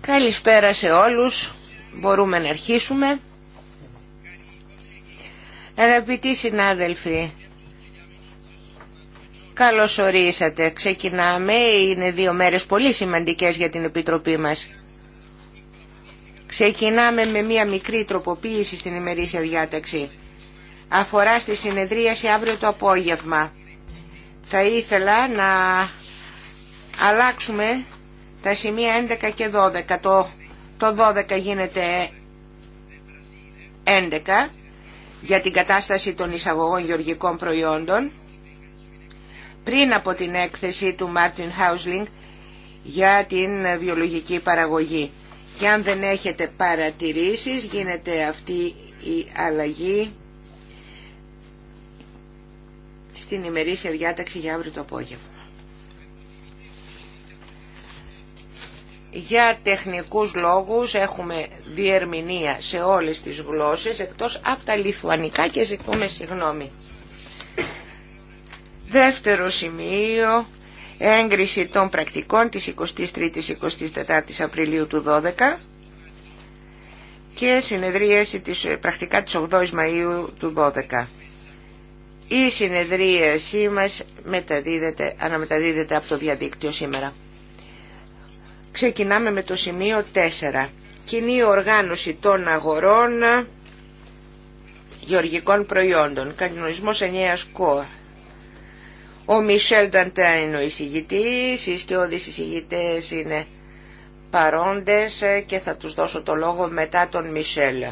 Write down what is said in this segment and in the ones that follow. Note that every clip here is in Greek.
Καλησπέρα σε όλους. Μπορούμε να αρχίσουμε. Αγαπητοί συνάδελφοι, καλώς ορίσατε. Ξεκινάμε. Είναι δύο μέρες πολύ σημαντικές για την Επιτροπή μας. Ξεκινάμε με μία μικρή τροποποίηση στην ημερήσια διάταξη. Αφορά στη συνεδρίαση αύριο το απόγευμα. Θα ήθελα να αλλάξουμε τα σημεία 11 και 12. Το, το 12 γίνεται 11 για την κατάσταση των εισαγωγών γεωργικών προϊόντων πριν από την έκθεση του Μάρτιν Χάουσλινγκ για την βιολογική παραγωγή. Και αν δεν έχετε παρατηρήσεις γίνεται αυτή η αλλαγή στην ημερήσια διάταξη για αύριο το απόγευμα. Για τεχνικούς λόγους έχουμε διερμηνία σε όλες τις γλώσσες εκτός από τα λιθουανικά και ζητούμε συγγνώμη. Δεύτερο σημείο, έγκριση των πρακτικών της 23ης-24ης Απριλίου του 12 και συνεδρίαση της, ε, πρακτικά της 8ης Μαΐου του 12. Η συνεδρίασή μας μεταδίδεται, αναμεταδίδεται από το διαδίκτυο σήμερα. Ξεκινάμε με το σημείο 4. Κοινή οργάνωση των αγορών γεωργικών προϊόντων. Κανονισμός ενιαίας κόρ. Ο Μισελ Νταντέν είναι ο εισηγητής, οι σκιώδεις εισηγητές είναι παρόντες και θα τους δώσω το λόγο μετά τον Μισελ.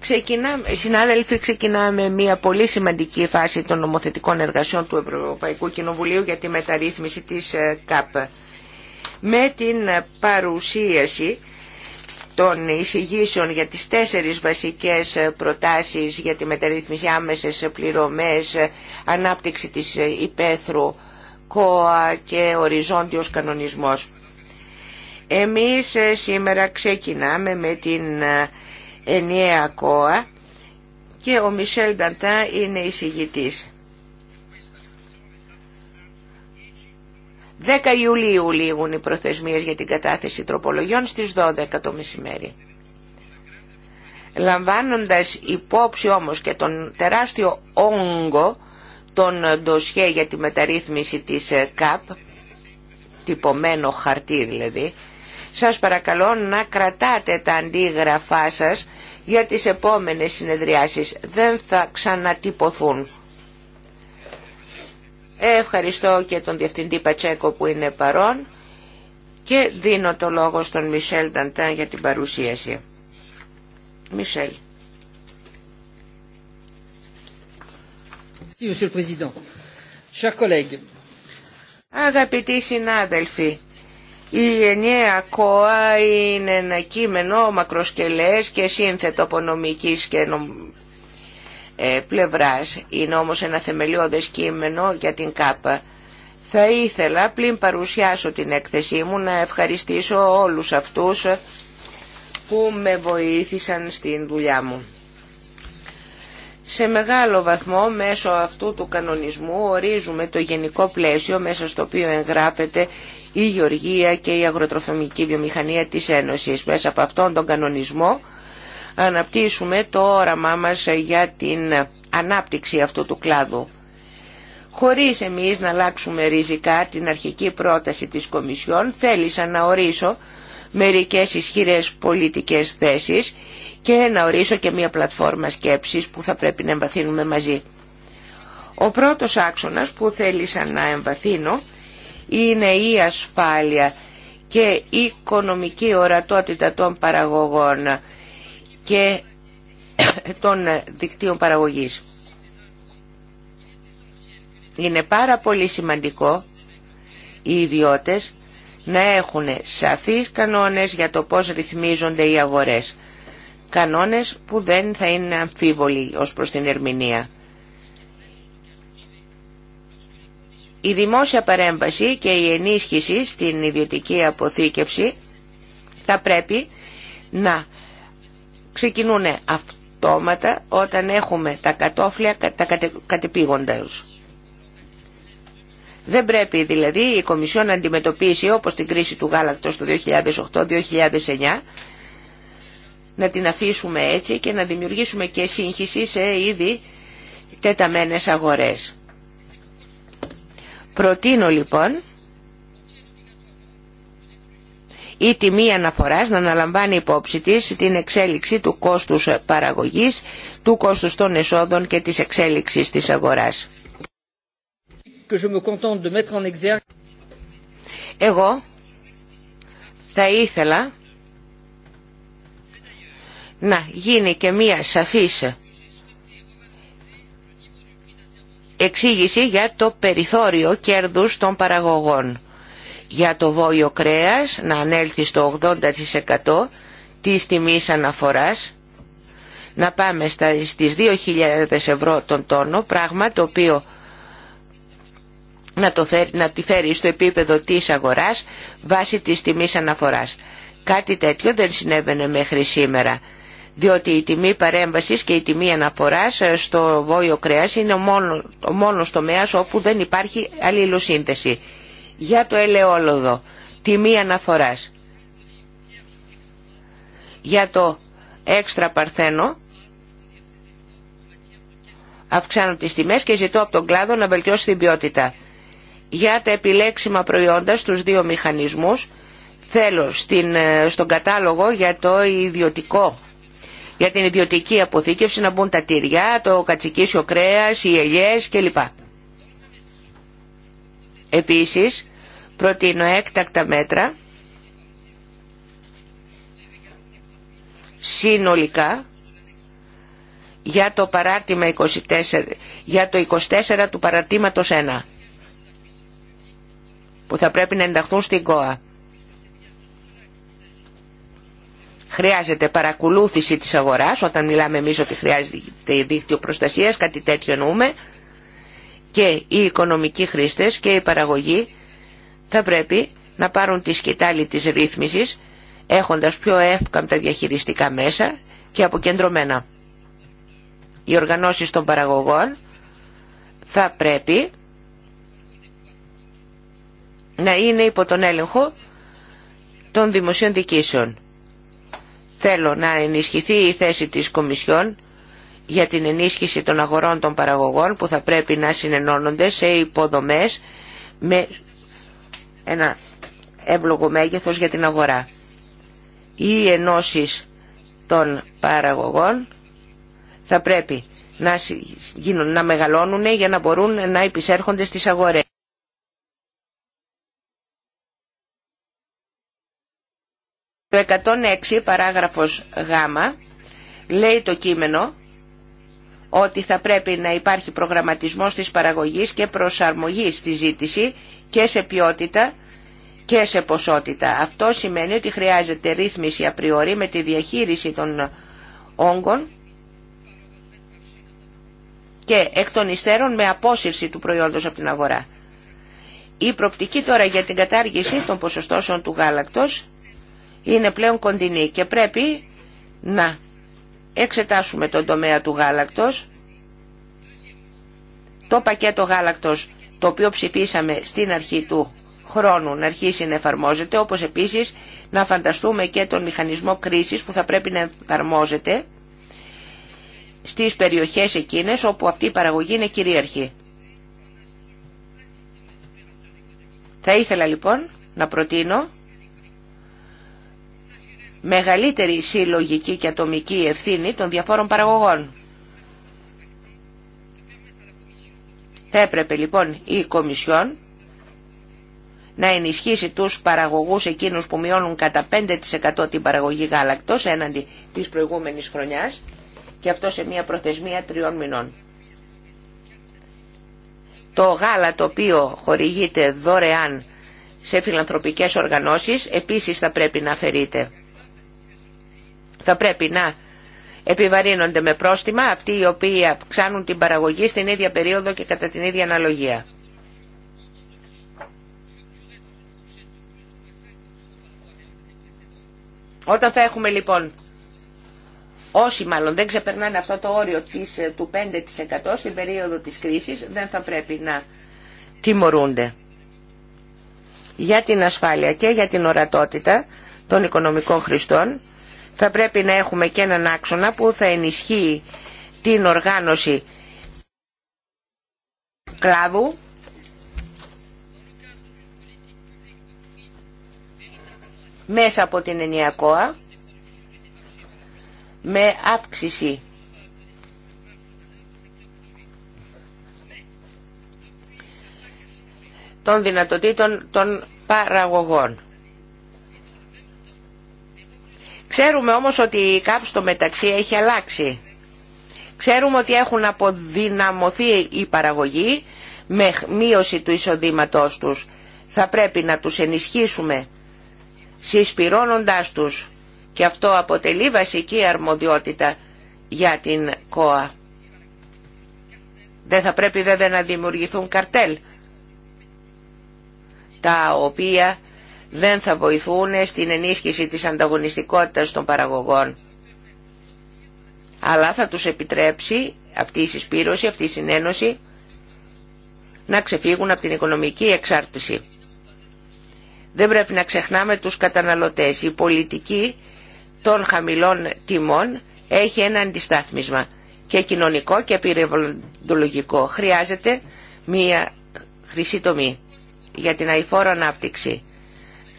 Ξεκινάμε, συνάδελφοι, ξεκινάμε μια πολύ σημαντική φάση των νομοθετικών εργασιών του Ευρωπαϊκού Κοινοβουλίου για τη μεταρρύθμιση της ε, ΚΑΠ με την παρουσίαση των εισηγήσεων για τις τέσσερις βασικές προτάσεις για τη μεταρρύθμιση άμεσες πληρωμές, ανάπτυξη της υπαίθρου, ΚΟΑ και οριζόντιος κανονισμός. Εμείς σήμερα ξεκινάμε με την ενιαία ΚΟΑ και ο Μισελ Νταντά είναι εισηγητής. 10 Ιουλίου λήγουν οι προθεσμίες για την κατάθεση τροπολογιών στις 12 το μεσημέρι. Λαμβάνοντας υπόψη όμως και τον τεράστιο όγκο των ντοσιέ για τη μεταρρύθμιση της ε, ΚΑΠ, τυπωμένο χαρτί δηλαδή, σας παρακαλώ να κρατάτε τα αντίγραφά σας για τις επόμενες συνεδριάσεις. Δεν θα ξανατυπωθούν. Ευχαριστώ και τον Διευθυντή Πατσέκο που είναι παρόν και δίνω το λόγο στον Μισελ Νταντάν για την παρουσίαση. Μισελ. Αγαπητοί συνάδελφοι, η ενιαία ΚΟΑ είναι ένα κείμενο μακροσκελές και σύνθετο από νομικής και νομικής ε, πλευράς, είναι όμως ένα θεμελιώδες κείμενο για την ΚΑΠΑ. Θα ήθελα, πλην παρουσιάσω την έκθεσή μου, να ευχαριστήσω όλους αυτούς που με βοήθησαν στην δουλειά μου. Σε μεγάλο βαθμό μέσω αυτού του κανονισμού ορίζουμε το γενικό πλαίσιο μέσα στο οποίο εγγράφεται η γεωργία και η αγροτροφημική βιομηχανία της Ένωσης. Μέσα από αυτόν τον κανονισμό αναπτύσσουμε το όραμά μας για την ανάπτυξη αυτού του κλάδου. Χωρίς εμείς να αλλάξουμε ριζικά την αρχική πρόταση της Κομισιόν, θέλησα να ορίσω μερικές ισχυρές πολιτικές θέσεις και να ορίσω και μια πλατφόρμα σκέψης που θα πρέπει να εμβαθύνουμε μαζί. Ο πρώτος άξονας που θέλησα να εμβαθύνω είναι η ασφάλεια και η οικονομική ορατότητα των παραγωγών και των δικτύων παραγωγής. Είναι πάρα πολύ σημαντικό οι ιδιώτες να έχουν σαφείς κανόνες για το πώς ρυθμίζονται οι αγορές. Κανόνες που δεν θα είναι αμφίβολοι ως προς την ερμηνεία. Η δημόσια παρέμβαση και η ενίσχυση στην ιδιωτική αποθήκευση θα πρέπει να ξεκινούν αυτόματα όταν έχουμε τα κατόφλια, τα κατε, κατεπήγοντα. Δεν πρέπει δηλαδή η Κομισιόν να αντιμετωπίσει όπως την κρίση του γάλακτος το 2008-2009 να την αφήσουμε έτσι και να δημιουργήσουμε και σύγχυση σε ήδη τεταμένες αγορές. Προτείνω λοιπόν η τιμή αναφοράς να αναλαμβάνει υπόψη της την εξέλιξη του κόστους παραγωγής, του κόστους των εσόδων και της εξέλιξης της αγοράς. Εγώ θα ήθελα να γίνει και μία σαφής εξήγηση για το περιθώριο κέρδους των παραγωγών για το βόλιο κρέας να ανέλθει στο 80% της τιμής αναφοράς να πάμε στα, στις 2.000 ευρώ τον τόνο πράγμα το οποίο να, το τη φέρει στο επίπεδο της αγοράς βάσει της τιμής αναφοράς. Κάτι τέτοιο δεν συνέβαινε μέχρι σήμερα διότι η τιμή παρέμβασης και η τιμή αναφοράς στο βόλιο κρέας είναι ο μόνος, ο μόνος τομέας όπου δεν υπάρχει αλληλοσύνθεση για το ελαιόλοδο, τιμή αναφοράς. Για το έξτρα παρθένο αυξάνω τις τιμές και ζητώ από τον κλάδο να βελτιώσει την ποιότητα. Για τα επιλέξιμα προϊόντα στους δύο μηχανισμούς θέλω στην, ε, στον κατάλογο για το ιδιωτικό για την ιδιωτική αποθήκευση να μπουν τα τυριά, το κατσικίσιο κρέας, οι ελιές κλπ. Επίσης, προτείνω έκτακτα μέτρα συνολικά για το παράρτημα 24, για το 24 του παραρτήματος 1 που θα πρέπει να ενταχθούν στην ΚΟΑ. Χρειάζεται παρακολούθηση της αγοράς, όταν μιλάμε εμείς ότι χρειάζεται δίκτυο προστασίας, κάτι τέτοιο εννοούμε, και οι οικονομικοί χρήστες και η παραγωγή θα πρέπει να πάρουν τη σκητάλη της ρύθμισης έχοντας πιο εύκαμπτα διαχειριστικά μέσα και αποκεντρωμένα. Οι οργανώσεις των παραγωγών θα πρέπει να είναι υπό τον έλεγχο των δημοσίων δικήσεων. Θέλω να ενισχυθεί η θέση της Κομισιόν για την ενίσχυση των αγορών των παραγωγών που θα πρέπει να συνενώνονται σε υποδομές με ένα εύλογο μέγεθος για την αγορά. Οι ενώσεις των παραγωγών θα πρέπει να, γίνουν, να μεγαλώνουν για να μπορούν να υπησέρχονται στις αγορές. Το 106 παράγραφος Γ λέει το κείμενο ότι θα πρέπει να υπάρχει προγραμματισμός της παραγωγής και προσαρμογή στη ζήτηση και σε ποιότητα και σε ποσότητα. Αυτό σημαίνει ότι χρειάζεται ρύθμιση απριορή με τη διαχείριση των όγκων και εκ των υστέρων με απόσυρση του προϊόντος από την αγορά. Η προπτική τώρα για την κατάργηση των ποσοστώσεων του γάλακτος είναι πλέον κοντινή και πρέπει να εξετάσουμε τον τομέα του γάλακτος το πακέτο γάλακτος το οποίο ψηφίσαμε στην αρχή του χρόνου να αρχίσει να εφαρμόζεται, όπως επίσης να φανταστούμε και τον μηχανισμό κρίσης που θα πρέπει να εφαρμόζεται στις περιοχές εκείνες όπου αυτή η παραγωγή είναι κυρίαρχη. Θα ήθελα λοιπόν να προτείνω μεγαλύτερη συλλογική και ατομική ευθύνη των διαφόρων παραγωγών. Θα έπρεπε λοιπόν η Κομισιόν να ενισχύσει τους παραγωγούς εκείνους που μειώνουν κατά 5% την παραγωγή γάλακτος έναντι της προηγούμενης χρονιάς και αυτό σε μια προθεσμία τριών μηνών. Το γάλα το οποίο χορηγείται δωρεάν σε φιλανθρωπικές οργανώσεις επίσης θα πρέπει να αφαιρείται. Θα πρέπει να επιβαρύνονται με πρόστιμα αυτοί οι οποίοι αυξάνουν την παραγωγή στην ίδια περίοδο και κατά την ίδια αναλογία. Όταν θα έχουμε λοιπόν όσοι μάλλον δεν ξεπερνάνε αυτό το όριο της, ε, του 5% στην περίοδο της κρίσης δεν θα πρέπει να τιμωρούνται. Για την ασφάλεια και για την ορατότητα των οικονομικών χρηστών θα πρέπει να έχουμε και έναν άξονα που θα ενισχύει την οργάνωση κλάδου μέσα από την ενιακόα με αύξηση των δυνατοτήτων των παραγωγών. Ξέρουμε όμως ότι η ΚΑΠ στο μεταξύ έχει αλλάξει. Ξέρουμε ότι έχουν αποδυναμωθεί οι παραγωγοί με μείωση του εισοδήματός τους. Θα πρέπει να τους ενισχύσουμε συσπυρώνοντάς τους και αυτό αποτελεί βασική αρμοδιότητα για την ΚΟΑ. Δεν θα πρέπει βέβαια να δημιουργηθούν καρτέλ τα οποία δεν θα βοηθούν στην ενίσχυση της ανταγωνιστικότητας των παραγωγών. Αλλά θα τους επιτρέψει αυτή η συσπήρωση, αυτή η συνένωση να ξεφύγουν από την οικονομική εξάρτηση. Δεν πρέπει να ξεχνάμε τους καταναλωτές. Η πολιτική των χαμηλών τιμών έχει ένα αντιστάθμισμα και κοινωνικό και περιβαλλοντολογικό. Χρειάζεται μία χρυσή τομή για την αηφόρο ανάπτυξη.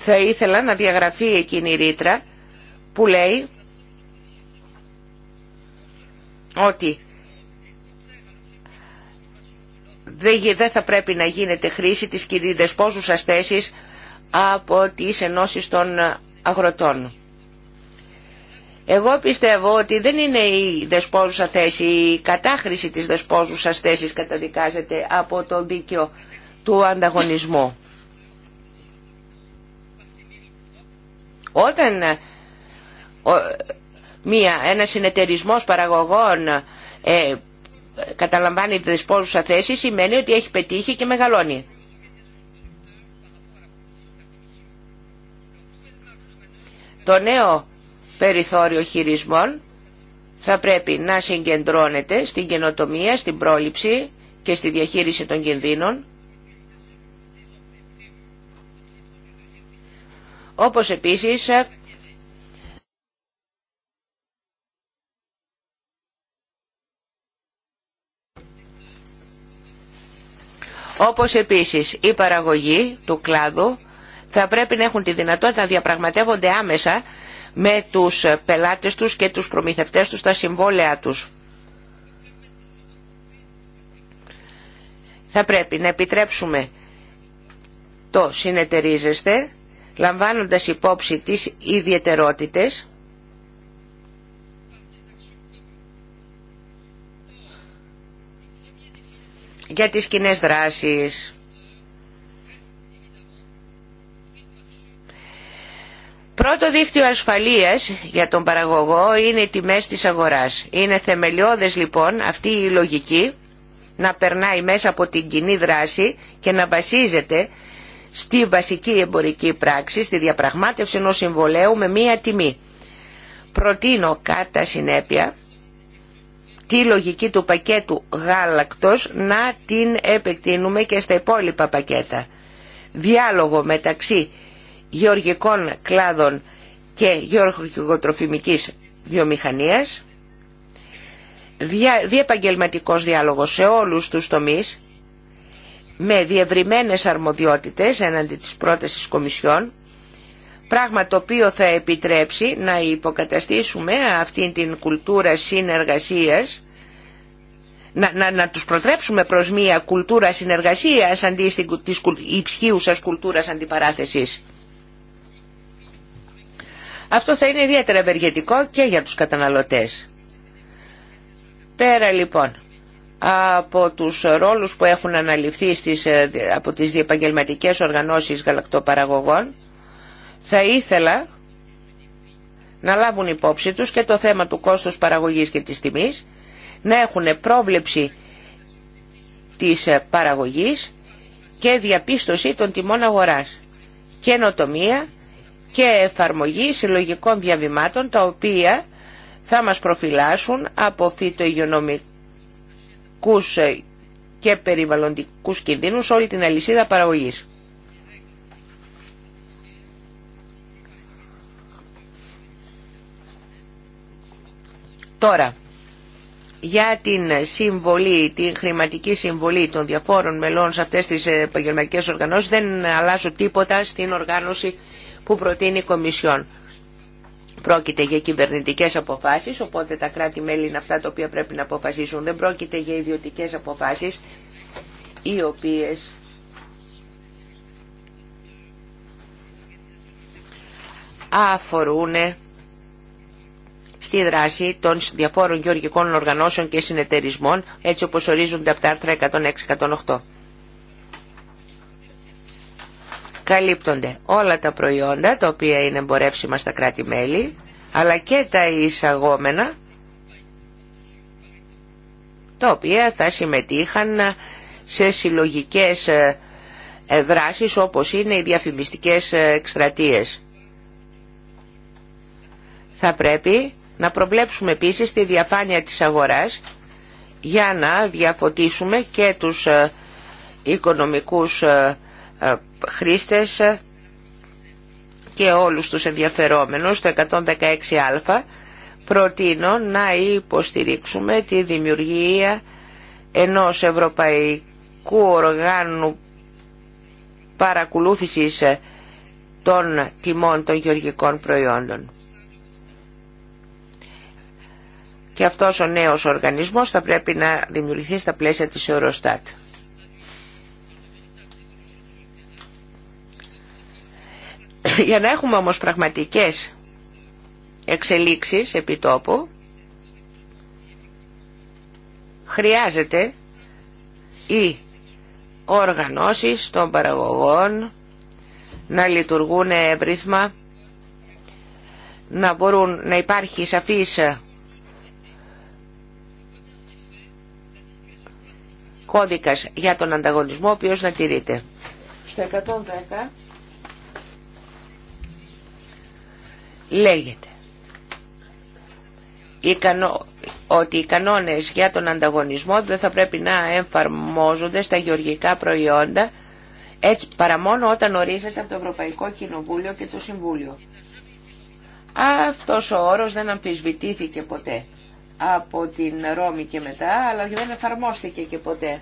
Θα ήθελα να διαγραφεί εκείνη η ρήτρα που λέει ότι δεν θα πρέπει να γίνεται χρήση της δεσπόζουσας θέσης από τις ενώσεις των αγροτών. Εγώ πιστεύω ότι δεν είναι η δεσπόζουσα θέση, η κατάχρηση της δεσπόζουσας θέσης καταδικάζεται από το δίκαιο του ανταγωνισμού. Όταν ε, μία, ένα συνεταιρισμό παραγωγών ε, καταλαμβάνει δεσπόζουσα θέση σημαίνει ότι έχει πετύχει και μεγαλώνει. Το νέο περιθώριο χειρισμών θα πρέπει να συγκεντρώνεται στην καινοτομία, στην πρόληψη και στη διαχείριση των κινδύνων Όπως επίσης ε, Όπως επίσης η παραγωγή του κλάδου θα πρέπει να έχουν τη δυνατότητα να διαπραγματεύονται άμεσα με τους πελάτες τους και τους προμηθευτές τους τα συμβόλαια τους. Θα πρέπει να επιτρέψουμε το συνεταιρίζεστε λαμβάνοντας υπόψη τις ιδιαιτερότητες για τις κοινέ δράσεις. Πρώτο δίκτυο ασφαλείας για τον παραγωγό είναι οι τιμές της αγοράς. Είναι θεμελιώδες λοιπόν αυτή η λογική να περνάει μέσα από την κοινή δράση και να βασίζεται στη βασική εμπορική πράξη, στη διαπραγμάτευση ενός συμβολέου με μία τιμή. Προτείνω κατά συνέπεια τη λογική του πακέτου γάλακτος να την επεκτείνουμε και στα υπόλοιπα πακέτα. Διάλογο μεταξύ γεωργικών κλάδων και γεωργικοτροφημικής βιομηχανίας, διαπαγγελματικός διάλογος σε όλους τους τομείς, με διευρυμένες αρμοδιότητες έναντι της πρότασης Κομισιόν, πράγμα το οποίο θα επιτρέψει να υποκαταστήσουμε αυτήν την κουλτούρα συνεργασίας, να, να, τους προτρέψουμε προς μια κουλτούρα συνεργασίας αντί της υψίουσας κουλτούρας αντιπαράθεσης. Αυτό θα είναι ιδιαίτερα ευεργετικό και για τους καταναλωτές. Πέρα λοιπόν από τους ρόλους που έχουν αναλυφθεί στις, ε, από τις διεπαγγελματικές οργανώσεις γαλακτοπαραγωγών θα ήθελα να λάβουν υπόψη τους και το θέμα του κόστους παραγωγής και της τιμής να έχουν πρόβλεψη της ε, παραγωγής και διαπίστωση των τιμών αγοράς και νοτομία και εφαρμογή συλλογικών διαβημάτων τα οποία θα μας προφυλάσσουν από φυτο ε, και περιβαλλοντικούς κινδύνους όλη την αλυσίδα παραγωγής. Τώρα, για την συμβολή, την χρηματική συμβολή των διαφόρων μελών σε αυτές τις ε, επαγγελματικέ οργανώσεις δεν αλλάζω τίποτα στην οργάνωση που προτείνει η Κομισιόν. Πρόκειται για κυβερνητικές αποφάσεις, οπότε τα κράτη-μέλη είναι αυτά τα οποία πρέπει να αποφασίσουν. Δεν πρόκειται για ιδιωτικές αποφάσεις, οι οποίες αφορούν στη δράση των διαφόρων γεωργικών οργανώσεων και συνεταιρισμών, έτσι όπως ορίζονται από τα άρθρα 106-108 καλύπτονται όλα τα προϊόντα τα οποία είναι εμπορεύσιμα στα κράτη-μέλη αλλά και τα εισαγόμενα τα οποία θα συμμετείχαν σε συλλογικές ε, ε, δράσεις όπως είναι οι διαφημιστικές ε, εκστρατείες. Θα πρέπει να προβλέψουμε επίσης τη διαφάνεια της αγοράς για να διαφωτίσουμε και τους οικονομικούς χρήστες και όλους τους ενδιαφερόμενους το 116α προτείνω να υποστηρίξουμε τη δημιουργία ενός ευρωπαϊκού οργάνου παρακολούθησης των τιμών των γεωργικών προϊόντων. Και αυτός ο νέος οργανισμός θα πρέπει να δημιουργηθεί στα πλαίσια της Eurostat. Για να έχουμε όμως πραγματικές εξελίξεις επί τόπου, χρειάζεται οι οργανώσεις των παραγωγών να λειτουργούν εύρυθμα, να μπορούν να υπάρχει σαφής κώδικας για τον ανταγωνισμό ο οποίος να τηρείται. Στο λέγεται ότι οι κανόνες για τον ανταγωνισμό δεν θα πρέπει να εμφαρμόζονται στα γεωργικά προϊόντα έτσι, παρά μόνο όταν ορίζεται από το Ευρωπαϊκό Κοινοβούλιο και το Συμβούλιο. Αυτός ο όρος δεν αμφισβητήθηκε ποτέ από την Ρώμη και μετά, αλλά δεν εφαρμόστηκε και ποτέ.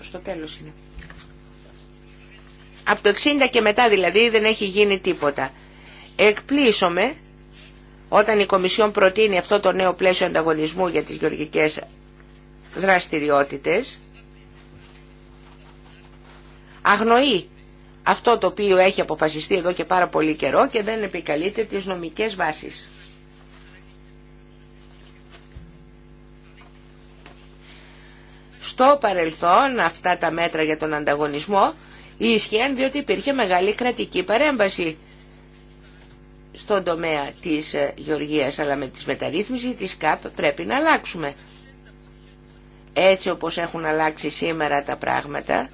Στο τέλος είναι. Από το 60 και μετά δηλαδή δεν έχει γίνει τίποτα. Εκπλήσωμε όταν η Κομισιόν προτείνει αυτό το νέο πλαίσιο ανταγωνισμού για τις γεωργικές δραστηριότητες, αγνοεί αυτό το οποίο έχει αποφασιστεί εδώ και πάρα πολύ καιρό και δεν επικαλείται τις νομικές βάσεις. Στο παρελθόν αυτά τα μέτρα για τον ανταγωνισμό ίσχυαν διότι υπήρχε μεγάλη κρατική παρέμβαση στον τομέα της ε, γεωργίας, αλλά με τις μεταρρύθμιση της ΚΑΠ πρέπει να αλλάξουμε. Έτσι όπως έχουν αλλάξει σήμερα τα πράγματα,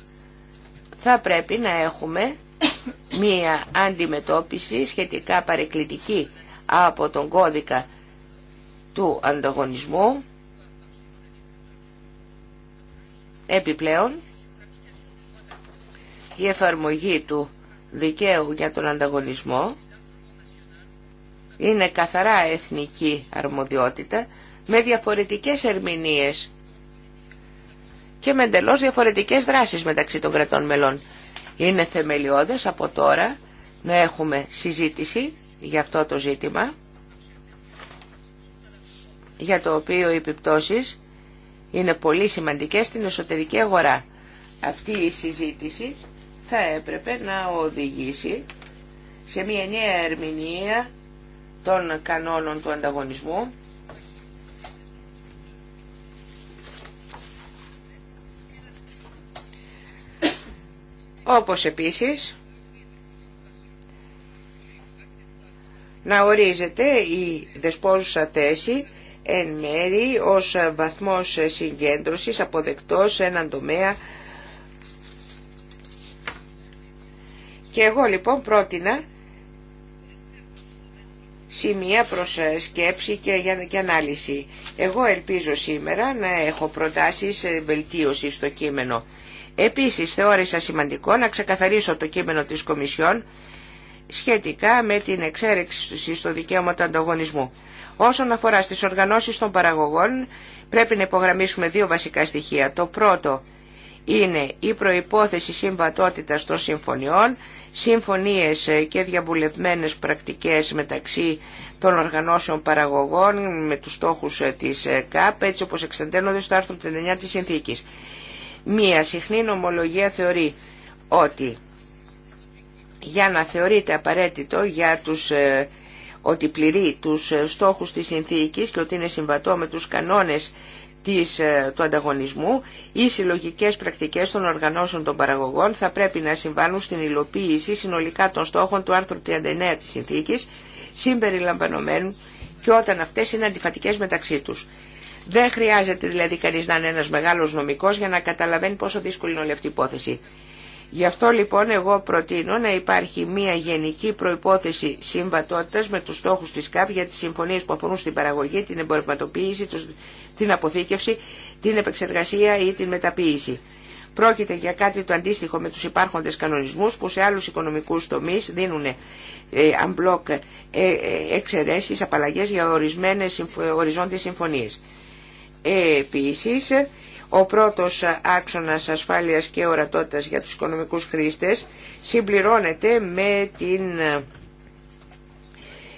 θα πρέπει να έχουμε μία αντιμετώπιση σχετικά παρεκκλητική από τον κώδικα του ανταγωνισμού. Επιπλέον, η εφαρμογή του δικαίου για τον ανταγωνισμό είναι καθαρά εθνική αρμοδιότητα με διαφορετικές ερμηνείες και με εντελώ διαφορετικές δράσεις μεταξύ των κρατών μελών. Είναι θεμελιώδες από τώρα να έχουμε συζήτηση για αυτό το ζήτημα για το οποίο οι επιπτώσεις είναι πολύ σημαντικές στην εσωτερική αγορά. Αυτή η συζήτηση θα έπρεπε να οδηγήσει σε μια νέα ερμηνεία των κανόνων του ανταγωνισμού όπως επίσης να ορίζεται η δεσπόζουσα θέση εν μέρη ως βαθμός συγκέντρωσης αποδεκτός σε έναν τομέα Και εγώ λοιπόν πρότεινα σημεία προς ε, σκέψη και, και ανάλυση. Εγώ ελπίζω σήμερα να έχω προτάσεις ε, βελτίωση στο κείμενο. Επίσης θεώρησα σημαντικό να ξεκαθαρίσω το κείμενο της Κομισιόν σχετικά με την εξέρεξη στο δικαίωμα του ανταγωνισμού. Όσον αφορά στις οργανώσεις των παραγωγών πρέπει να υπογραμμίσουμε δύο βασικά στοιχεία. Το πρώτο είναι η προϋπόθεση συμβατότητας των συμφωνιών συμφωνίες ε, και διαβουλευμένες πρακτικές μεταξύ των οργανώσεων παραγωγών με τους στόχους ε, της ε, ΚΑΠ, έτσι όπως εξαντέρνονται στο άρθρο 39 της Συνθήκης. Μία συχνή νομολογία θεωρεί ότι για να θεωρείται απαραίτητο για τους, ότι πληρεί τους στόχους της συνθήκης και ότι είναι συμβατό με τους κανόνες ε, του ανταγωνισμού, οι συλλογικές πρακτικές των οργανώσεων των παραγωγών θα πρέπει να συμβάλλουν στην υλοποίηση συνολικά των στόχων του άρθρου 39 της συνθήκης, συμπεριλαμβανομένου και όταν αυτές είναι αντιφατικές μεταξύ τους. Δεν χρειάζεται δηλαδή κανείς να είναι ένας μεγάλος νομικός για να καταλαβαίνει πόσο δύσκολη είναι όλη αυτή η υπόθεση. Γι' αυτό λοιπόν εγώ προτείνω να υπάρχει μια γενική προϋπόθεση συμβατότητας με τους στόχους της ΚΑΠ για τι συμφωνίε που αφορούν στην παραγωγή, την εμπορευματοποίηση, την αποθήκευση, την επεξεργασία ή την μεταποίηση. Πρόκειται για κάτι το αντίστοιχο με τους υπάρχοντες κανονισμούς που σε άλλους οικονομικούς τομείς δίνουν ε, αμπλοκ ε, ε, εξαιρέσεις, απαλλαγές για ορισμένες οριζόντιες συμφωνίες. Επίσης, ο πρώτος άξονας ασφάλειας και ορατότητας για τους οικονομικούς χρήστες συμπληρώνεται με την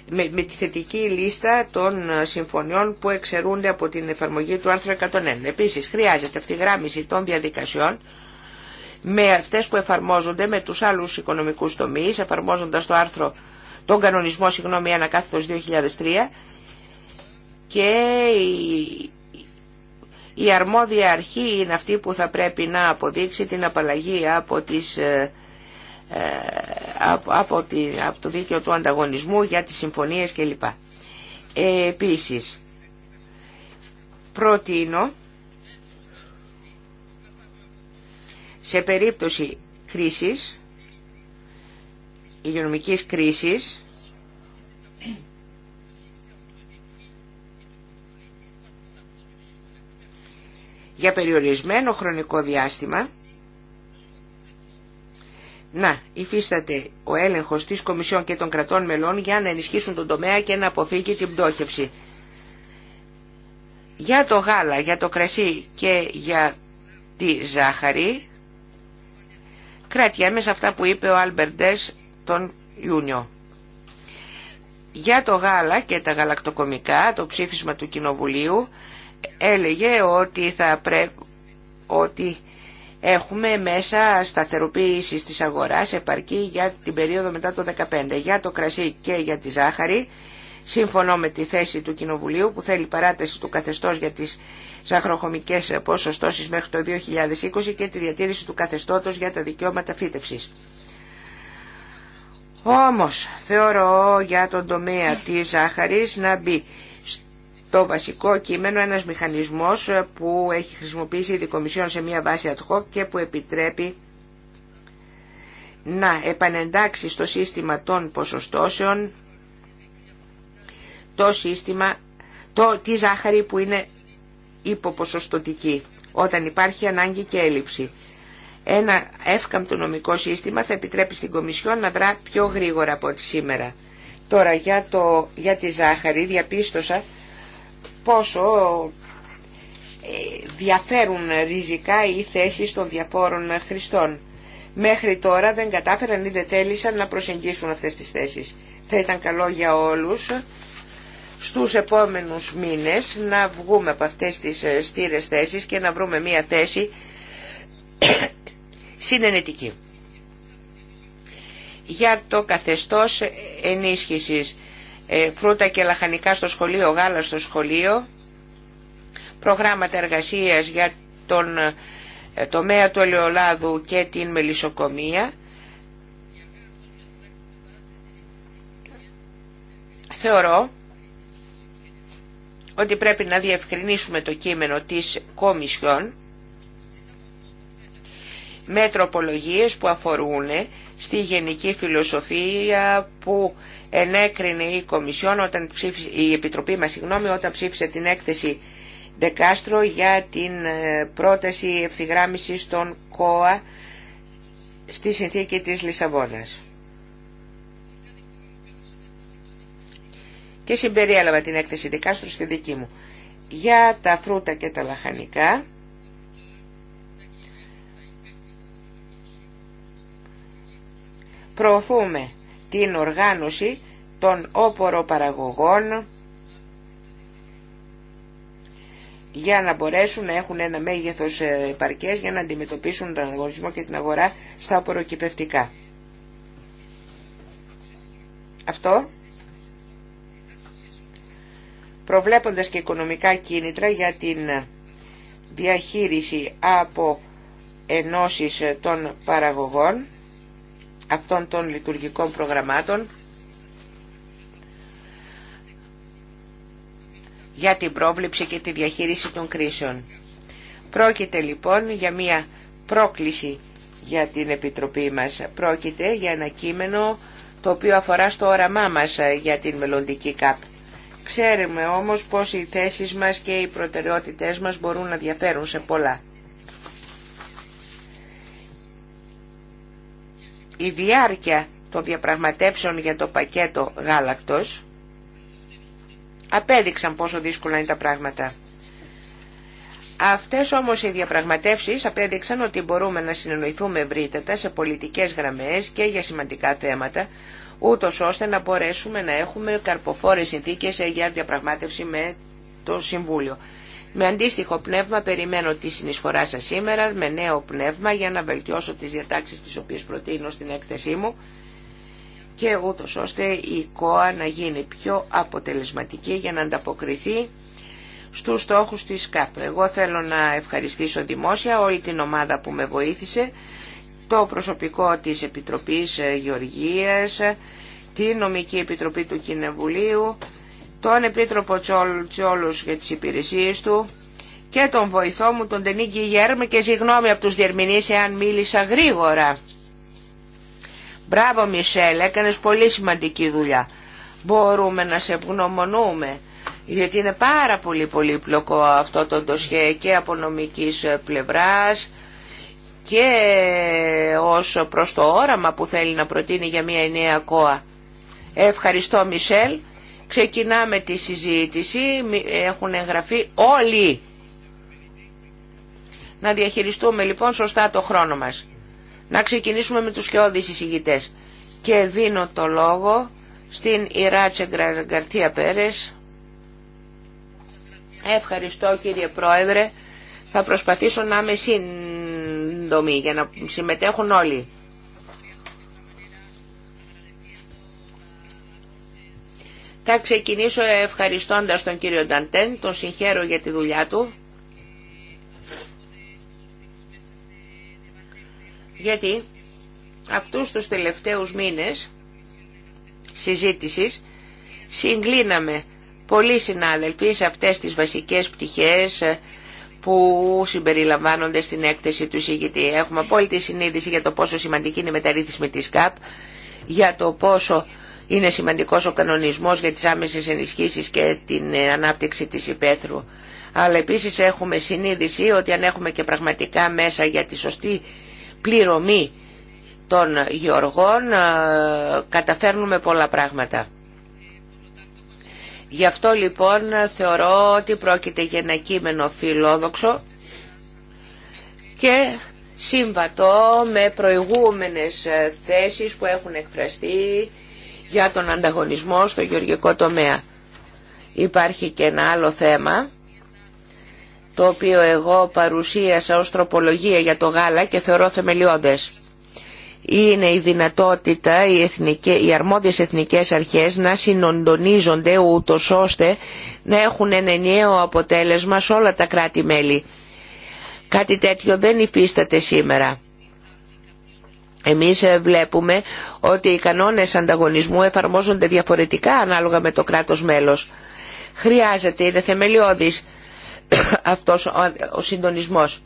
με, με τη θετική λίστα των ε, συμφωνιών που εξαιρούνται από την εφαρμογή του άρθρου 101. Επίσης χρειάζεται γράμμιση των διαδικασιών με αυτές που εφαρμόζονται με τους άλλους οικονομικούς τομείς, εφαρμόζοντας το άρθρο, τον κανονισμό, συγγνώμη, ανακάθετος 2003 και η, αρμόδια αρχή είναι αυτή που θα πρέπει να αποδείξει την απαλλαγή από τις ε, ε, από, το δίκαιο του ανταγωνισμού για τις συμφωνίες κλπ. Ε, επίσης, προτείνω σε περίπτωση κρίσης, υγειονομικής κρίσης, για περιορισμένο χρονικό διάστημα, να υφίσταται ο έλεγχος της Κομισιόν και των κρατών μελών για να ενισχύσουν τον τομέα και να αποφύγει την πτώχευση. Για το γάλα, για το κρασί και για τη ζάχαρη, κρατιέμαι σε αυτά που είπε ο Άλμπερντες τον Ιούνιο. Για το γάλα και τα γαλακτοκομικά, το ψήφισμα του Κοινοβουλίου έλεγε ότι θα πρέπει ότι έχουμε μέσα σταθεροποίηση της αγοράς επαρκή για την περίοδο μετά το 2015. Για το κρασί και για τη ζάχαρη, σύμφωνο με τη θέση του Κοινοβουλίου που θέλει παράταση του καθεστώς για τις ζαχροχομικές ποσοστώσεις μέχρι το 2020 και τη διατήρηση του καθεστώτος για τα δικαιώματα φύτευσης. Όμως θεωρώ για τον τομέα της ζάχαρης να μπει το βασικό κείμενο ένας μηχανισμός ε, που έχει χρησιμοποιήσει η Δικομισιόν σε μια βάση ad hoc και που επιτρέπει να επανεντάξει στο σύστημα των ποσοστώσεων το σύστημα το, τη ζάχαρη που είναι υποποσοστοτική όταν υπάρχει ανάγκη και έλλειψη. Ένα εύκαμπτο νομικό σύστημα θα επιτρέπει στην Κομισιόν να δρά πιο γρήγορα από ό,τι σήμερα. Τώρα για, το, για τη ζάχαρη διαπίστωσα πόσο ε, διαφέρουν ριζικά οι θέσεις των διαφόρων χρηστών. Μέχρι τώρα δεν κατάφεραν ή δεν θέλησαν να προσεγγίσουν αυτές τις θέσεις. Θα ήταν καλό για όλους στους επόμενους μήνες να βγούμε από αυτές τις ε, στήρες θέσεις και να βρούμε μία θέση συνενετική. Για το καθεστώς ενίσχυσης ε, φρούτα και λαχανικά στο σχολείο, γάλα στο σχολείο, προγράμματα εργασίας για τον ε, τομέα του ελαιολάδου και την μελισσοκομεία. Θεωρώ ότι πρέπει να διευκρινίσουμε το κείμενο της Κομισιόν με τροπολογίες που αφορούν στη γενική φιλοσοφία που ενέκρινε η, Κομισιόν όταν η Επιτροπή μας συγγνώμη, όταν ψήφισε την έκθεση Δεκάστρο για την ε, πρόταση ευθυγράμμισης των ΚΟΑ στη συνθήκη της Λισαβόνας. Και συμπεριέλαβα την έκθεση Δεκάστρο στη δική μου. Για τα φρούτα και τα λαχανικά προωθούμε την οργάνωση των όπορο-παραγωγών για να μπορέσουν να έχουν ένα μέγεθος ε, επαρκές για να αντιμετωπίσουν τον αγωνισμό και την αγορά στα οποροκυπευτικά. Αυτό προβλέποντας και οικονομικά κίνητρα για την διαχείριση από ενώσεις των παραγωγών αυτών των λειτουργικών προγραμμάτων για την πρόβλεψη και τη διαχείριση των κρίσεων. Πρόκειται λοιπόν για μια πρόκληση για την Επιτροπή μας. Πρόκειται για ένα κείμενο το οποίο αφορά στο όραμά μας ε, για την μελλοντική ΚΑΠ. Ξέρουμε όμως πως οι θέσεις μας και οι προτεραιότητές μας μπορούν να διαφέρουν σε πολλά. η διάρκεια των διαπραγματεύσεων για το πακέτο γάλακτος απέδειξαν πόσο δύσκολα είναι τα πράγματα. Αυτές όμως οι διαπραγματεύσεις απέδειξαν ότι μπορούμε να συνεννοηθούμε ευρύτερα σε πολιτικές γραμμές και για σημαντικά θέματα, ούτω ώστε να μπορέσουμε να έχουμε καρποφόρες συνθήκες για διαπραγμάτευση με το Συμβούλιο. Με αντίστοιχο πνεύμα περιμένω τη συνεισφορά σας σήμερα με νέο πνεύμα για να βελτιώσω τις διατάξεις τις οποίες προτείνω στην έκθεσή μου και ούτω ώστε η ΚΟΑ να γίνει πιο αποτελεσματική για να ανταποκριθεί στους στόχους της ΚΑΠ. Εγώ θέλω να ευχαριστήσω δημόσια όλη την ομάδα που με βοήθησε, το προσωπικό της Επιτροπής ε, Γεωργίας, την Νομική Επιτροπή του Κοινοβουλίου, τον Επίτροπο Τσόλους για τις υπηρεσίες του και τον βοηθό μου τον Τενίκη Γέρμη και συγγνώμη από τους διερμηνείς εάν μίλησα γρήγορα. Μπράβο Μισελ, έκανες πολύ σημαντική δουλειά. Μπορούμε να σε ευγνωμονούμε, γιατί είναι πάρα πολύ πλοκό αυτό το ντοσχέ και από νομικής πλευράς και ως προς το όραμα που θέλει να προτείνει για μια νέα κόα. Ευχαριστώ Μισελ. Ξεκινάμε τη συζήτηση, έχουν εγγραφεί όλοι. Να διαχειριστούμε λοιπόν σωστά το χρόνο μας. Να ξεκινήσουμε με τους σκιώδεις εισηγητές. Και δίνω το λόγο στην Ιράτσε Γκαρθία Πέρες. Ευχαριστώ κύριε Πρόεδρε. Θα προσπαθήσω να είμαι σύντομη για να συμμετέχουν όλοι. Θα ξεκινήσω ευχαριστώντας τον κύριο Νταντέν, τον συγχαίρω για τη δουλειά του. Γιατί αυτούς τους τελευταίους μήνες συζήτησης συγκλίναμε πολλοί συνάδελφοι σε αυτές τις βασικές πτυχές ε, που συμπεριλαμβάνονται στην έκθεση του εισηγητή. Έχουμε απόλυτη συνείδηση για το πόσο σημαντική είναι η μεταρρύθμιση της ΚΑΠ, για το πόσο είναι σημαντικός ο κανονισμός για τις άμεσες ενισχύσεις και την ε, ανάπτυξη της υπαίθρου. Αλλά επίσης έχουμε συνείδηση ότι αν έχουμε και πραγματικά μέσα για τη σωστή πληρωμή των γεωργών ε, καταφέρνουμε πολλά πράγματα. Γι' αυτό λοιπόν θεωρώ ότι πρόκειται για ένα κείμενο φιλόδοξο και σύμβατο με προηγούμενες ε, θέσεις που έχουν εκφραστεί για τον ανταγωνισμό στο γεωργικό τομέα. Υπάρχει και ένα άλλο θέμα το οποίο εγώ παρουσίασα ως τροπολογία για το γάλα και θεωρώ θεμελιώδες. Είναι η δυνατότητα οι, εθνικές, οι αρμόδιες εθνικές αρχές να συνοντονίζονται ούτω ώστε να έχουν ένα ενιαίο αποτέλεσμα σε όλα τα κράτη-μέλη. Κάτι τέτοιο δεν υφίσταται σήμερα. Εμείς ε, βλέπουμε ότι οι κανόνες ανταγωνισμού εφαρμόζονται διαφορετικά ανάλογα με το κράτος μέλος. Χρειάζεται, είναι θεμελιώδης αυτός ο συντονισμός.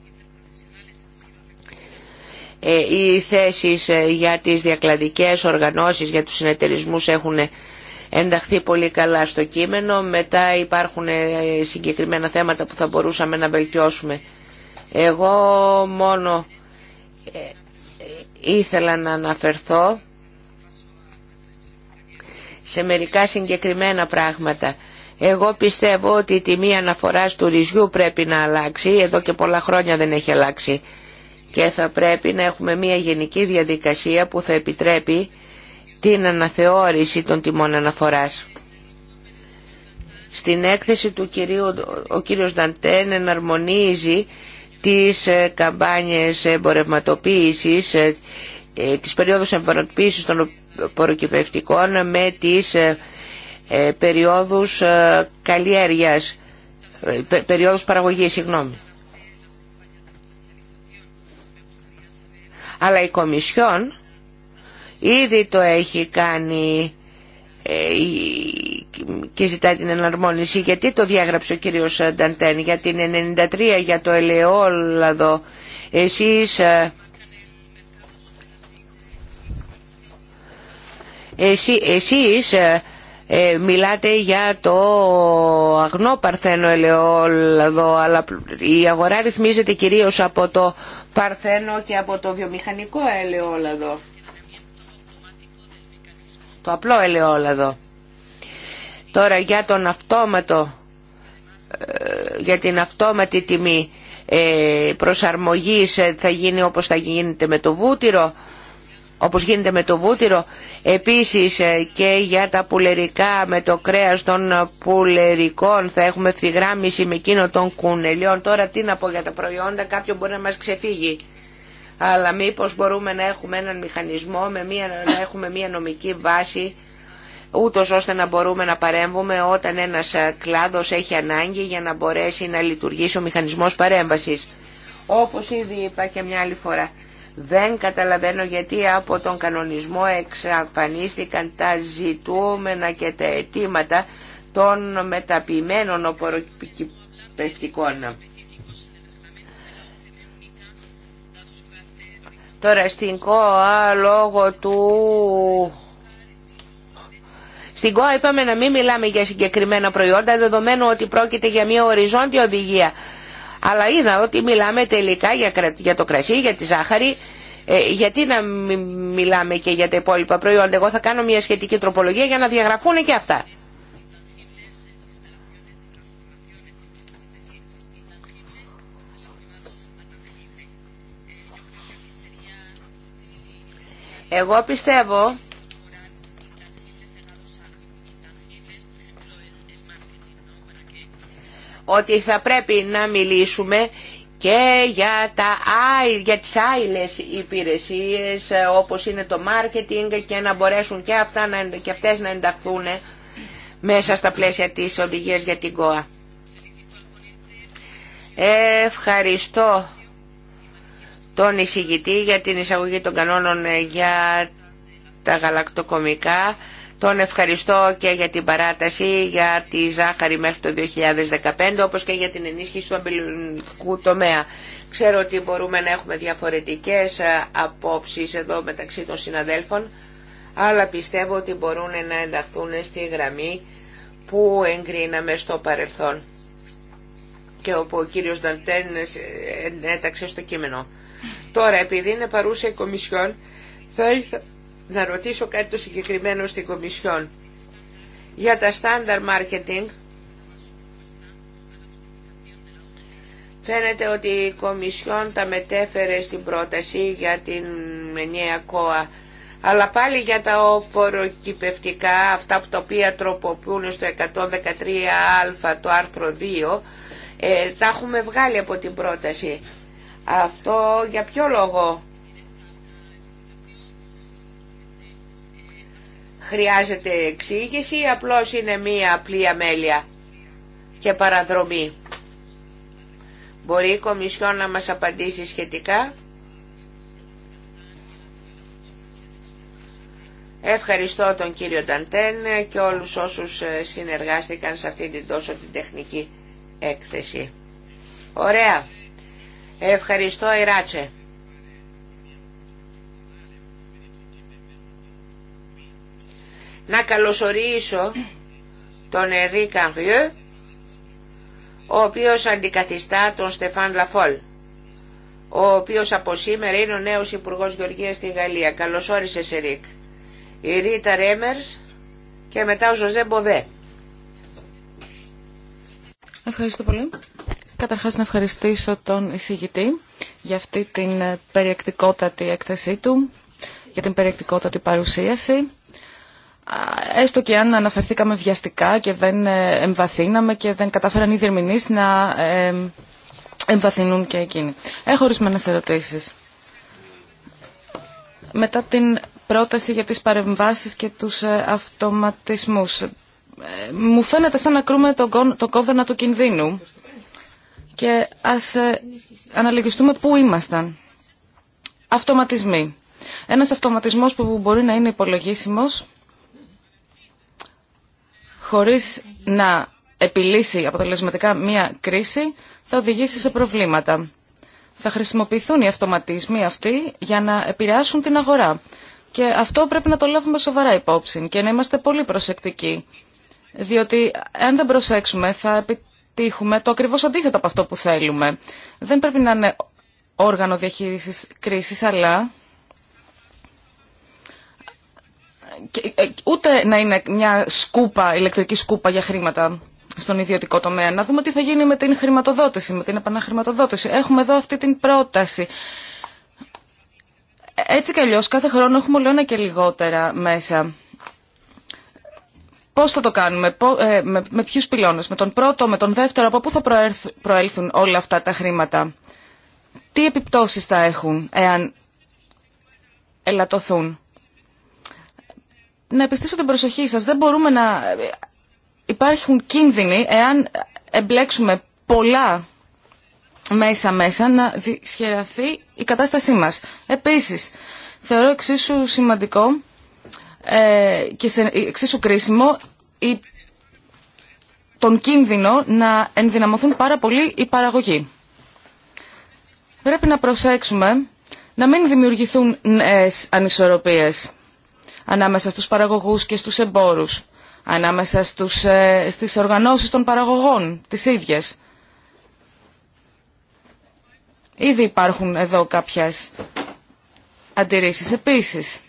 Ε, οι θέσεις ε, για τις διακλαδικές οργανώσεις, για τους συνεταιρισμούς έχουν ενταχθεί πολύ καλά στο κείμενο. Μετά υπάρχουν συγκεκριμένα θέματα που θα μπορούσαμε να βελτιώσουμε. Εγώ μόνο ήθελα να αναφερθώ σε μερικά συγκεκριμένα πράγματα. Εγώ πιστεύω ότι η τιμή αναφοράς ρυζιού πρέπει να αλλάξει, εδώ και πολλά χρόνια δεν έχει αλλάξει και θα πρέπει να έχουμε μια γενική διαδικασία που θα επιτρέπει την αναθεώρηση των τιμών αναφοράς. Στην έκθεση του κυρίου, ο κύριος Νταντέν εναρμονίζει τις ε, καμπάνιες ε, εμπορευματοποίηση, ε, της περιόδους εμπορευματοποίησης των προκυπευτικών με τις περιόδους καλλιέργειας, περιόδους παραγωγής, συγγνώμη. Αλλά η Κομισιόν ήδη το έχει κάνει και ζητάει την εναρμόνιση. Γιατί το διάγραψε ο κύριος Νταντέν για την 93 για το ελαιόλαδο. Εσείς, ε, εσύ, εσείς ε, ε, μιλάτε για το αγνό παρθένο ελαιόλαδο αλλά η αγορά ρυθμίζεται κυρίως από το παρθένο και από το βιομηχανικό ελαιόλαδο. Το απλό ελαιόλαδο. Τώρα για τον αυτόματο, ε, για την αυτόματη τιμή ε, προσαρμογής ε, θα γίνει όπως θα γίνεται με το βούτυρο όπως γίνεται με το βούτυρο επίσης και για τα πουλερικά με το κρέας των πουλερικών θα έχουμε φυγράμιση με εκείνο των κουνελιών τώρα τι να πω για τα προϊόντα κάποιο μπορεί να μας ξεφύγει αλλά μήπως μπορούμε να έχουμε έναν μηχανισμό να έχουμε μια νομική βάση ούτω ώστε να μπορούμε να παρέμβουμε όταν ένας ε, κλάδος έχει ανάγκη για να μπορέσει να λειτουργήσει ο μηχανισμός παρέμβασης. Όπως ήδη είπα και μια άλλη φορά, δεν καταλαβαίνω γιατί από τον κανονισμό εξαφανίστηκαν τα ζητούμενα και τα αιτήματα των μεταποιημένων οποροκυπευτικών. Τώρα στην ΚΟΑ λόγω του στην ΚΟΑ είπαμε να μην μιλάμε για συγκεκριμένα προϊόντα δεδομένου ότι πρόκειται για μια οριζόντια οδηγία. Αλλά είδα ότι μιλάμε τελικά για το κρασί, για τη ζάχαρη. Ε, γιατί να μην μιλάμε και για τα υπόλοιπα προϊόντα. Εγώ θα κάνω μια σχετική τροπολογία για να διαγραφούν και αυτά. Εγώ πιστεύω ότι θα πρέπει να μιλήσουμε και για, τα, για τις άειλες υπηρεσίες ε, όπως είναι το μάρκετινγκ και να μπορέσουν και, αυτά να, να ενταχθούν ε, μέσα στα πλαίσια της οδηγίας για την ΚΟΑ. Ευχαριστώ τον εισηγητή για την εισαγωγή των κανόνων ε, για τα γαλακτοκομικά. Τον ευχαριστώ και για την παράταση για τη ζάχαρη μέχρι το 2015 όπως και για την ενίσχυση του αμπελικού τομέα. Ξέρω ότι μπορούμε να έχουμε διαφορετικές ε, απόψεις εδώ μεταξύ των συναδέλφων αλλά πιστεύω ότι μπορούν να ενταχθούν στη γραμμή που εγκρίναμε στο παρελθόν και όπου ο κύριος Νταντέν ενέταξε ε, στο κείμενο. Τώρα, επειδή είναι παρούσα η Κομισιόν, θα ήθελα να ρωτήσω κάτι το συγκεκριμένο στην Κομισιόν. Για τα standard marketing φαίνεται ότι η Κομισιόν τα μετέφερε στην πρόταση για την νέα ΚΟΑ αλλά πάλι για τα οποροκυπευτικά, αυτά που τα οποία τροποποιούν στο 113α το άρθρο 2, ε, τα έχουμε βγάλει από την πρόταση. Αυτό για ποιο λόγο χρειάζεται εξήγηση ή απλώς είναι μία απλή αμέλεια και παραδρομή. Μπορεί η Κομισιόν να μας απαντήσει σχετικά. Ευχαριστώ τον κύριο Νταντέν και όλους όσους ε, συνεργάστηκαν σε αυτή την τόσο την τεχνική έκθεση. Ωραία. Ευχαριστώ Ιράτσε. να καλωσορίσω τον Ερή Κανριέ, ο οποίος αντικαθιστά τον Στεφάν Λαφόλ, ο οποίος από σήμερα είναι ο νέος Υπουργός Γεωργίας στη Γαλλία. Καλώσόρισε, Ερίκ. Η Ρίτα Ρέμερς και μετά ο Ζωζέ Μποβέ. Ευχαριστώ πολύ. Καταρχάς να ευχαριστήσω τον εισηγητή για αυτή την περιεκτικότατη έκθεσή του, για την περιεκτικότατη παρουσίαση έστω και αν αναφερθήκαμε βιαστικά και δεν ε, εμβαθύναμε και δεν κατάφεραν οι διερμηνείς να ε, εμβαθυνούν και εκείνοι. Έχω ορισμένες ερωτήσεις. Μετά την πρόταση για τις παρεμβάσεις και τους ε, αυτοματισμούς, μου φαίνεται σαν να κρούμε το κόδωνα του κινδύνου και ας αναλογιστούμε πού ήμασταν. Αυτοματισμοί. Ένας αυτοματισμός που μπορεί να είναι υπολογίσιμος χωρίς να επιλύσει αποτελεσματικά μία κρίση, θα οδηγήσει σε προβλήματα. Θα χρησιμοποιηθούν οι αυτοματισμοί αυτοί για να επηρεάσουν την αγορά. Και αυτό πρέπει να το λάβουμε σοβαρά υπόψη και να είμαστε πολύ προσεκτικοί. Διότι αν δεν προσέξουμε θα επιτύχουμε το ακριβώς αντίθετο από αυτό που θέλουμε. Δεν πρέπει να είναι όργανο διαχείρισης κρίσης, αλλά Ε, ούτε να είναι μια σκούπα, ηλεκτρική σκούπα για χρήματα στον ιδιωτικό τομέα. Να δούμε τι θα γίνει με την χρηματοδότηση, με την επαναχρηματοδότηση. Έχουμε εδώ αυτή την πρόταση. Έτσι κι αλλιώς κάθε χρόνο έχουμε όλο ένα και λιγότερα μέσα. Πώς θα το κάνουμε, ε, με, με ποιους πυλώνες, με τον πρώτο, με τον δεύτερο, από πού θα προέλθουν όλα αυτά τα χρήματα. Τι επιπτώσεις θα έχουν εάν ελαττωθούν να επιστήσω την προσοχή σας. Δεν μπορούμε να ε, υπάρχουν κίνδυνοι εάν εμπλέξουμε πολλά μέσα-μέσα να δυσχεραθεί η κατάστασή μας. Επίσης, θεωρώ εξίσου σημαντικό ε, και σε, εξίσου κρίσιμο η, τον κίνδυνο να ενδυναμωθούν πάρα πολύ οι παραγωγοί. Πρέπει να προσέξουμε να μην δημιουργηθούν νέες ανισορροπίες ανάμεσα στους παραγωγούς και στους εμπόρους, ανάμεσα στους, ε, στις οργανώσεις των παραγωγών, τις ίδιες. Ήδη υπάρχουν εδώ κάποιες αντιρρήσεις. Επίσης,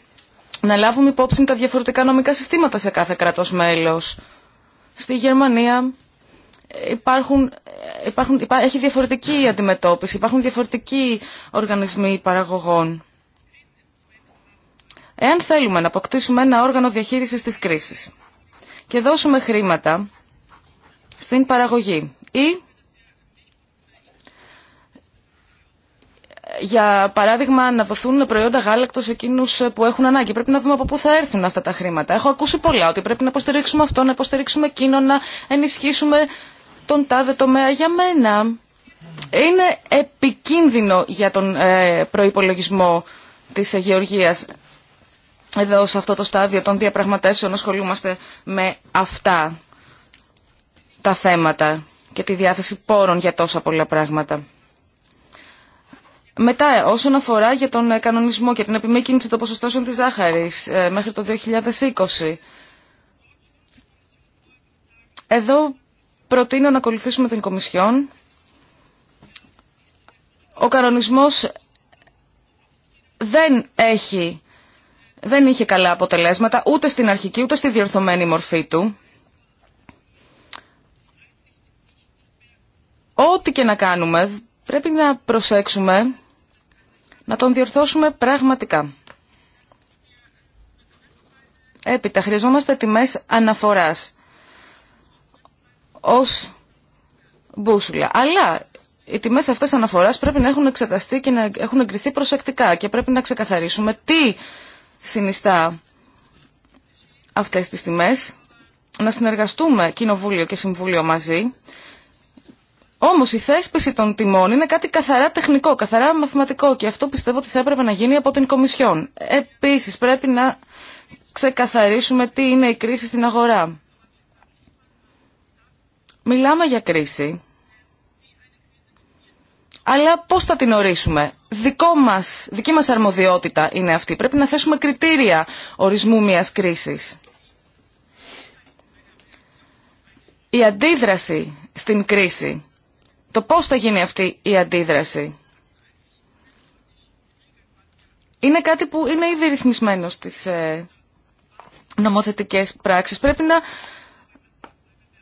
να λάβουμε υπόψη τα διαφορετικά νομικά συστήματα σε κάθε κράτος μέλος. Στη Γερμανία υπάρχουν, υπάρχουν, έχει διαφορετική αντιμετώπιση, υπάρχουν διαφορετικοί οργανισμοί παραγωγών. Εάν θέλουμε να αποκτήσουμε ένα όργανο διαχείρισης της κρίσης και δώσουμε χρήματα στην παραγωγή ή για παράδειγμα να δοθούν προϊόντα γάλακτος εκείνους που έχουν ανάγκη. Πρέπει να δούμε από πού θα έρθουν αυτά τα χρήματα. Έχω ακούσει πολλά ότι πρέπει να υποστηρίξουμε αυτό, να υποστηρίξουμε εκείνο, να ενισχύσουμε τον τάδε τομέα για μένα. Είναι επικίνδυνο για τον ε, προϋπολογισμό της Γεωργίας εδώ σε αυτό το στάδιο των διαπραγματεύσεων ασχολούμαστε με αυτά τα θέματα και τη διάθεση πόρων για τόσα πολλά πράγματα. Μετά, όσον αφορά για τον ε, κανονισμό και την επιμήκυνση των ποσοστώσεων της ζάχαρης ε, μέχρι το 2020, εδώ προτείνω να ακολουθήσουμε την Κομισιόν. Ο κανονισμός δεν έχει δεν είχε καλά αποτελέσματα ούτε στην αρχική ούτε στη διορθωμένη μορφή του. Ό,τι και να κάνουμε πρέπει να προσέξουμε να τον διορθώσουμε πραγματικά. Έπειτα χρειαζόμαστε τιμές αναφοράς ως μπούσουλα. Αλλά οι τιμές αυτές αναφοράς πρέπει να έχουν εξεταστεί και να έχουν εγκριθεί προσεκτικά και πρέπει να ξεκαθαρίσουμε τι συνιστά αυτές τις τιμές, να συνεργαστούμε Κοινοβούλιο και Συμβούλιο μαζί, Όμως η θέσπιση των τιμών είναι κάτι καθαρά τεχνικό, καθαρά μαθηματικό και αυτό πιστεύω ότι θα έπρεπε να γίνει από την Κομισιόν. Επίσης πρέπει να ξεκαθαρίσουμε τι είναι η κρίση στην αγορά. Μιλάμε για κρίση. Αλλά πώς θα την ορίσουμε δικό μας, δική μας αρμοδιότητα είναι αυτή. Πρέπει να θέσουμε κριτήρια ορισμού μιας κρίσης. Η αντίδραση στην κρίση, το πώς θα γίνει αυτή η αντίδραση, είναι κάτι που είναι ήδη ρυθμισμένο στις ε, νομοθετικές πράξεις. Πρέπει να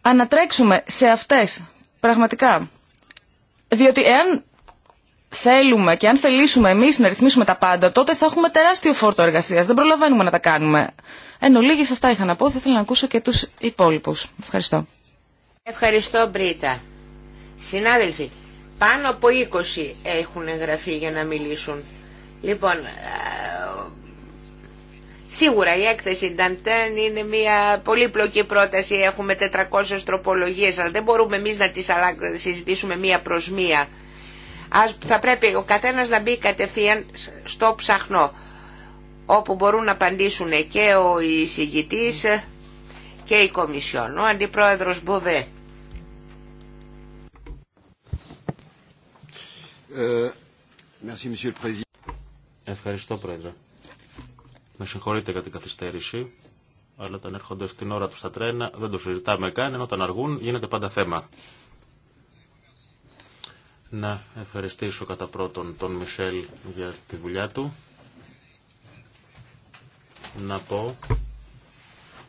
ανατρέξουμε σε αυτές πραγματικά. Διότι εάν θέλουμε και αν θελήσουμε εμεί να ρυθμίσουμε τα πάντα, τότε θα έχουμε τεράστιο φόρτο εργασία. Δεν προλαβαίνουμε να τα κάνουμε. Εν ολίγη αυτά είχα να πω. Θα ήθελα να ακούσω και του υπόλοιπου. Ευχαριστώ. Ευχαριστώ, Μπρίτα. Συνάδελφοι, πάνω από 20 έχουν εγγραφεί για να μιλήσουν. Λοιπόν, ε, σίγουρα η έκθεση Νταντέν είναι μια πολύπλοκη πρόταση. Έχουμε 400 τροπολογίες, αλλά δεν μπορούμε εμείς να τις συζητήσουμε μία προς μία θα πρέπει ο καθένας να μπει κατευθείαν στο ψαχνό όπου μπορούν να απαντήσουν και ο εισηγητής και η Κομισιόν. Ο Αντιπρόεδρος Μποβέ. Ε, Ευχαριστώ Πρόεδρε. Με συγχωρείτε για την καθυστέρηση, αλλά όταν έρχονται στην ώρα του στα τρένα δεν το συζητάμε καν, ενώ όταν αργούν γίνεται πάντα θέμα να ευχαριστήσω κατά πρώτον τον Μισελ για τη δουλειά του. Να πω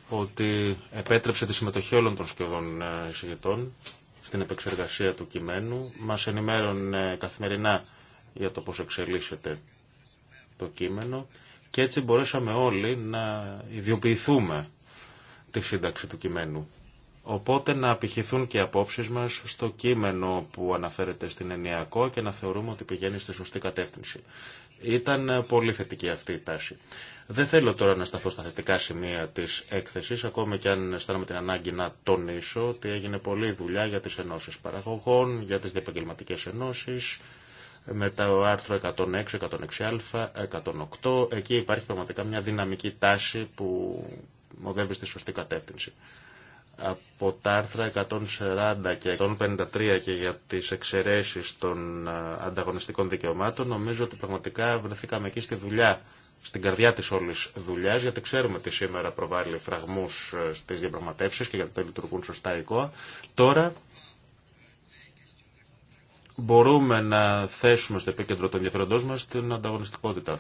ότι επέτρεψε τη συμμετοχή όλων των σχεδόν ε, εισηγητών στην επεξεργασία του κειμένου. Μας ενημέρωνε καθημερινά για το πώς εξελίσσεται το κείμενο και έτσι μπορέσαμε όλοι να ιδιοποιηθούμε τη σύνταξη του κειμένου. Οπότε να απηχηθούν και οι απόψει μα στο κείμενο που αναφέρεται στην ενιακό και να θεωρούμε ότι πηγαίνει στη σωστή κατεύθυνση. Ήταν πολύ θετική αυτή η τάση. Δεν θέλω τώρα να σταθώ στα θετικά σημεία τη έκθεση, ακόμα και αν αισθάνομαι την ανάγκη να τονίσω ότι έγινε πολλή δουλειά για τι ενώσει παραγωγών, για τι διαπαγγελματικέ ενώσει, με το άρθρο 106, 106α, 108. Εκεί υπάρχει πραγματικά μια δυναμική τάση που οδεύει στη σωστή κατεύθυνση από τα άρθρα 140 και 153 και για τις εξαιρέσεις των ε, ανταγωνιστικών δικαιωμάτων νομίζω ότι πραγματικά βρεθήκαμε εκεί στη δουλειά στην καρδιά της όλης δουλειάς, γιατί ξέρουμε ότι σήμερα προβάλλει φραγμούς ε, στις διαπραγματεύσεις και γιατί δεν λειτουργούν σωστά η ΚΟΑ. Τώρα μπορούμε να θέσουμε στο επίκεντρο των ενδιαφέροντός μας την ανταγωνιστικότητα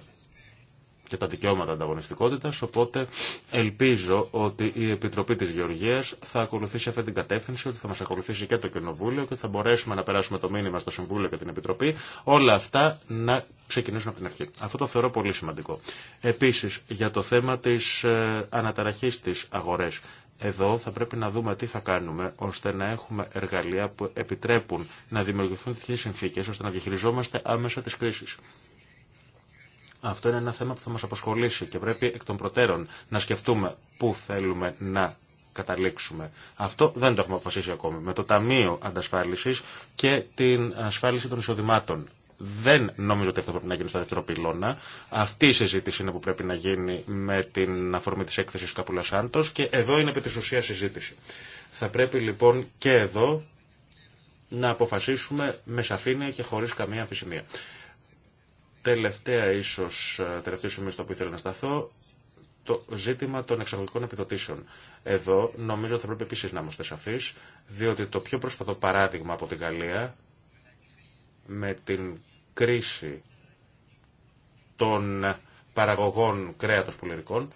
και τα δικαιώματα ανταγωνιστικότητα. οπότε ελπίζω ότι η Επιτροπή τη Γεωργίας θα ακολουθήσει αυτή την κατεύθυνση, ότι θα μα ακολουθήσει και το Κοινοβούλιο και θα μπορέσουμε να περάσουμε το μήνυμα στο Συμβούλιο και την Επιτροπή, όλα αυτά να ξεκινήσουν από την αρχή. Αυτό το θεωρώ πολύ σημαντικό. Επίση, για το θέμα της ε, αναταραχή τη αγορέ. εδώ θα πρέπει να δούμε τι θα κάνουμε ώστε να έχουμε εργαλεία που επιτρέπουν να δημιουργηθούν τέτοιε συνθήκε ώστε να διαχειριζόμαστε άμεσα τι κρίσει. Αυτό είναι ένα θέμα που θα μας αποσχολήσει και πρέπει εκ των προτέρων να σκεφτούμε πού θέλουμε να καταλήξουμε. Αυτό δεν το έχουμε αποφασίσει ακόμη. Με το Ταμείο Αντασφάλισης και την ασφάλιση των εισοδημάτων. Δεν νομίζω ότι αυτό πρέπει να γίνει στο δεύτερο πυλώνα. Αυτή η συζήτηση είναι που πρέπει να γίνει με την αφορμή της έκθεσης Καπούλα Σάντο και εδώ είναι επί τη ουσία συζήτηση. Θα πρέπει λοιπόν και εδώ να αποφασίσουμε με σαφήνεια και χωρίς καμία αμφισημία. Τελευταία ίσως, ε, τελευταίο σημείο στο οποίο ήθελα να σταθώ, το ζήτημα των εξαγωγικών επιδοτήσεων. Εδώ νομίζω ότι θα πρέπει επίσης να είμαστε σαφείς, διότι το πιο πρόσφατο παράδειγμα από την Γαλλία, με την κρίση των παραγωγών κρέατος πουλερικών,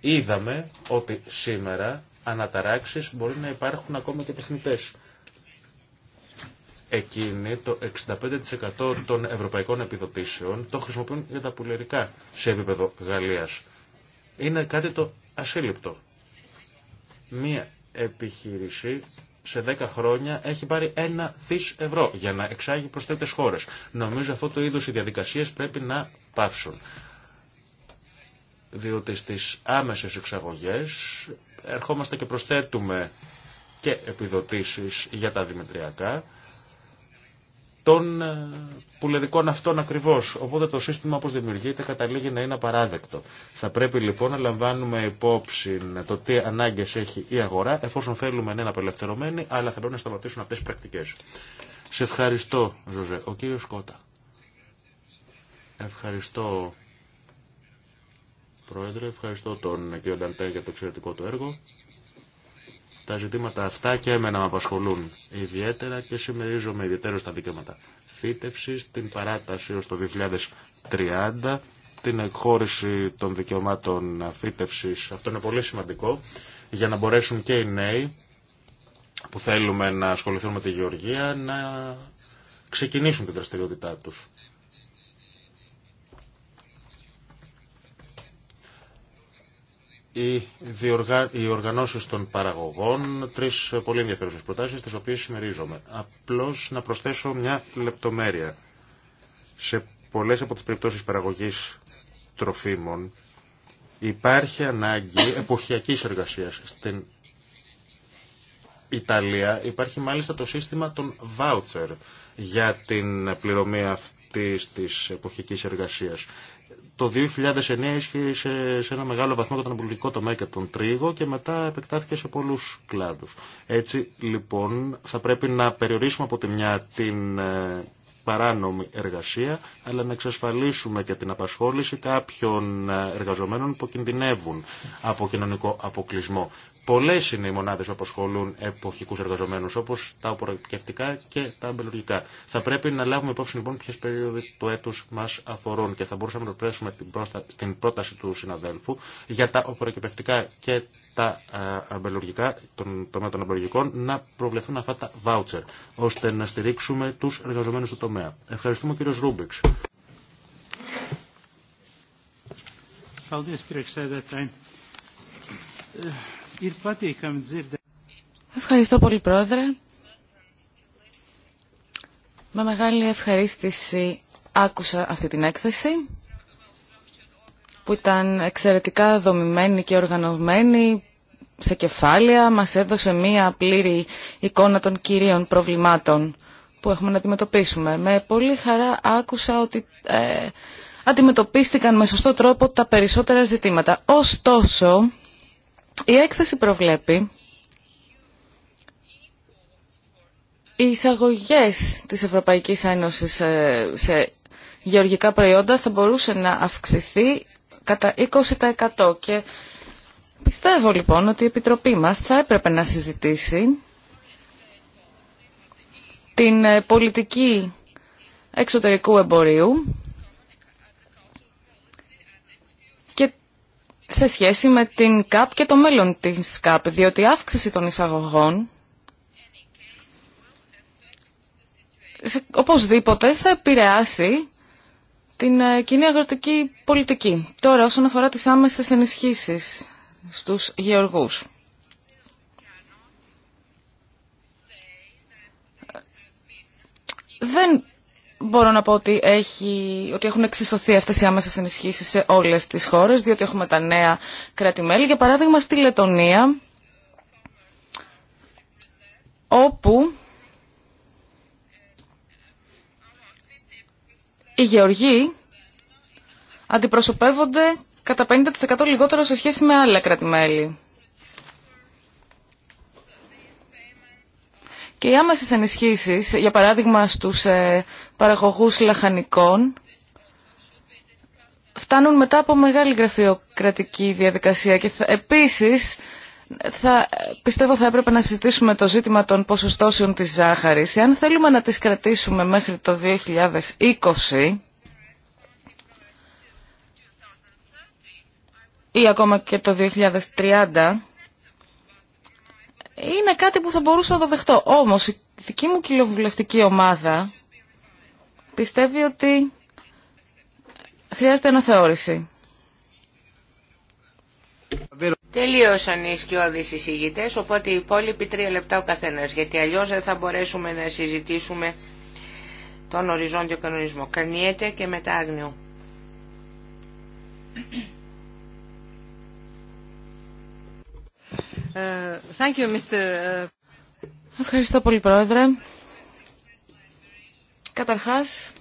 είδαμε ότι σήμερα αναταράξεις μπορεί να υπάρχουν ακόμα και τεχνητές. Εκείνοι το 65% των ευρωπαϊκών επιδοτήσεων το χρησιμοποιούν για τα πουλερικά σε επίπεδο Γαλλίας. Είναι κάτι το ασύλληπτο. Μία επιχείρηση σε 10 χρόνια έχει πάρει ένα θης ευρώ για να εξάγει προς τέτοιες χώρες. Νομίζω αυτό το είδος οι διαδικασίες πρέπει να πάυσουν. Διότι στις άμεσες εξαγωγές ερχόμαστε και προσθέτουμε και επιδοτήσεις για τα δημητριακά των ε, πουλερικών αυτών ακριβώ. Οπότε το σύστημα όπω δημιουργείται καταλήγει να είναι απαράδεκτο. Θα πρέπει λοιπόν να λαμβάνουμε υπόψη το τι ανάγκε έχει η αγορά, εφόσον θέλουμε να είναι απελευθερωμένοι, αλλά θα πρέπει να σταματήσουν αυτέ τι πρακτικέ. Σε ευχαριστώ, Ζωζέ. Ο κύριο Κότα. Ευχαριστώ, Πρόεδρε. Ευχαριστώ τον κύριο Νταντέ για το εξαιρετικό του έργο. Τα ζητήματα αυτά και εμένα με απασχολούν ιδιαίτερα και συμμερίζομαι ιδιαίτερα στα δικαιώματα φύτευση, την παράταση ως το 2030, την εκχώρηση των δικαιωμάτων φύτευση. Αυτό είναι πολύ σημαντικό για να μπορέσουν και οι νέοι που θέλουμε να ασχοληθούν με τη γεωργία να ξεκινήσουν την δραστηριότητά τους. οι, οργανώσει των παραγωγών, τρεις πολύ ενδιαφέρουσες προτάσεις, τις οποίες συμμερίζομαι. Απλώς να προσθέσω μια λεπτομέρεια. Σε πολλές από τις περιπτώσεις παραγωγής τροφίμων υπάρχει ανάγκη εποχιακής εργασίας. Στην Ιταλία υπάρχει μάλιστα το σύστημα των βάουτσερ για την πληρωμή αυτή της εποχικής εργασίας. Το 2009 ίσχυε σε, σε ένα μεγάλο βαθμό για τον πολιτικό τομέα και τον τρίγο και μετά επεκτάθηκε σε πολλούς κλάδους. Έτσι λοιπόν θα πρέπει να περιορίσουμε από τη μια την ε, παράνομη εργασία, αλλά να εξασφαλίσουμε και την απασχόληση κάποιων ε, εργαζομένων που κινδυνεύουν από κοινωνικό αποκλεισμό. Πολλέ είναι οι μονάδε που απασχολούν εποχικού εργαζομένου, όπω τα οποροκευτικά και τα αμπελουργικά. Θα πρέπει να λάβουμε υπόψη λοιπόν ποιε περίοδοι του έτου μα αφορούν και θα μπορούσαμε να πρέσουμε την πρόταση του συναδέλφου για τα οποροκευτικά και τα αμπελουργικά, ε, τον τομέα των αμπελουργικών, να προβλεφθούν αυτά τα βάουτσερ, ώστε να στηρίξουμε του εργαζομένου του τομέα. Ευχαριστούμε κύριο Ρούμπιξ. Ευχαριστώ πολύ, Πρόεδρε. Με μεγάλη ευχαρίστηση άκουσα αυτή την έκθεση που ήταν εξαιρετικά δομημένη και οργανωμένη σε κεφάλαια. Μας έδωσε μία πλήρη εικόνα των κυρίων προβλημάτων που έχουμε να αντιμετωπίσουμε. Με πολύ χαρά άκουσα ότι ε, αντιμετωπίστηκαν με σωστό τρόπο τα περισσότερα ζητήματα. Ωστόσο, η έκθεση προβλέπει οι εισαγωγές της Ευρωπαϊκής Ένωσης ε, σε γεωργικά προϊόντα θα μπορούσε να αυξηθεί κατά 20% και πιστεύω λοιπόν ότι η Επιτροπή μας θα έπρεπε να συζητήσει την ε, πολιτική εξωτερικού εμπορίου σε σχέση με την ΚΑΠ και το μέλλον της ΚΑΠ, διότι η αύξηση των εισαγωγών οπωσδήποτε θα επηρεάσει την ε, κοινή αγροτική πολιτική. Τώρα όσον αφορά τις άμεσες ενισχύσεις στους γεωργούς. Δεν μπορώ να πω ότι, έχει, ότι έχουν εξισωθεί αυτές οι άμεσες ενισχύσεις σε όλες τις χώρες, διότι έχουμε τα νέα κράτη-μέλη. Για παράδειγμα, στη Λετωνία, όπου οι γεωργοί αντιπροσωπεύονται κατά 50% λιγότερο σε σχέση με άλλα κράτη-μέλη. Και οι άμεσες ενισχύσεις, για παράδειγμα στους ε, παραγωγούς λαχανικών, φτάνουν μετά από μεγάλη γραφειοκρατική διαδικασία και επίσης θα, πιστεύω θα έπρεπε να συζητήσουμε το ζήτημα των ποσοστώσεων της ζάχαρης. Εάν θέλουμε να τις κρατήσουμε μέχρι το 2020 ή ακόμα και το 2030, είναι κάτι που θα μπορούσα να το δεχτώ. Όμως η δική μου κοινοβουλευτική ομάδα πιστεύει ότι χρειάζεται αναθεώρηση. Τελείωσαν οι σκιώδεις εισηγητές, οπότε οι υπόλοιποι τρία λεπτά ο καθένας, γιατί αλλιώς δεν θα μπορέσουμε να συζητήσουμε τον οριζόντιο κανονισμό. Κανιέται και μετά άγνιο. Ε, ε. Ευχαριστώ πολύ, Πρόεδρε. Καταρχάς,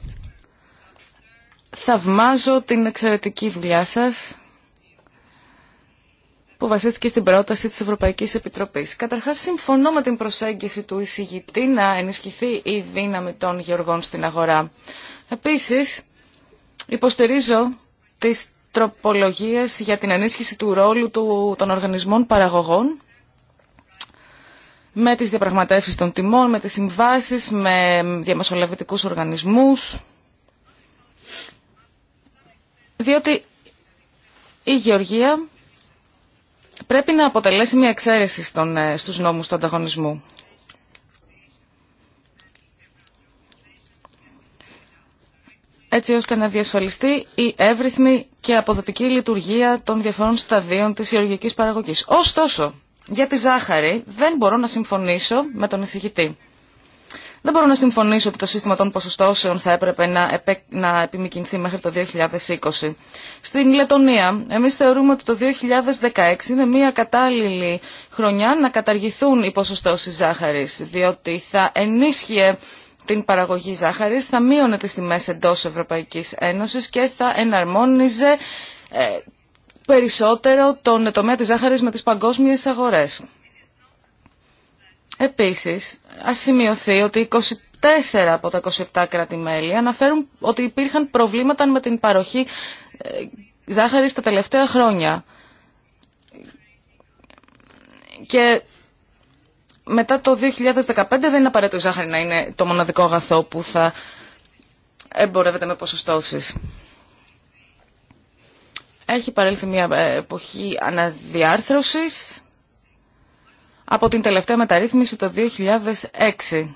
θαυμάζω την εξαιρετική δουλειά σας που βασίστηκε στην πρόταση της Ευρωπαϊκής Επιτροπής. Καταρχάς, συμφωνώ με την προσέγγιση του εισηγητή να ενισχυθεί η δύναμη των γεωργών στην αγορά. Επίσης, υποστηρίζω τις τροπολογίες για την ενίσχυση του ρόλου των οργανισμών παραγωγών με τις διαπραγματεύσεις των τιμών, με τις συμβάσεις, με διαμεσολαβητικούς οργανισμούς. Διότι η γεωργία πρέπει να αποτελέσει μια εξαίρεση στον, ε, στους νόμους του ανταγωνισμού. έτσι ώστε να διασφαλιστεί η εύρυθμη και αποδοτική λειτουργία των διαφορών σταδίων της γεωργικής παραγωγής. Ωστόσο, για τη ζάχαρη δεν μπορώ να συμφωνήσω με τον εισηγητή. Δεν μπορώ να συμφωνήσω ότι το σύστημα των ποσοστώσεων θα έπρεπε να, επε... να επιμηκυνθεί μέχρι το 2020. Στην Λετωνία, εμείς θεωρούμε ότι το 2016 είναι μια κατάλληλη χρονιά να καταργηθούν οι ποσοστώσεις ζάχαρης, διότι θα ενίσχυε την παραγωγή ζάχαρης, θα μείωνε τις τιμές εντός Ευρωπαϊκής Ένωσης και θα εναρμόνιζε ε, περισσότερο τον τομέα της ζάχαρης με τις παγκόσμιες αγορές. Επίσης, ας σημειωθεί ότι 24 από τα 27 κράτη-μέλη αναφέρουν ότι υπήρχαν προβλήματα με την παροχή ε, ζάχαρης τα τελευταία χρόνια. Και μετά το 2015 δεν είναι απαραίτητο η ζάχαρη να είναι το μοναδικό αγαθό που θα εμπορεύεται με ποσοστώσεις. Έχει παρέλθει μια εποχή αναδιάρθρωσης από την τελευταία μεταρρύθμιση το 2006.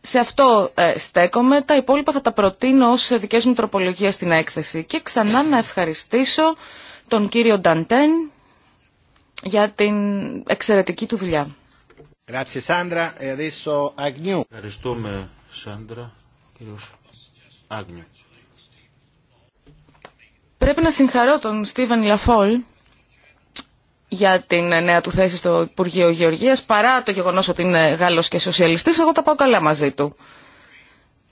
Σε αυτό ε, στέκομαι, τα υπόλοιπα θα τα προτείνω ως δικές μου τροπολογίες στην έκθεση. Και ξανά να ευχαριστήσω τον κύριο Νταντέν για την εξαιρετική του δουλειά. E Ευχαριστούμε, Σάντρα. Κύριος Πρέπει να συγχαρώ τον Στίβεν Λαφόλ για την νέα του θέση στο Υπουργείο Γεωργίας, παρά το γεγονός ότι είναι Γάλλος και σοσιαλιστής, εγώ τα πάω καλά μαζί του.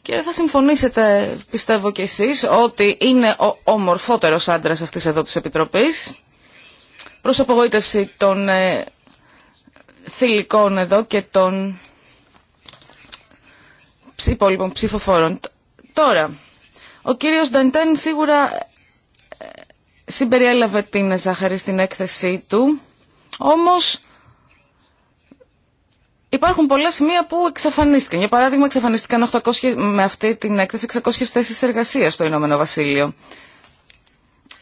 Και θα συμφωνήσετε, πιστεύω κι εσείς, ότι είναι ο ομορφότερος άντρας αυτής εδώ της Επιτροπής προς απογοήτευση των ε, θηλυκών εδώ και των υπόλοιπων ψηφοφόρων. Τώρα, ο κύριος Νταντέν σίγουρα ε, συμπεριέλαβε την ζάχαρη στην έκθεσή του, όμως υπάρχουν πολλά σημεία που εξαφανίστηκαν. Για παράδειγμα, εξαφανίστηκαν 800, με αυτή την έκθεση 600 θέσεις εργασίας στο Ηνωμένο Βασίλειο.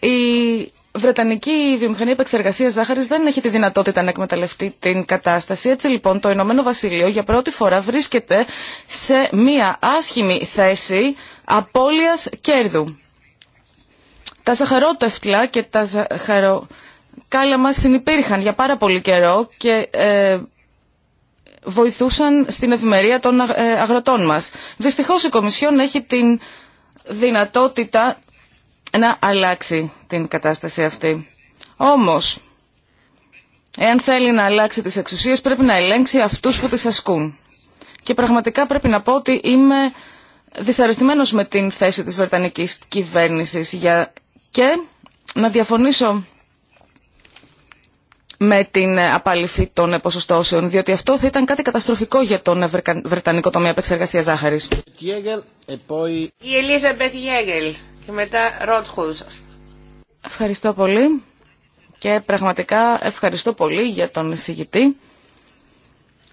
Η Βρετανική βιομηχανία επεξεργασία ζάχαρη δεν έχει τη δυνατότητα να εκμεταλλευτεί την κατάσταση. Έτσι λοιπόν το Ηνωμένο Βασίλειο για πρώτη φορά βρίσκεται σε μία άσχημη θέση απώλεια κέρδου. Τα ζαχαρότευτλα και τα ζαχαροκάλα μας συνυπήρχαν για πάρα πολύ καιρό και ε, βοηθούσαν στην ευημερία των ε, αγροτών μας. Δυστυχώς η Κομισιόν έχει την δυνατότητα να αλλάξει την κατάσταση αυτή. Όμως, εάν θέλει να αλλάξει τις εξουσίες πρέπει να ελέγξει αυτούς που τις ασκούν. Και πραγματικά πρέπει να πω ότι είμαι δυσαρεστημένος με την θέση της Βρετανικής κυβέρνησης για... και να διαφωνήσω με την απαλήφη των ποσοστώσεων, διότι αυτό θα ήταν κάτι καταστροφικό για τον Βρετανικό τομέα επεξεργασία ζάχαρης. Η Ελίζα και μετά Ευχαριστώ πολύ και πραγματικά ευχαριστώ πολύ για τον εισηγητή,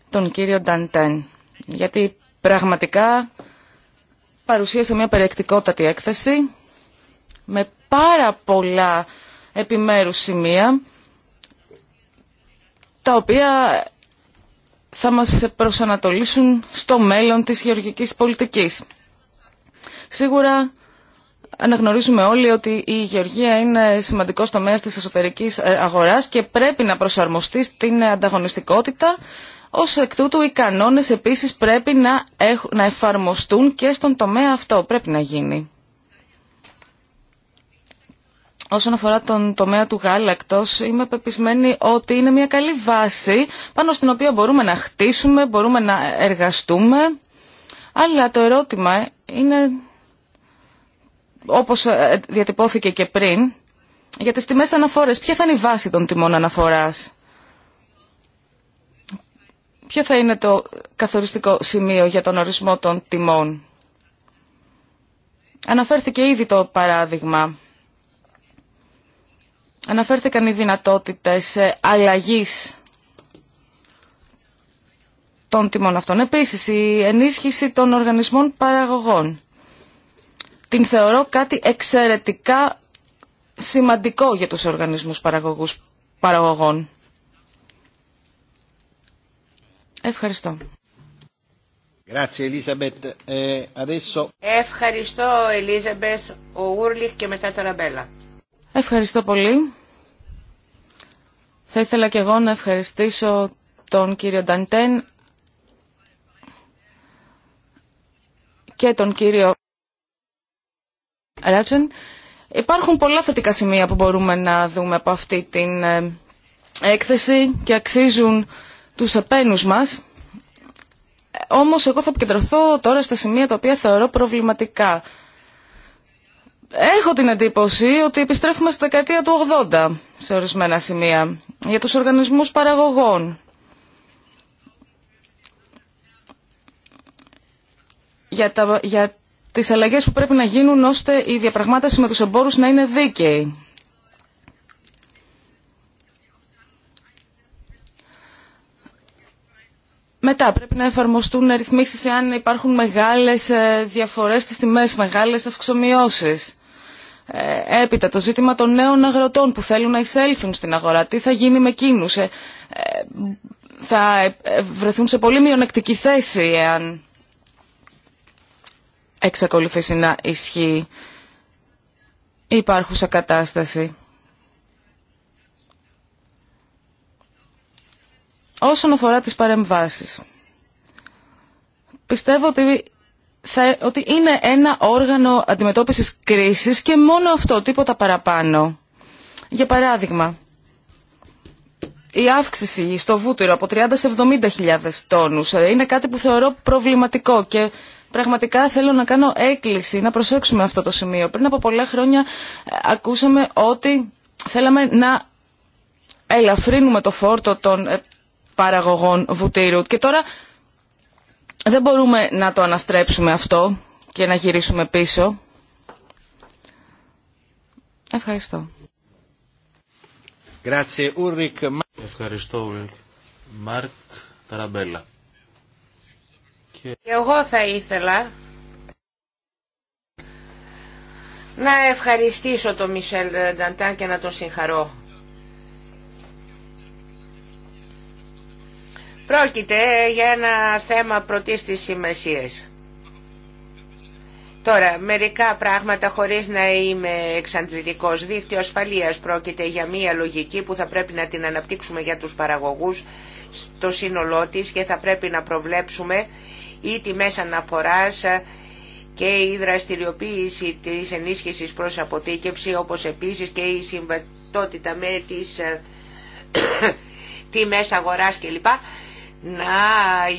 τον κύριο Νταντέν, γιατί πραγματικά παρουσίασε μια περιεκτικότατη έκθεση με πάρα πολλά επιμέρους σημεία, τα οποία θα μας προσανατολίσουν στο μέλλον της γεωργικής πολιτικής. Σίγουρα αναγνωρίζουμε όλοι ότι η γεωργία είναι σημαντικός τομέας της εσωτερικής ε, αγοράς και πρέπει να προσαρμοστεί στην ανταγωνιστικότητα. Ως εκ τούτου οι κανόνες επίσης πρέπει να, να εφαρμοστούν και στον τομέα αυτό. Πρέπει να γίνει. Όσον αφορά τον τομέα του γάλακτος, είμαι πεπισμένη ότι είναι μια καλή βάση πάνω στην οποία μπορούμε να χτίσουμε, μπορούμε να εργαστούμε. Αλλά το ερώτημα είναι όπως ε, ε, διατυπώθηκε και πριν, για τις τιμές αναφορές. Ποια θα είναι η βάση των τιμών αναφοράς. Ποιο θα είναι το καθοριστικό σημείο για τον ορισμό των τιμών. Αναφέρθηκε ήδη το παράδειγμα. Αναφέρθηκαν οι δυνατότητες ε, αλλαγής των τιμών αυτών. Επίσης, η ενίσχυση των οργανισμών παραγωγών την θεωρώ κάτι εξαιρετικά σημαντικό για τους οργανισμούς παραγωγούς, παραγωγών. Ευχαριστώ. Ε, Ευχαριστώ Ελίζαμπεθ, ο Ούρλιχ και μετά τα Ραμπέλα. Ευχαριστώ πολύ. Θα ήθελα και εγώ να ευχαριστήσω τον κύριο Νταντέν και τον κύριο Ράτσεν. Υπάρχουν πολλά θετικά σημεία που μπορούμε να δούμε από αυτή την ε, έκθεση και αξίζουν τους επένους μας. Όμως εγώ θα επικεντρωθώ τώρα στα σημεία τα οποία θεωρώ προβληματικά. Έχω την εντύπωση ότι επιστρέφουμε στη δεκαετία του 80 σε ορισμένα σημεία για τους οργανισμούς παραγωγών. Για, τα, για τις αλλαγές που πρέπει να γίνουν ώστε η διαπραγμάτευση με τους εμπόρους να είναι δίκαιη. Μετά πρέπει να εφαρμοστούν ρυθμίσεις εάν υπάρχουν μεγάλες ε, διαφορές στις τιμές, μεγάλες αυξομοιώσεις. Ε, έπειτα το ζήτημα των νέων αγροτών που θέλουν να εισέλθουν στην αγορά. Τι θα γίνει με εκείνους. Ε, θα βρεθούν σε πολύ μειονεκτική θέση εάν εξακολουθήσει να ισχύει η υπάρχουσα κατάσταση. Όσον αφορά τις παρεμβάσεις, πιστεύω ότι, θα, ότι είναι ένα όργανο αντιμετώπισης κρίσης και μόνο αυτό, τίποτα παραπάνω. Για παράδειγμα, η αύξηση στο βούτυρο από 30 σε 70 χιλιάδες τόνους ε, είναι κάτι που θεωρώ προβληματικό και πραγματικά θέλω να κάνω έκκληση, να προσέξουμε αυτό το σημείο. Πριν από πολλά χρόνια ε, ακούσαμε ότι θέλαμε να ελαφρύνουμε το φόρτο των ε, παραγωγών βουτύρου και τώρα δεν μπορούμε να το αναστρέψουμε αυτό και να γυρίσουμε πίσω. Ευχαριστώ. Ευχαριστώ, Μάρκ Ταραμπέλα. Και εγώ θα ήθελα να ευχαριστήσω τον Μισελ Νταντάν και να τον συγχαρώ. Πρόκειται για ένα θέμα πρωτής της σημασίας. Τώρα, μερικά πράγματα χωρίς να είμαι εξαντλητικός δίκτυο ασφαλείας πρόκειται για μία λογική που θα πρέπει να την αναπτύξουμε για τους παραγωγούς στο σύνολό της και θα πρέπει να προβλέψουμε ή τιμές αναφοράς και η δραστηριοποίηση της ενίσχυσης προς αποθήκευση όπως επίσης και η συμβατότητα με τις ε, τιμές αγοράς κλπ να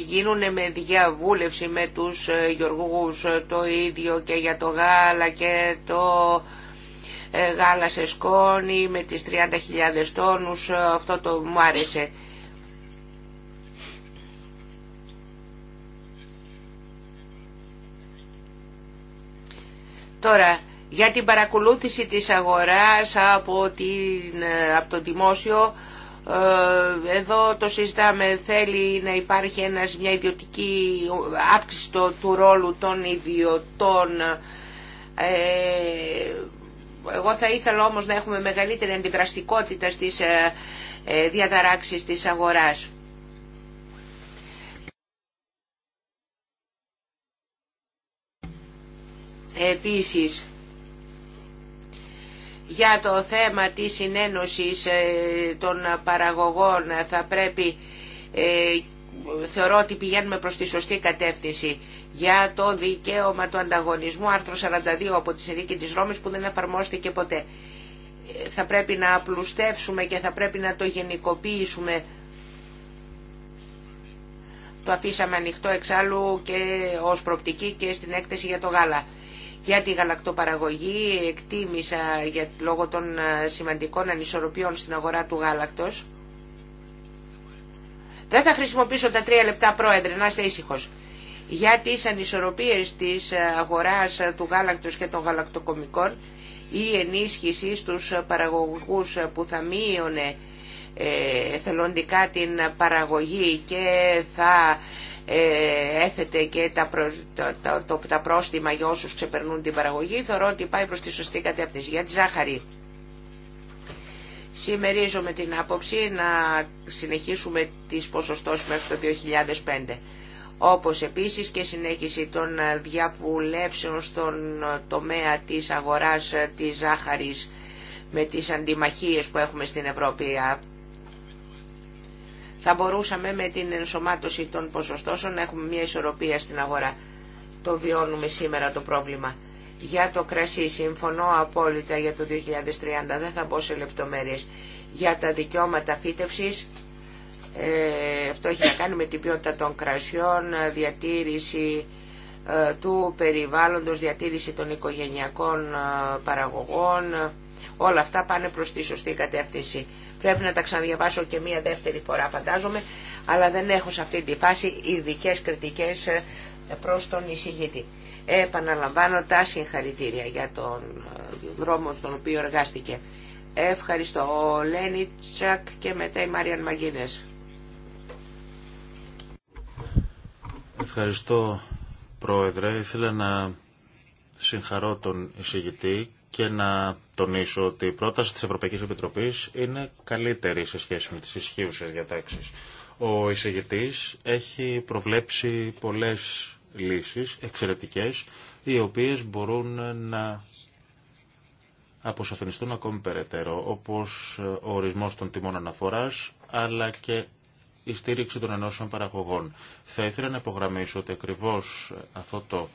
γίνουν με διαβούλευση με τους ε, γεωργούς το ίδιο και για το γάλα και το ε, γάλα σε σκόνη με τις 30.000 τόνους αυτό το μου άρεσε Τώρα, για την παρακολούθηση της αγοράς από, την, ε, από το δημόσιο, ε, εδώ το συζητάμε, θέλει να υπάρχει ένας, μια ιδιωτική αύξηση του ρόλου των ιδιωτών. Ε, εγώ θα ήθελα όμως να έχουμε μεγαλύτερη αντιδραστικότητα στις διαταράξεις της αγοράς. Επίσης, για το θέμα της συνένωσης ε, των παραγωγών θα πρέπει, ε, θεωρώ ότι πηγαίνουμε προς τη σωστή κατεύθυνση, για το δικαίωμα του ανταγωνισμού, άρθρο 42 από τη συνδίκη της Ρώμης που δεν εφαρμόστηκε ποτέ. Θα πρέπει να απλουστεύσουμε και θα πρέπει να το γενικοποιήσουμε. Το αφήσαμε ανοιχτό εξάλλου και ως προπτική και στην έκθεση για το γάλα για τη γαλακτοπαραγωγή εκτίμησα για, λόγω των ε, σημαντικών ανισορροπιών στην αγορά του γάλακτος. Δεν θα χρησιμοποιήσω τα τρία λεπτά πρόεδρε, να είστε ήσυχος. Για τις ανισορροπίες της ε, αγοράς ε, του γάλακτος και των γαλακτοκομικών η ενίσχυση στους παραγωγούς που θα μείωνε εθελοντικά την παραγωγή και θα ε, έθετε και τα, το, τα πρόστιμα για όσους ξεπερνούν την παραγωγή, θεωρώ ότι πάει προς τη σωστή κατεύθυνση. Για τη ζάχαρη. Σημερίζομαι την άποψη να συνεχίσουμε τις ποσοστώσεις μέχρι το 2005 όπως επίσης και συνέχιση των διαβουλεύσεων στον τομέα της αγοράς της ζάχαρης με τις αντιμαχίες που έχουμε στην Ευρώπη θα μπορούσαμε με την ενσωμάτωση των ποσοστώσεων να έχουμε μια ισορροπία στην αγορά. Το βιώνουμε σήμερα το πρόβλημα. Για το κρασί συμφωνώ απόλυτα για το 2030, δεν θα μπω σε λεπτομέρειες. Για τα δικαιώματα φύτευσης, ε, αυτό έχει να κάνει με την ποιότητα των κρασιών, διατήρηση ε, του περιβάλλοντος, διατήρηση των οικογενειακών ε, παραγωγών. Όλα αυτά πάνε προς τη σωστή κατεύθυνση. Πρέπει να τα ξαναδιαβάσω και μία δεύτερη φορά φαντάζομαι, αλλά δεν έχω σε αυτή τη φάση ειδικέ κριτικές ε, προς τον εισηγητή. επαναλαμβάνω τα συγχαρητήρια για τον ε, δρόμο στον οποίο εργάστηκε. Ευχαριστώ. Ο Λένι και μετά η Μάριαν Μαγκίνες. Ευχαριστώ Πρόεδρε. Ήθελα να συγχαρώ τον εισηγητή και να τονίσω ότι η πρόταση της Ευρωπαϊκής Επιτροπής είναι καλύτερη σε σχέση με τις ισχύουσες διατάξεις. Ο εισηγητής έχει προβλέψει πολλές λύσεις εξαιρετικές, οι οποίες μπορούν να αποσαφινιστούν ακόμη περαιτέρω, όπως ο ορισμός των τιμών αναφοράς, αλλά και η στήριξη των ενώσεων παραγωγών. Θα ήθελα να υπογραμμίσω ότι ακριβώς αυτό το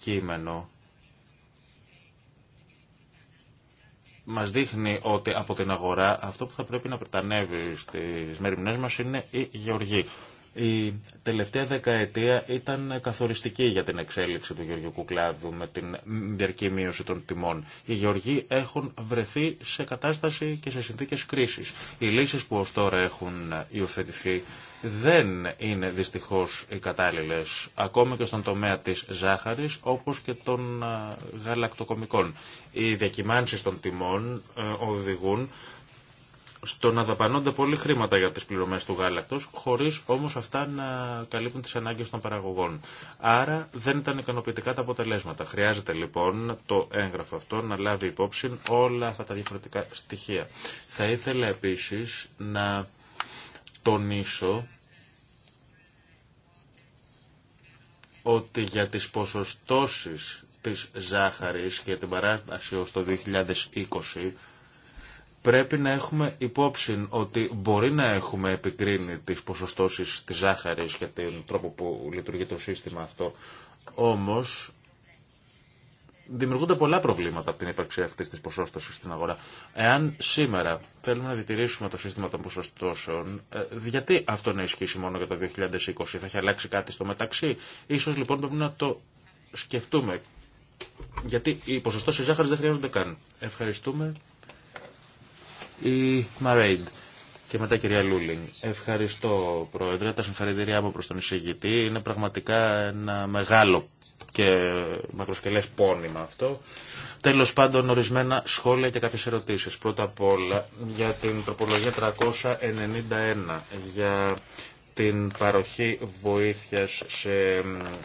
κείμενο μας δείχνει ότι από την αγορά αυτό που θα πρέπει να πρετανεύει στι μέρημνέ μα είναι η γεωργή. Η τελευταία δεκαετία ήταν καθοριστική για την εξέλιξη του γεωργικού κλάδου με την διαρκή μείωση των τιμών. Οι γεωργοί έχουν βρεθεί σε κατάσταση και σε συνθήκες κρίσης. Οι λύσεις που ως τώρα έχουν υιοθετηθεί δεν είναι δυστυχώς οι κατάλληλες, ακόμα και στον τομέα της ζάχαρης, όπως και των ε, γαλακτοκομικών. Οι διακυμάνσεις των τιμών ε, οδηγούν στο να δαπανώνται πολύ χρήματα για τις πληρωμές του γάλακτος, χωρίς όμως αυτά να καλύπτουν τις ανάγκες των παραγωγών. Άρα δεν ήταν ικανοποιητικά τα αποτελέσματα. Χρειάζεται λοιπόν το έγγραφο αυτό να λάβει υπόψη όλα αυτά τα διαφορετικά στοιχεία. Θα ήθελα επίσης να τονίσω ότι για τις ποσοστώσεις της ζάχαρης και την παράσταση ως το 2020 πρέπει να έχουμε υπόψη ότι μπορεί να έχουμε επικρίνει τις ποσοστώσεις της ζάχαρης και τον τρόπο που λειτουργεί το σύστημα αυτό, όμως δημιουργούνται πολλά προβλήματα από την ύπαρξη αυτή τη ποσόστοση στην αγορά. Εάν σήμερα θέλουμε να διτηρήσουμε το σύστημα των ποσοστώσεων, ε, γιατί αυτό να ισχύσει μόνο για το 2020, θα έχει αλλάξει κάτι στο μεταξύ. Ίσως λοιπόν πρέπει να το σκεφτούμε. Γιατί οι ποσοστώσει ζάχαρη δεν χρειάζονται καν. Ευχαριστούμε η Μαρέιντ. Και μετά κυρία Λούλινγκ. Ευχαριστώ Πρόεδρε, τα συγχαρητήριά μου προς τον εισηγητή. Είναι πραγματικά ένα μεγάλο και μακροσκελές πόνημα αυτό. Τέλος πάντων ορισμένα σχόλια και κάποιες ερωτήσεις. Πρώτα απ' όλα για την τροπολογία 391, για την παροχή βοήθειας σε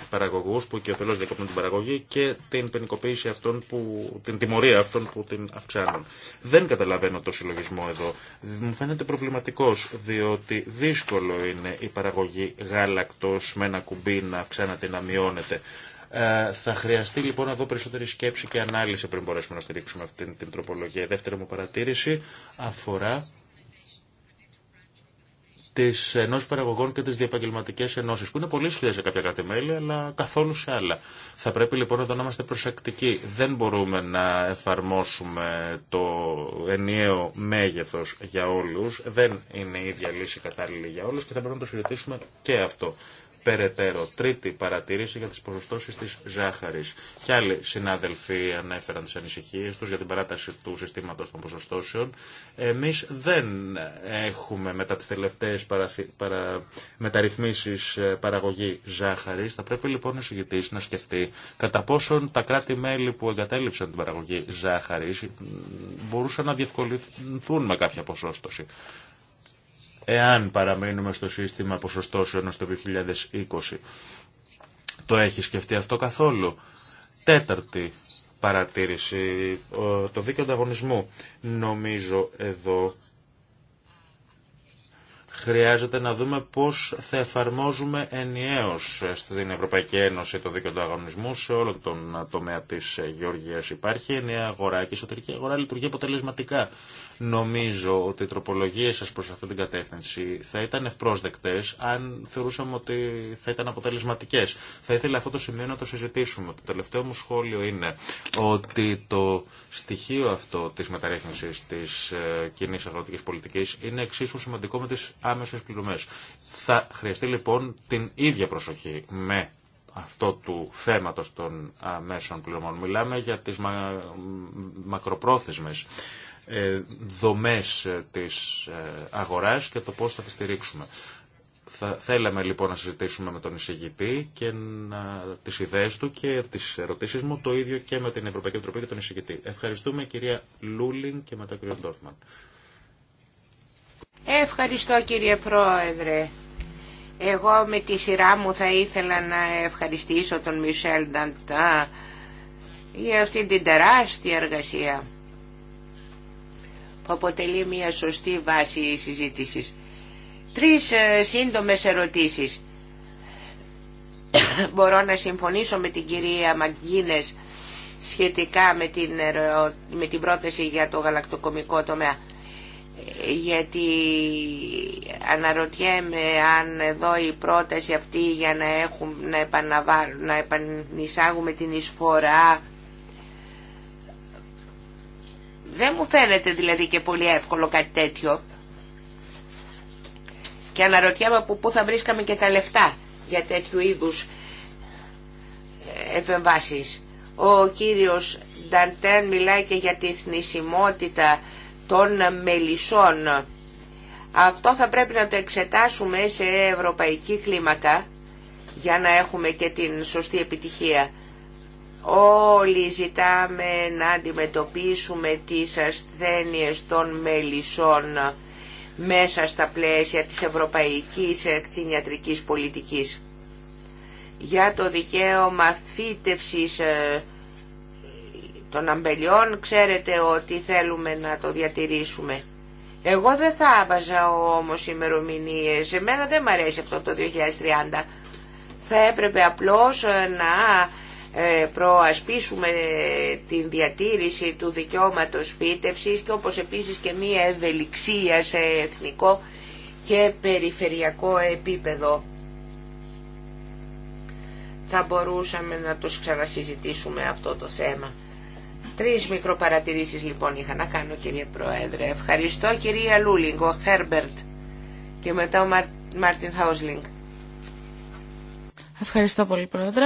παραγωγούς που οικειοθελώς διακόπτουν την παραγωγή και την ποινικοποίηση αυτών που, την τιμωρία αυτών που την αυξάνουν. Δεν καταλαβαίνω το συλλογισμό εδώ. Μου φαίνεται προβληματικός, διότι δύσκολο είναι η παραγωγή γάλακτος με ένα κουμπί να αυξάνεται ή να μειώνεται. Ε, θα χρειαστεί λοιπόν εδώ περισσότερη σκέψη και ανάλυση πριν μπορέσουμε να στηρίξουμε αυτή την τροπολογία. να μειωνεται θα χρειαστει λοιπον εδω περισσοτερη σκεψη και αναλυση πριν μπορεσουμε να στηριξουμε αυτη την τροπολογια δευτερη μου παρατήρηση αφορά Τη ενό Παραγωγών και τι διαπαγγελματικέ ενώσει. που είναι πολύ ισχυρέ σε κάποια κράτη-μέλη, αλλά καθόλου σε άλλα. Θα πρέπει λοιπόν εδώ να είμαστε προσεκτικοί. Δεν μπορούμε να εφαρμόσουμε το ενιαίο μέγεθο για όλου. Δεν είναι η ίδια λύση κατάλληλη για όλου και θα πρέπει να το συζητήσουμε και αυτό. Περαιτέρω, τρίτη παρατήρηση για τι ποσοστώσεις τη Ζάχαρη. Και άλλοι συνάδελφοι ανέφεραν τι ανησυχίε του για την παράταση του συστήματο των ποσοστώσεων. Εμεί δεν έχουμε μετά τι τελευταίε ε, παραγωγή ζάχαρης. Θα πρέπει λοιπόν ο συγκεκριτή να σκεφτεί κατά πόσον τα κράτη-μέλη που εγκατέλειψαν την παραγωγή ζάχαρη μπορούσαν να διευκολυνθούν με κάποια ποσόστοση εάν παραμείνουμε στο σύστημα ποσοστώσεων στο 2020. Το έχει σκεφτεί αυτό καθόλου. Τέταρτη παρατήρηση, το δίκαιο ανταγωνισμού. Νομίζω εδώ χρειάζεται να δούμε πώς θα εφαρμόζουμε ενιαίως στην Ευρωπαϊκή Ένωση το δίκαιο του αγωνισμού σε όλο τον τομέα της Γεωργίας υπάρχει ενιαία αγορά και η εσωτερική αγορά λειτουργεί αποτελεσματικά. Νομίζω ότι οι τροπολογίε σα προ αυτή την κατεύθυνση θα ήταν ευπρόσδεκτε αν θεωρούσαμε ότι θα ήταν αποτελεσματικέ. Θα ήθελα αυτό το σημείο να το συζητήσουμε. Το τελευταίο μου σχόλιο είναι ότι το στοιχείο αυτό τη μεταρρύθμιση τη ε, κοινή αγροτική πολιτική είναι εξίσου σημαντικό με τι άμεσε πληρωμέ. Θα χρειαστεί λοιπόν την ίδια προσοχή με αυτό του θέματος των αμέσων πληρωμών. Μιλάμε για τις μα... Ε, δομές ε, της ε, αγοράς και το πώς θα τη στηρίξουμε. Θα θέλαμε λοιπόν να συζητήσουμε με τον εισηγητή και να, τις ιδέες του και τις ερωτήσεις μου, το ίδιο και με την Ευρωπαϊκή Επιτροπή και τον εισηγητή. Ευχαριστούμε κυρία Λούλιν και μετά κύριο Ντόρφμαν. Ευχαριστώ κύριε Πρόεδρε. Εγώ με τη σειρά μου θα ήθελα να ευχαριστήσω τον Μισελ Νταντά για αυτή την τεράστια εργασία που αποτελεί μια σωστή βάση συζήτησης. Τρεις ε, σύντομες ερωτήσεις. Μπορώ να συμφωνήσω με την κυρία Μαγκίνες σχετικά με την, με την πρόταση για το γαλακτοκομικό τομέα. Γιατί αναρωτιέμαι αν εδώ η πρόταση αυτή για να, έχουμε, να, να επανεισάγουμε την εισφορά δεν μου φαίνεται δηλαδή και πολύ εύκολο κάτι τέτοιο. Και αναρωτιέμαι από πού θα βρίσκαμε και τα λεφτά για τέτοιου είδους ε, επεμβάσεις. Ο κύριος Νταντέν μιλάει και για τη θνησιμότητα των μελισσών. Αυτό θα πρέπει να το εξετάσουμε σε ευρωπαϊκή κλίμακα για να έχουμε και την σωστή επιτυχία. Όλοι ζητάμε να αντιμετωπίσουμε τις ασθένειες των μελισσών μέσα στα πλαίσια της ευρωπαϊκής εκτινιατρικής πολιτικής. Για το δικαίωμα φύτευσης ε, των αμπελιών ξέρετε ότι θέλουμε να το διατηρήσουμε. Εγώ δεν θα άβαζα όμως ημερομηνίε. Εμένα δεν μ' αρέσει αυτό το 2030. Θα έπρεπε απλώς ε, να ε, προασπίσουμε την διατήρηση του δικαιώματος φύτευσης και όπως επίσης και μία ευελιξία σε εθνικό και περιφερειακό επίπεδο. Θα μπορούσαμε να το ξανασυζητήσουμε αυτό το θέμα. Τρεις μικροπαρατηρήσεις λοιπόν είχα να κάνω κύριε Πρόεδρε. Ευχαριστώ κυρία Λούλινγκ, ο Χέρμπερτ και μετά ο Μάρτιν Χάουσλινγκ. Ευχαριστώ πολύ Πρόεδρε.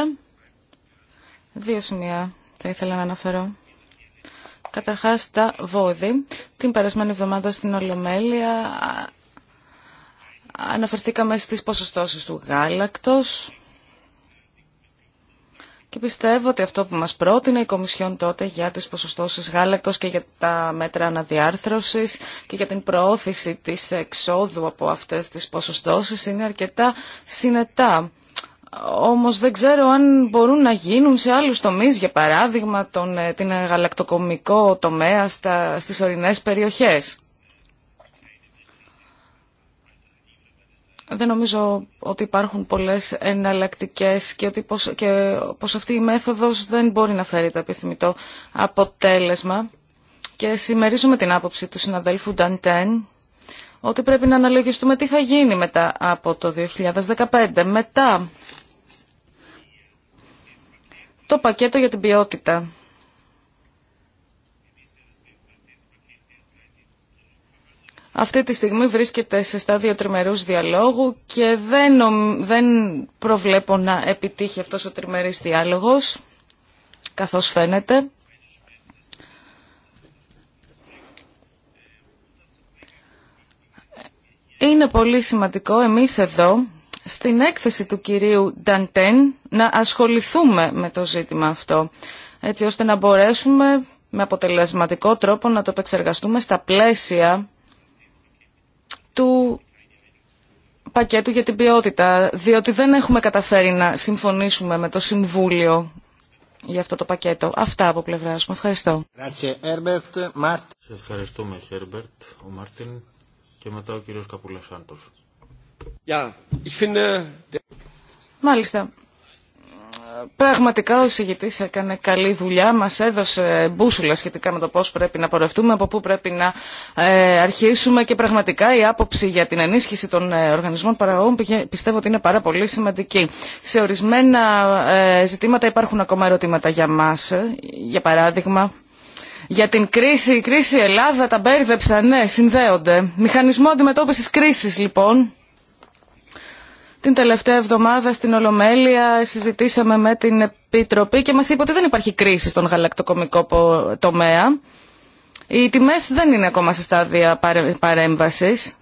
Δύο σημεία θα ήθελα να αναφέρω. Καταρχάς τα βόδη. Την περασμένη εβδομάδα στην Ολομέλεια αναφερθήκαμε στις ποσοστώσεις του γάλακτος και πιστεύω ότι αυτό που μας πρότεινε η Κομισιόν τότε για τις ποσοστώσεις γάλακτος και για τα μέτρα αναδιάρθρωσης και για την προώθηση της εξόδου από αυτές τις ποσοστώσεις είναι αρκετά συνετά όμως δεν ξέρω αν μπορούν να γίνουν σε άλλους τομείς, για παράδειγμα τον, ε, την ε, γαλακτοκομικό τομέα στα, στις ορεινές περιοχές. Δεν νομίζω ότι υπάρχουν πολλές εναλλακτικέ και ότι και πως αυτή η μέθοδος δεν μπορεί να φέρει το επιθυμητό αποτέλεσμα. Και συμμερίζουμε την άποψη του συναδέλφου Νταντέν ότι πρέπει να αναλογιστούμε τι θα γίνει μετά από το 2015. Μετά το πακέτο για την ποιότητα. Αυτή τη στιγμή βρίσκεται σε στάδιο τριμερούς διαλόγου και δεν, δεν προβλέπω να επιτύχει αυτός ο τριμερής διάλογος, καθώς φαίνεται. Είναι πολύ σημαντικό εμείς εδώ, στην έκθεση του κυρίου Νταντέν, να ασχοληθούμε με το ζήτημα αυτό, έτσι ώστε να μπορέσουμε με αποτελεσματικό τρόπο να το επεξεργαστούμε στα πλαίσια του πακέτου για την ποιότητα, διότι δεν έχουμε καταφέρει να συμφωνήσουμε με το Συμβούλιο για αυτό το πακέτο. Αυτά από πλευρά μου. Ευχαριστώ. Σας ευχαριστούμε, Χέρμπερτ. Ο Μάρτιν. Και μετά ο κύριος Καπουλασάντος. Μάλιστα. Πραγματικά ο εισηγητή έκανε καλή δουλειά, μα έδωσε μπούσουλα σχετικά με το πώ πρέπει να πορευτούμε, από πού πρέπει να ε, αρχίσουμε και πραγματικά η άποψη για την ενίσχυση των ε, οργανισμών παραγωγών πιστεύω ότι είναι πάρα πολύ σημαντική. Σε ορισμένα ε, ζητήματα υπάρχουν ακόμα ερωτήματα για μα, για παράδειγμα για την κρίση. Η κρίση Ελλάδα τα μπέρδεψαν, ναι, συνδέονται. Μηχανισμό αντιμετώπισης κρίσης λοιπόν. Την τελευταία εβδομάδα στην Ολομέλεια συζητήσαμε με την Επιτροπή και μας είπε ότι δεν υπάρχει κρίση στον γαλακτοκομικό τομέα. Οι τιμές δεν είναι ακόμα σε στάδια παρέμβασης.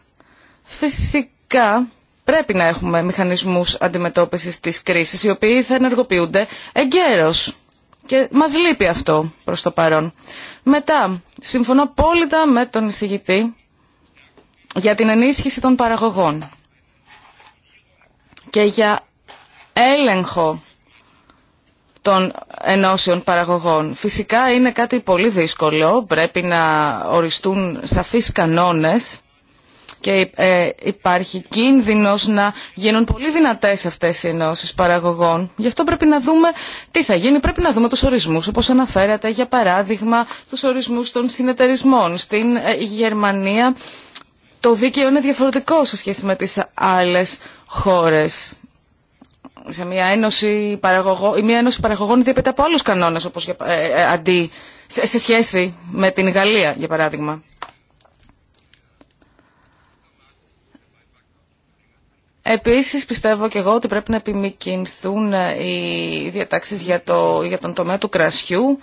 Φυσικά πρέπει να έχουμε μηχανισμούς αντιμετώπισης της κρίσης, οι οποίοι θα ενεργοποιούνται εγκαίρως. Και μας λείπει αυτό προς το παρόν. Μετά, συμφωνώ απόλυτα με τον εισηγητή για την ενίσχυση των παραγωγών και για έλεγχο των ενώσεων παραγωγών. Φυσικά είναι κάτι πολύ δύσκολο, πρέπει να οριστούν σαφείς κανόνες και ε, υπάρχει κίνδυνος να γίνουν πολύ δυνατές αυτές οι ενώσεις παραγωγών. Γι' αυτό πρέπει να δούμε τι θα γίνει, πρέπει να δούμε τους ορισμούς, όπως αναφέρατε, για παράδειγμα, τους ορισμούς των συνεταιρισμών. Στην ε, Γερμανία το δίκαιο είναι διαφορετικό σε σχέση με τις άλλες χώρες. Σε μια ένωση παραγωγών, η μια ένωση παραγωγών διαπέτει από άλλους κανόνες, όπως ε, αντί, σε σχέση με την Γαλλία, για παράδειγμα. Επίσης πιστεύω και εγώ ότι πρέπει να επιμηκυνθούν οι διατάξεις για, το, για τον τομέα του κρασιού,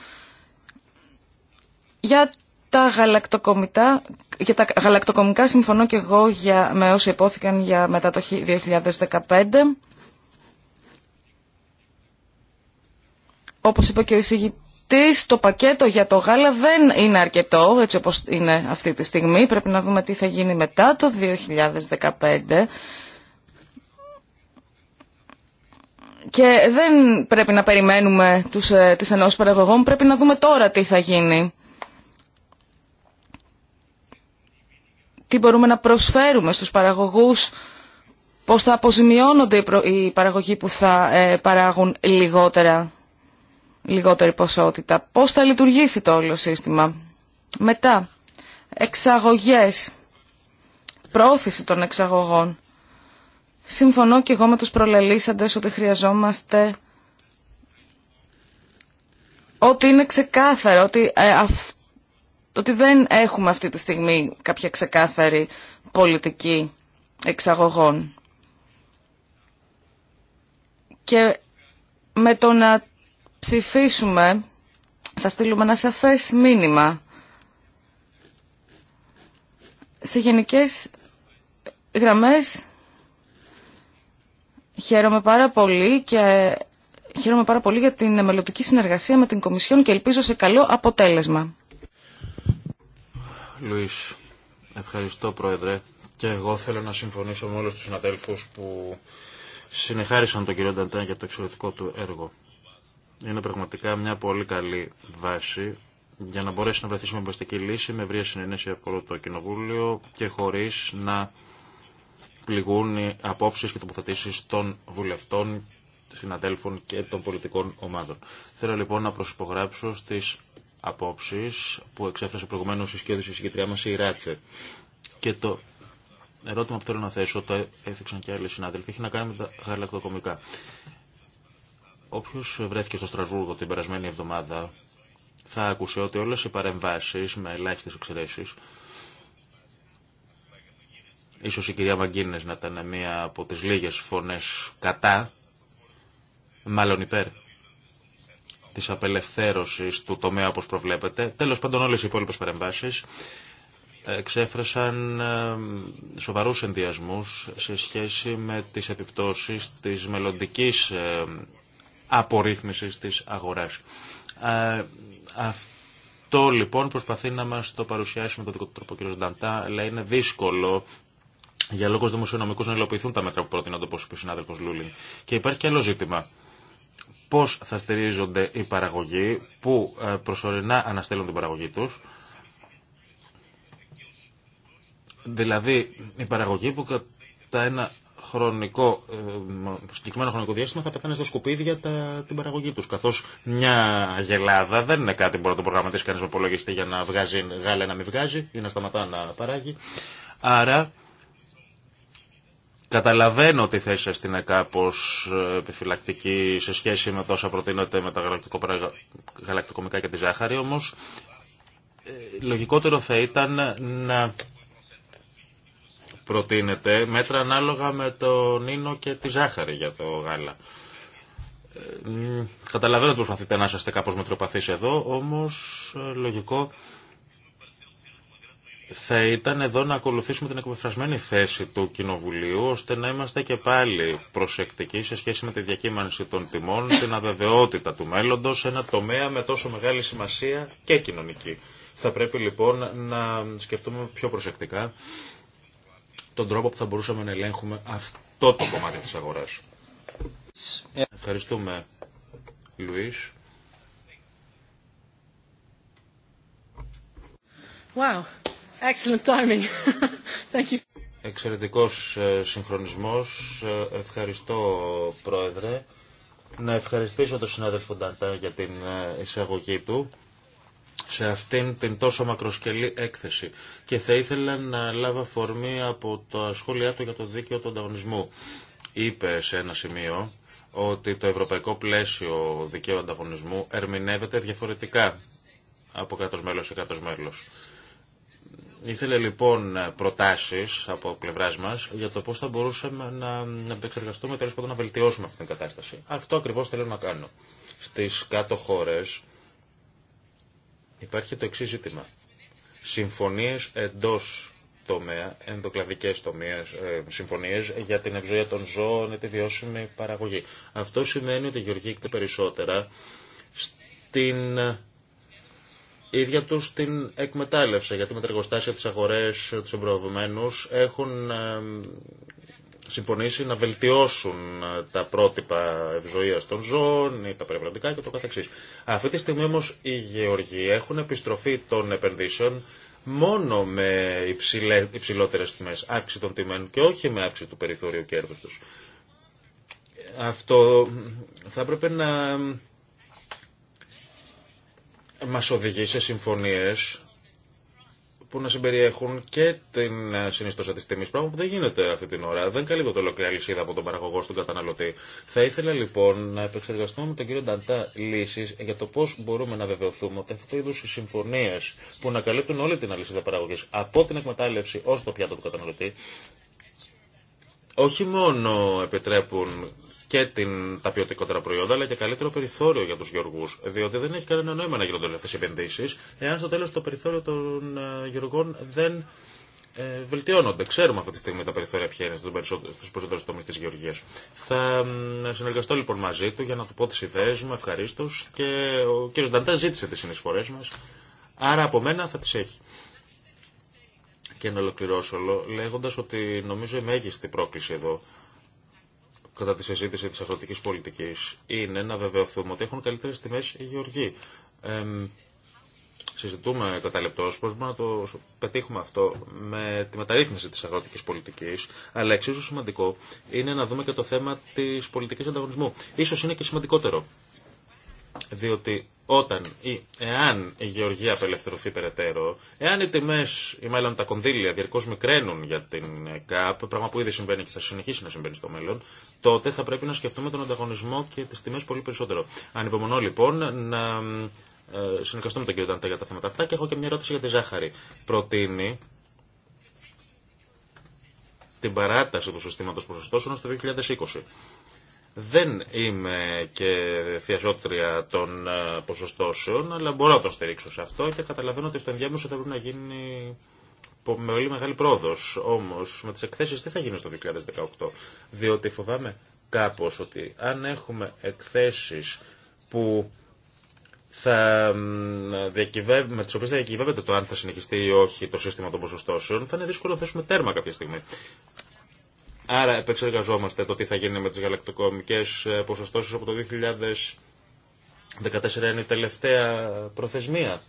για τα γαλακτοκομικά, για τα γαλακτοκομικά συμφωνώ και εγώ για, με όσοι υπόθηκαν για μετά το 2015. Όπως είπε και ο εισηγητής, το πακέτο για το γάλα δεν είναι αρκετό, έτσι όπως είναι αυτή τη στιγμή. Πρέπει να δούμε τι θα γίνει μετά το 2015 Και δεν πρέπει να περιμένουμε τους, ε, τις ενώσεις παραγωγών, πρέπει να δούμε τώρα τι θα γίνει. Τι μπορούμε να προσφέρουμε στους παραγωγούς, πώς θα αποζημιώνονται οι παραγωγοί που θα ε, παράγουν λιγότερα, λιγότερη ποσότητα. Πώς θα λειτουργήσει το όλο σύστημα. Μετά, εξαγωγές, πρόθεση των εξαγωγών. Συμφωνώ και εγώ με τους προλαλήσαντες ότι χρειαζόμαστε ότι είναι ξεκάθαρο, ότι, ε, ότι δεν έχουμε αυτή τη στιγμή κάποια ξεκάθαρη πολιτική εξαγωγών. Και με το να ψηφίσουμε θα στείλουμε ένα σαφές μήνυμα. Σε γενικές γραμμές Χαίρομαι πάρα πολύ και χαίρομαι πάρα πολύ για την μελλοντική συνεργασία με την Κομισιόν και ελπίζω σε καλό αποτέλεσμα. Λουίς, ευχαριστώ Πρόεδρε και εγώ θέλω να συμφωνήσω με όλους τους συναδέλφους που συνεχάρισαν τον κύριο Νταντέν για το εξαιρετικό του έργο. Είναι πραγματικά μια πολύ καλή βάση για να μπορέσει να βρεθεί μπαστική λύση με ευρία συνενέση από όλο το Κοινοβούλιο και χωρίς να πληγούν οι απόψει και τοποθετήσει των βουλευτών, συναδέλφων και των πολιτικών ομάδων. Θέλω λοιπόν να προσυπογράψω στι απόψει που εξέφρασε προηγουμένω η σκέδωση η συγκεκριά μα η Ράτσε. Και το ερώτημα που θέλω να θέσω, το έθιξαν και άλλοι συνάδελφοι, έχει να κάνει με τα γαλακτοκομικά. Όποιο βρέθηκε στο Στρασβούργο την περασμένη εβδομάδα θα άκουσε ότι όλε οι παρεμβάσει, με ελάχιστε εξαιρέσει, Ίσως η κυρία Μαγκίνες να ήταν μία από τις λίγες φωνές κατά, μάλλον υπέρ της απελευθέρωσης του τομέα όπως προβλέπετε. Τέλος πάντων όλες οι υπόλοιπες παρεμβάσεις ε, εξέφρασαν ε, σοβαρούς ενδιασμούς σε σχέση με τις επιπτώσεις της μελλοντική ε, απορρίθμισης της αγοράς. Αυτό λοιπόν προσπαθεί να μας το παρουσιάσει με τον δικό του τρόπο ο κ. Νταντά, αλλά είναι δύσκολο για λόγου δημοσιονομικού να υλοποιηθούν τα μέτρα που προτείνονται, όπω είπε ο συνάδελφο Λούλιν. Και υπάρχει και άλλο ζήτημα. Πώ θα στηρίζονται οι παραγωγοί που ε, προσωρινά αναστέλουν την παραγωγή του, δηλαδή οι παραγωγοί που κατά ένα χρονικό, ε, συγκεκριμένο χρονικό διάστημα θα πετάνε στα σκουπίδια τα, την παραγωγή του. Καθώ μια γελάδα δεν είναι κάτι που μπορεί να το προγραμματίσει κανεί με υπολογιστή για να βγάζει γάλα να μην βγάζει ή να σταματά να παράγει. Άρα Καταλαβαίνω ότι η θέση σας είναι κάπως ε, επιφυλακτική σε σχέση με τόσα προτείνονται με τα γαλακτοκομικά και τη ζάχαρη, όμως ε, λογικότερο θα ήταν να προτείνετε μέτρα ανάλογα με τον ίνο και τη ζάχαρη για το γάλα. Ε, καταλαβαίνω ότι προσπαθείτε να είστε κάπως μετροπαθείς εδώ, όμως λογικό θα ήταν εδώ να ακολουθήσουμε την εκπεφρασμένη θέση του Κοινοβουλίου, ώστε να είμαστε και πάλι προσεκτικοί σε σχέση με τη διακύμανση των τιμών, την αβεβαιότητα του μέλλοντος, ένα τομέα με τόσο μεγάλη σημασία και κοινωνική. Θα πρέπει λοιπόν να σκεφτούμε πιο προσεκτικά τον τρόπο που θα μπορούσαμε να ελέγχουμε αυτό το κομμάτι της αγοράς. Ευχαριστούμε, Λουίς. Wow. Excellent timing. Εξαιρετικός ε, συγχρονισμός. Ε, ευχαριστώ, Πρόεδρε. Να ευχαριστήσω τον συνάδελφο Νταντά για την ε, εισαγωγή του σε αυτήν την τόσο μακροσκελή έκθεση. Και θα ήθελα να λάβω αφορμή από τα σχόλιά του για το δίκαιο του ανταγωνισμού. Είπε σε ένα σημείο ότι το ευρωπαϊκό πλαίσιο δικαίου ανταγωνισμού ερμηνεύεται διαφορετικά από κράτος μέλος σε κράτος μέλος. Ήθελε λοιπόν προτάσεις από πλευρά μα για το πώς θα μπορούσαμε να, επεξεργαστούμε τέλος πάντων να βελτιώσουμε αυτή την κατάσταση. Αυτό ακριβώς θέλω να κάνω. Στις κάτω χώρες υπάρχει το εξή ζήτημα. Συμφωνίες εντός τομέα, ενδοκλαδικέ ε, για την ευζοία των ζώων, τη βιώσιμη παραγωγή. Αυτό σημαίνει ότι γεωργείται περισσότερα στην ίδια του την εκμετάλλευση. Γιατί με τα εργοστάσια, τι αγορέ, του εμπροδομένου, έχουν ε, συμφωνήσει να βελτιώσουν ε, τα πρότυπα ευζοία των ζώων ή τα περιβαλλοντικά και το καθεξής. Αυτή τη στιγμή όμως οι γεωργοί έχουν επιστροφή των επενδύσεων μόνο με υψηλέ, υψηλότερες τιμές, αύξηση των τιμών και όχι με αύξηση του περιθώριου κέρδους τους. Αυτό θα έπρεπε να μας οδηγεί σε συμφωνίες που να συμπεριέχουν και την ε, συνιστόσα τη τιμή. Πράγμα που δεν γίνεται αυτή την ώρα. Δεν καλύπτω το ολόκληρη αλυσίδα από τον παραγωγό στον καταναλωτή. Θα ήθελα λοιπόν να επεξεργαστούμε με τον κύριο Νταντά λύσει για το πώ μπορούμε να βεβαιωθούμε ότι αυτού είδου οι συμφωνίε που να καλύπτουν όλη την αλυσίδα παραγωγή από την εκμετάλλευση ω το πιάτο του καταναλωτή όχι μόνο επιτρέπουν και την, τα ποιοτικότερα προϊόντα, αλλά και καλύτερο περιθώριο για του γεωργού. Διότι δεν έχει κανένα νόημα να γίνονται αυτέ οι επενδύσει, εάν στο τέλο το περιθώριο των ε, γεωργών δεν ε, βελτιώνονται. Ξέρουμε αυτή τη στιγμή τα περιθώρια ποια είναι στου περισσότερου τομεί τη γεωργία. Θα συνεργαστώ λοιπόν μαζί του για να του πω τι ιδέε μου, ευχαρίστω. Και ο κ. Νταντά ζήτησε τι συνεισφορέ μα. Άρα από μένα θα τι έχει. Και να ολοκληρώσω λέγοντα ότι νομίζω η μέγιστη πρόκληση εδώ κατά τη συζήτηση τη αγροτική πολιτική, είναι να βεβαιωθούμε ότι έχουν καλύτερε τιμέ οι γεωργοί. συζητούμε κατά λεπτό πώ μπορούμε να το πετύχουμε αυτό με τη μεταρρύθμιση τη αγροτική πολιτική, αλλά εξίσου σημαντικό είναι να δούμε και το θέμα τη πολιτική ανταγωνισμού. Ίσως είναι και σημαντικότερο διότι όταν ή εάν η γεωργία απελευθερωθεί περαιτέρω, εάν οι τιμέ ή μάλλον τα κονδύλια διαρκώ μικραίνουν για την ΚΑΠ, πράγμα που ήδη συμβαίνει και θα συνεχίσει να συμβαίνει στο μέλλον, τότε θα πρέπει να σκεφτούμε τον ανταγωνισμό και τι τιμέ πολύ περισσότερο. Ανυπομονώ λοιπόν να ε, συνεργαστούμε τον κύριο Ταντά για τα θέματα αυτά και έχω και μια ερώτηση για τη ζάχαρη. Προτείνει την παράταση του συστήματο προσωστώσεων στο 2020. Δεν είμαι και θειαζότρια των ε, ποσοστώσεων, αλλά μπορώ να τον στηρίξω σε αυτό και καταλαβαίνω ότι στο ενδιάμεσο θα πρέπει να γίνει με πολύ μεγάλη πρόοδο. Όμω, με τι εκθέσει τι θα γίνει στο 2018, διότι φοβάμαι κάπω ότι αν έχουμε εκθέσει που θα με τις οποίες θα διακυβεύεται το αν θα συνεχιστεί ή όχι το σύστημα των ποσοστώσεων, θα είναι δύσκολο να θέσουμε τέρμα κάποια στιγμή. Άρα επεξεργαζόμαστε το τι θα γίνει με τις γαλακτοκομικές ε, ποσοστώσεις από το 2014 είναι η τελευταία προθεσμία.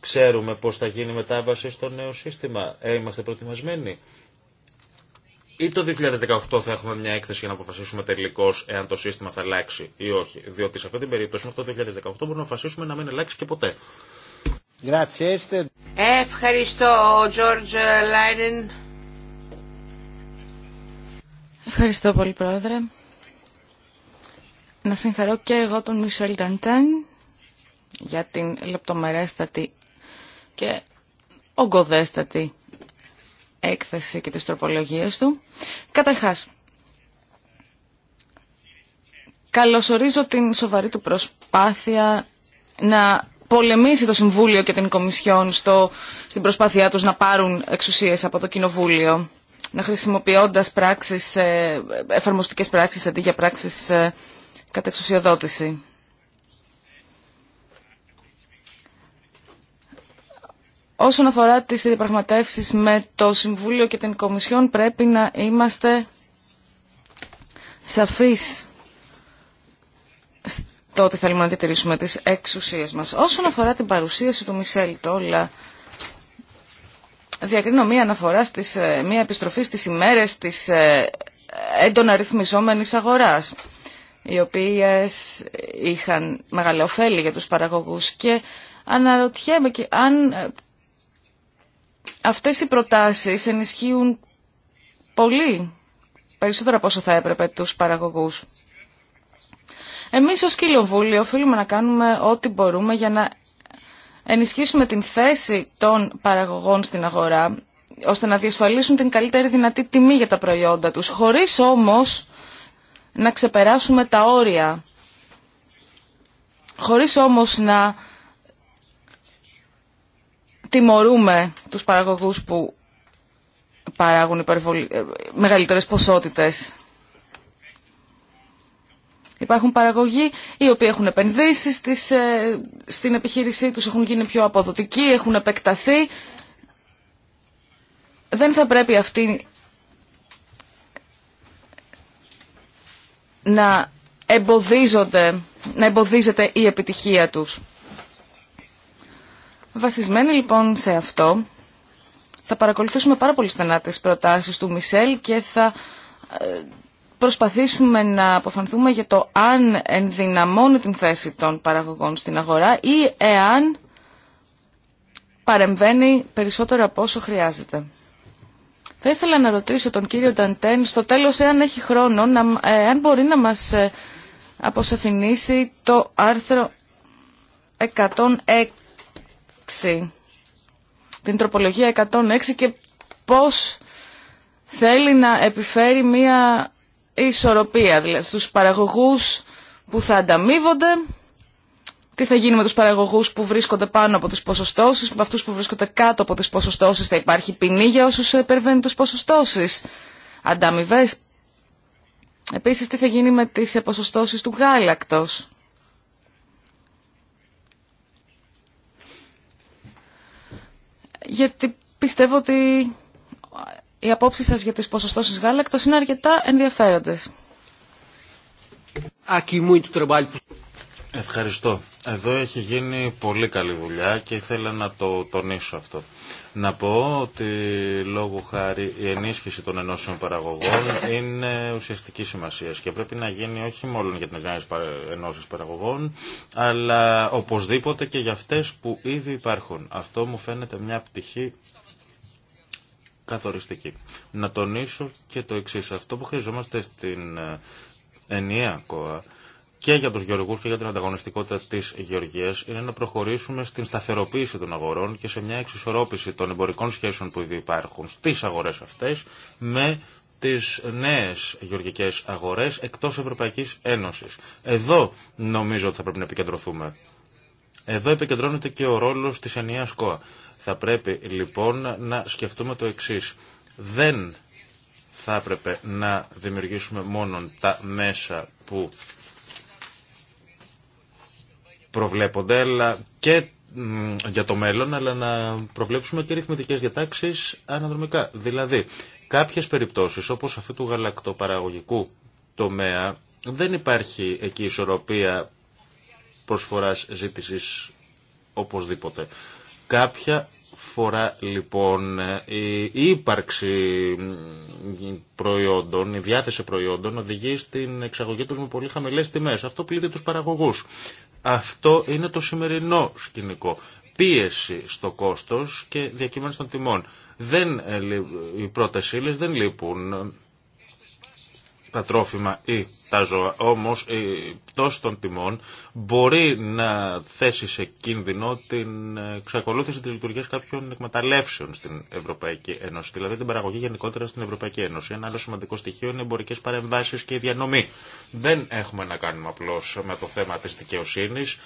Ξέρουμε πώς θα γίνει η μετάβαση στο νέο σύστημα. Ε, είμαστε προετοιμασμένοι. Ή το 2018 θα έχουμε μια έκθεση για να αποφασίσουμε τελικώ εάν το σύστημα θα αλλάξει ή όχι. Διότι σε αυτή την περίπτωση μέχρι το 2018 μπορούμε να αποφασίσουμε να μην αλλάξει και ποτέ. Ευχαριστώ, George Leiden. Ευχαριστώ πολύ, Πρόεδρε. Να συγχαρώ και εγώ τον Μισελ Ταντέν για την λεπτομερέστατη και ογκοδέστατη έκθεση και τις τροπολογίες του. Καταρχάς, καλωσορίζω την σοβαρή του προσπάθεια να πολεμήσει το Συμβούλιο και την Κομισιόν στο, στην προσπάθειά τους να πάρουν εξουσίες από το Κοινοβούλιο να χρησιμοποιώντας πράξεις, ε, εφαρμοστικές πράξεις αντί για πράξεις ε, κατά εξουσιοδότηση. Όσον αφορά τις διαπραγματεύσεις με το Συμβούλιο και την Κομισιόν πρέπει να είμαστε σαφείς στο ότι θέλουμε να διατηρήσουμε τις εξουσίες μας. Όσον αφορά την παρουσίαση του Μισελ Τόλα διακρίνω μία αναφορά, στις, ε, μία επιστροφή στις ημέρες της ε, έντονα ρυθμιζόμενης αγοράς, οι οποίες είχαν μεγάλη ωφέλη για τους παραγωγούς και αναρωτιέμαι και αν ε, αυτές οι προτάσεις ενισχύουν πολύ, περισσότερο από όσο θα έπρεπε τους παραγωγούς. Εμείς ως Κοινοβούλιο οφείλουμε να κάνουμε ό,τι μπορούμε για να ενισχύσουμε την θέση των παραγωγών στην αγορά, ώστε να διασφαλίσουν την καλύτερη δυνατή τιμή για τα προϊόντα τους, χωρίς όμως να ξεπεράσουμε τα όρια, χωρίς όμως να τιμωρούμε τους παραγωγούς που παράγουν ε, μεγαλύτερες ποσότητες Υπάρχουν παραγωγοί οι οποίοι έχουν επενδύσει στις, ε, στην επιχείρησή τους, έχουν γίνει πιο αποδοτικοί, έχουν επεκταθεί. Δεν θα πρέπει αυτή να εμποδίζονται, να εμποδίζεται η επιτυχία τους. Βασισμένοι λοιπόν σε αυτό, θα παρακολουθήσουμε πάρα πολύ στενά τις προτάσεις του Μισελ και θα ε, προσπαθήσουμε να αποφανθούμε για το αν ενδυναμώνει την θέση των παραγωγών στην αγορά ή εάν παρεμβαίνει περισσότερο από όσο χρειάζεται. Θα ήθελα να ρωτήσω τον κύριο Νταντέν στο τέλος εάν έχει χρόνο, να, ε, εάν μπορεί να μας ε, αποσαφηνίσει το άρθρο 106, την τροπολογία 106 και πώς θέλει να επιφέρει μία ισορροπία, δηλαδή στους παραγωγούς που θα ανταμείβονται, τι θα γίνει με τους παραγωγούς που βρίσκονται πάνω από τις ποσοστώσεις, με αυτούς που βρίσκονται κάτω από τις ποσοστώσεις θα υπάρχει ποινή για όσους επερβαίνουν τις ποσοστώσεις, ανταμοιβέ. Επίσης τι θα γίνει με τις ποσοστώσεις του γάλακτος. Γιατί πιστεύω ότι οι απόψεις σας για τις ποσοστώσεις γάλακτος είναι αρκετά ενδιαφέροντες. Ευχαριστώ. Εδώ έχει γίνει πολύ καλή δουλειά και ήθελα να το τονίσω αυτό. Να πω ότι λόγω χάρη η ενίσχυση των ενώσεων παραγωγών είναι ουσιαστική σημασία και πρέπει να γίνει όχι μόνο για την ενώσεις ενώσει παραγωγών, αλλά οπωσδήποτε και για αυτέ που ήδη υπάρχουν. Αυτό μου φαίνεται μια πτυχή καθοριστική. Να τονίσω και το εξή. Αυτό που χρειαζόμαστε στην ε, ενιαία ΚΟΑ και για τους γεωργούς και για την ανταγωνιστικότητα της γεωργίας είναι να προχωρήσουμε στην σταθεροποίηση των αγορών και σε μια εξισορρόπηση των εμπορικών σχέσεων που ήδη υπάρχουν στις αγορές αυτές με τις νέες γεωργικές αγορές εκτός Ευρωπαϊκής Ένωσης. Εδώ νομίζω ότι θα πρέπει να επικεντρωθούμε. Εδώ επικεντρώνεται και ο ρόλος της ενιαίας ΚΟΑ. Θα πρέπει λοιπόν να σκεφτούμε το εξή. Δεν θα έπρεπε να δημιουργήσουμε μόνο τα μέσα που προβλέπονται, αλλά και για το μέλλον, αλλά να προβλέψουμε και ρυθμιτικές διατάξεις αναδρομικά. Δηλαδή, κάποιες περιπτώσεις, όπως αυτή του γαλακτοπαραγωγικού τομέα, δεν υπάρχει εκεί ισορροπία προσφοράς ζήτησης οπωσδήποτε. Κάποια αφορά λοιπόν η ύπαρξη προϊόντων, η διάθεση προϊόντων οδηγεί στην εξαγωγή τους με πολύ χαμηλές τιμές. Αυτό πλήττει τους παραγωγούς. Αυτό είναι το σημερινό σκηνικό. Πίεση στο κόστος και διακύμανση των τιμών. Δεν, ε, οι πρώτες ύλες δεν λείπουν τα τρόφιμα ή τα ζώα. Όμως η πτώση των τιμών μπορεί να θέσει σε κίνδυνο την εξακολούθηση της λειτουργίας κάποιων εκμεταλλεύσεων στην Ευρωπαϊκή Ένωση, δηλαδή την παραγωγή γενικότερα στην Ευρωπαϊκή Ένωση. Ένα άλλο σημαντικό στοιχείο είναι οι εμπορικές παρεμβάσεις και η διανομή. Δεν έχουμε να κάνουμε απλώς με το θέμα της δικαιοσύνης,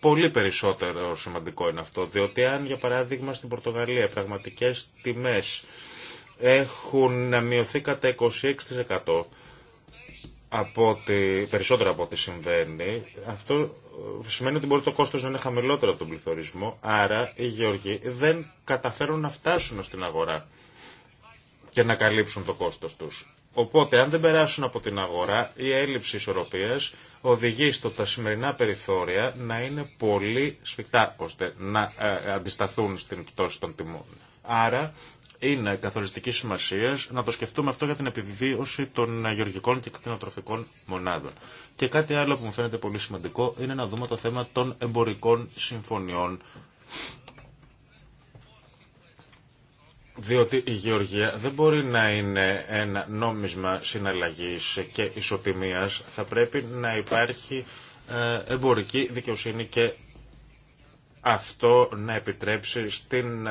πολύ περισσότερο σημαντικό είναι αυτό, διότι αν για παράδειγμα στην Πορτογαλία πραγματικές τιμές έχουν μειωθεί κατά 26% από ότι, περισσότερο από ό,τι συμβαίνει, αυτό ε, σημαίνει ότι μπορεί το κόστος να είναι χαμηλότερο από τον πληθωρισμό, άρα οι γεωργοί δεν καταφέρουν να φτάσουν στην αγορά και να καλύψουν το κόστος τους. Οπότε, αν δεν περάσουν από την αγορά, η έλλειψη ισορροπίας οδηγεί στο τα σημερινά περιθώρια να είναι πολύ σφιχτά, ώστε να ε, ε, αντισταθούν στην πτώση των τιμών. Άρα, είναι καθοριστική σημασία να το σκεφτούμε αυτό για την επιβίωση των γεωργικών και κτηνοτροφικών μονάδων. Και κάτι άλλο που μου φαίνεται πολύ σημαντικό είναι να δούμε το θέμα των εμπορικών συμφωνιών. Διότι η γεωργία δεν μπορεί να είναι ένα νόμισμα συναλλαγής και ισοτιμίας. Θα πρέπει να υπάρχει ε, εμπορική δικαιοσύνη και αυτό να επιτρέψει στην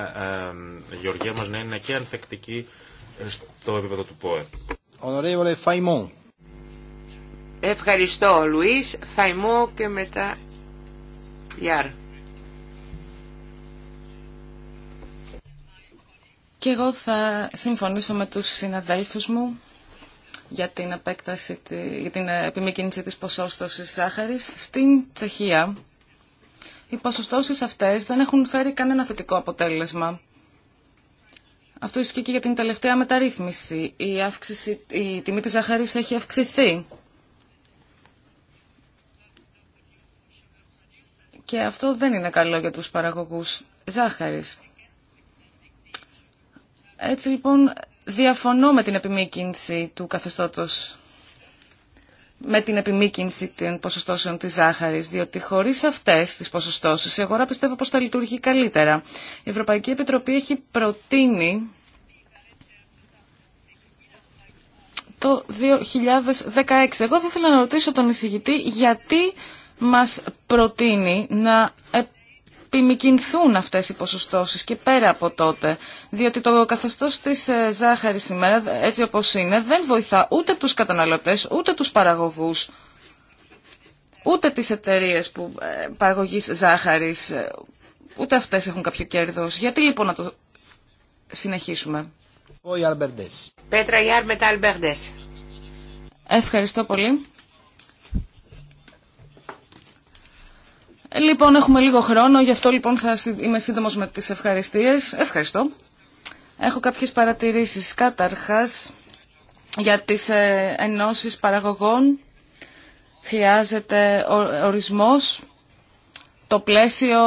γεωργία μας να είναι και ανθεκτική ε, στο επίπεδο του ΠΟΕ. Ευχαριστώ Λουίς, Φαϊμό και μετά Γιάρ. Και εγώ θα συμφωνήσω με τους συναδέλφους μου για την επέκταση, για την επιμεκίνηση της ποσόστοσης ζάχαρης. Στην Τσεχία οι ποσοστώσεις αυτές δεν έχουν φέρει κανένα θετικό αποτέλεσμα. Αυτό ισχύει και για την τελευταία μεταρρύθμιση. Η, αύξηση, η τιμή της ζαχαρής έχει αυξηθεί. Και αυτό δεν είναι καλό για τους παραγωγούς ζάχαρης. Έτσι λοιπόν διαφωνώ με την επιμήκυνση του καθεστώτος με την επιμήκυνση των ποσοστώσεων της ζάχαρης, διότι χωρίς αυτές τις ποσοστώσεις η αγορά πιστεύω πως θα λειτουργεί καλύτερα. Η Ευρωπαϊκή Επιτροπή έχει προτείνει το 2016. Εγώ θα ήθελα να ρωτήσω τον εισηγητή γιατί μας προτείνει να επιμηκυνθούν αυτές οι ποσοστώσεις και πέρα από τότε. Διότι το καθεστώς της ε, ζάχαρης σήμερα, έτσι όπως είναι, δεν βοηθά ούτε τους καταναλωτές, ούτε τους παραγωγούς, ούτε τις εταιρείες που ε, παραγωγής ζάχαρης, ε, ούτε αυτές έχουν κάποιο κέρδος. Γιατί λοιπόν να το συνεχίσουμε. Πέτρα Ευχαριστώ πολύ. Λοιπόν, έχουμε λίγο χρόνο, γι' αυτό λοιπόν θα είμαι σύντομο με τις ευχαριστίες. Ευχαριστώ. Έχω κάποιες παρατηρήσεις. Καταρχάς, για τις ε, ενώσει παραγωγών χρειάζεται ορισμός. Το πλαίσιο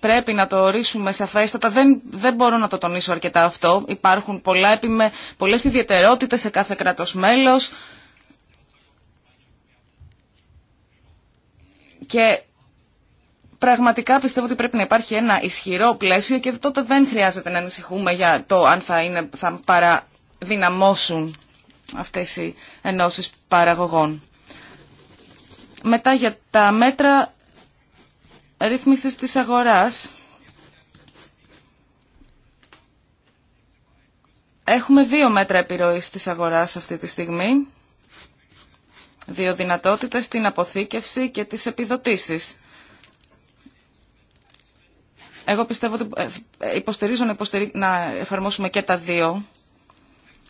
πρέπει να το ορίσουμε σαφέστατα. Δεν, δεν μπορώ να το τονίσω αρκετά αυτό. Υπάρχουν πολλά επιμε, πολλές ιδιαιτερότητες σε κάθε κράτος μέλος. Και Πραγματικά πιστεύω ότι πρέπει να υπάρχει ένα ισχυρό πλαίσιο και τότε δεν χρειάζεται να ανησυχούμε για το αν θα, είναι, θα παραδυναμώσουν αυτές οι ενώσεις παραγωγών. Μετά για τα μέτρα ρύθμισης της αγοράς. Έχουμε δύο μέτρα επιρροής της αγοράς αυτή τη στιγμή. Δύο δυνατότητες, την αποθήκευση και τις επιδοτήσεις. Εγώ πιστεύω ότι ε, ε, υποστηρίζω να, εφαρμόσουμε και τα δύο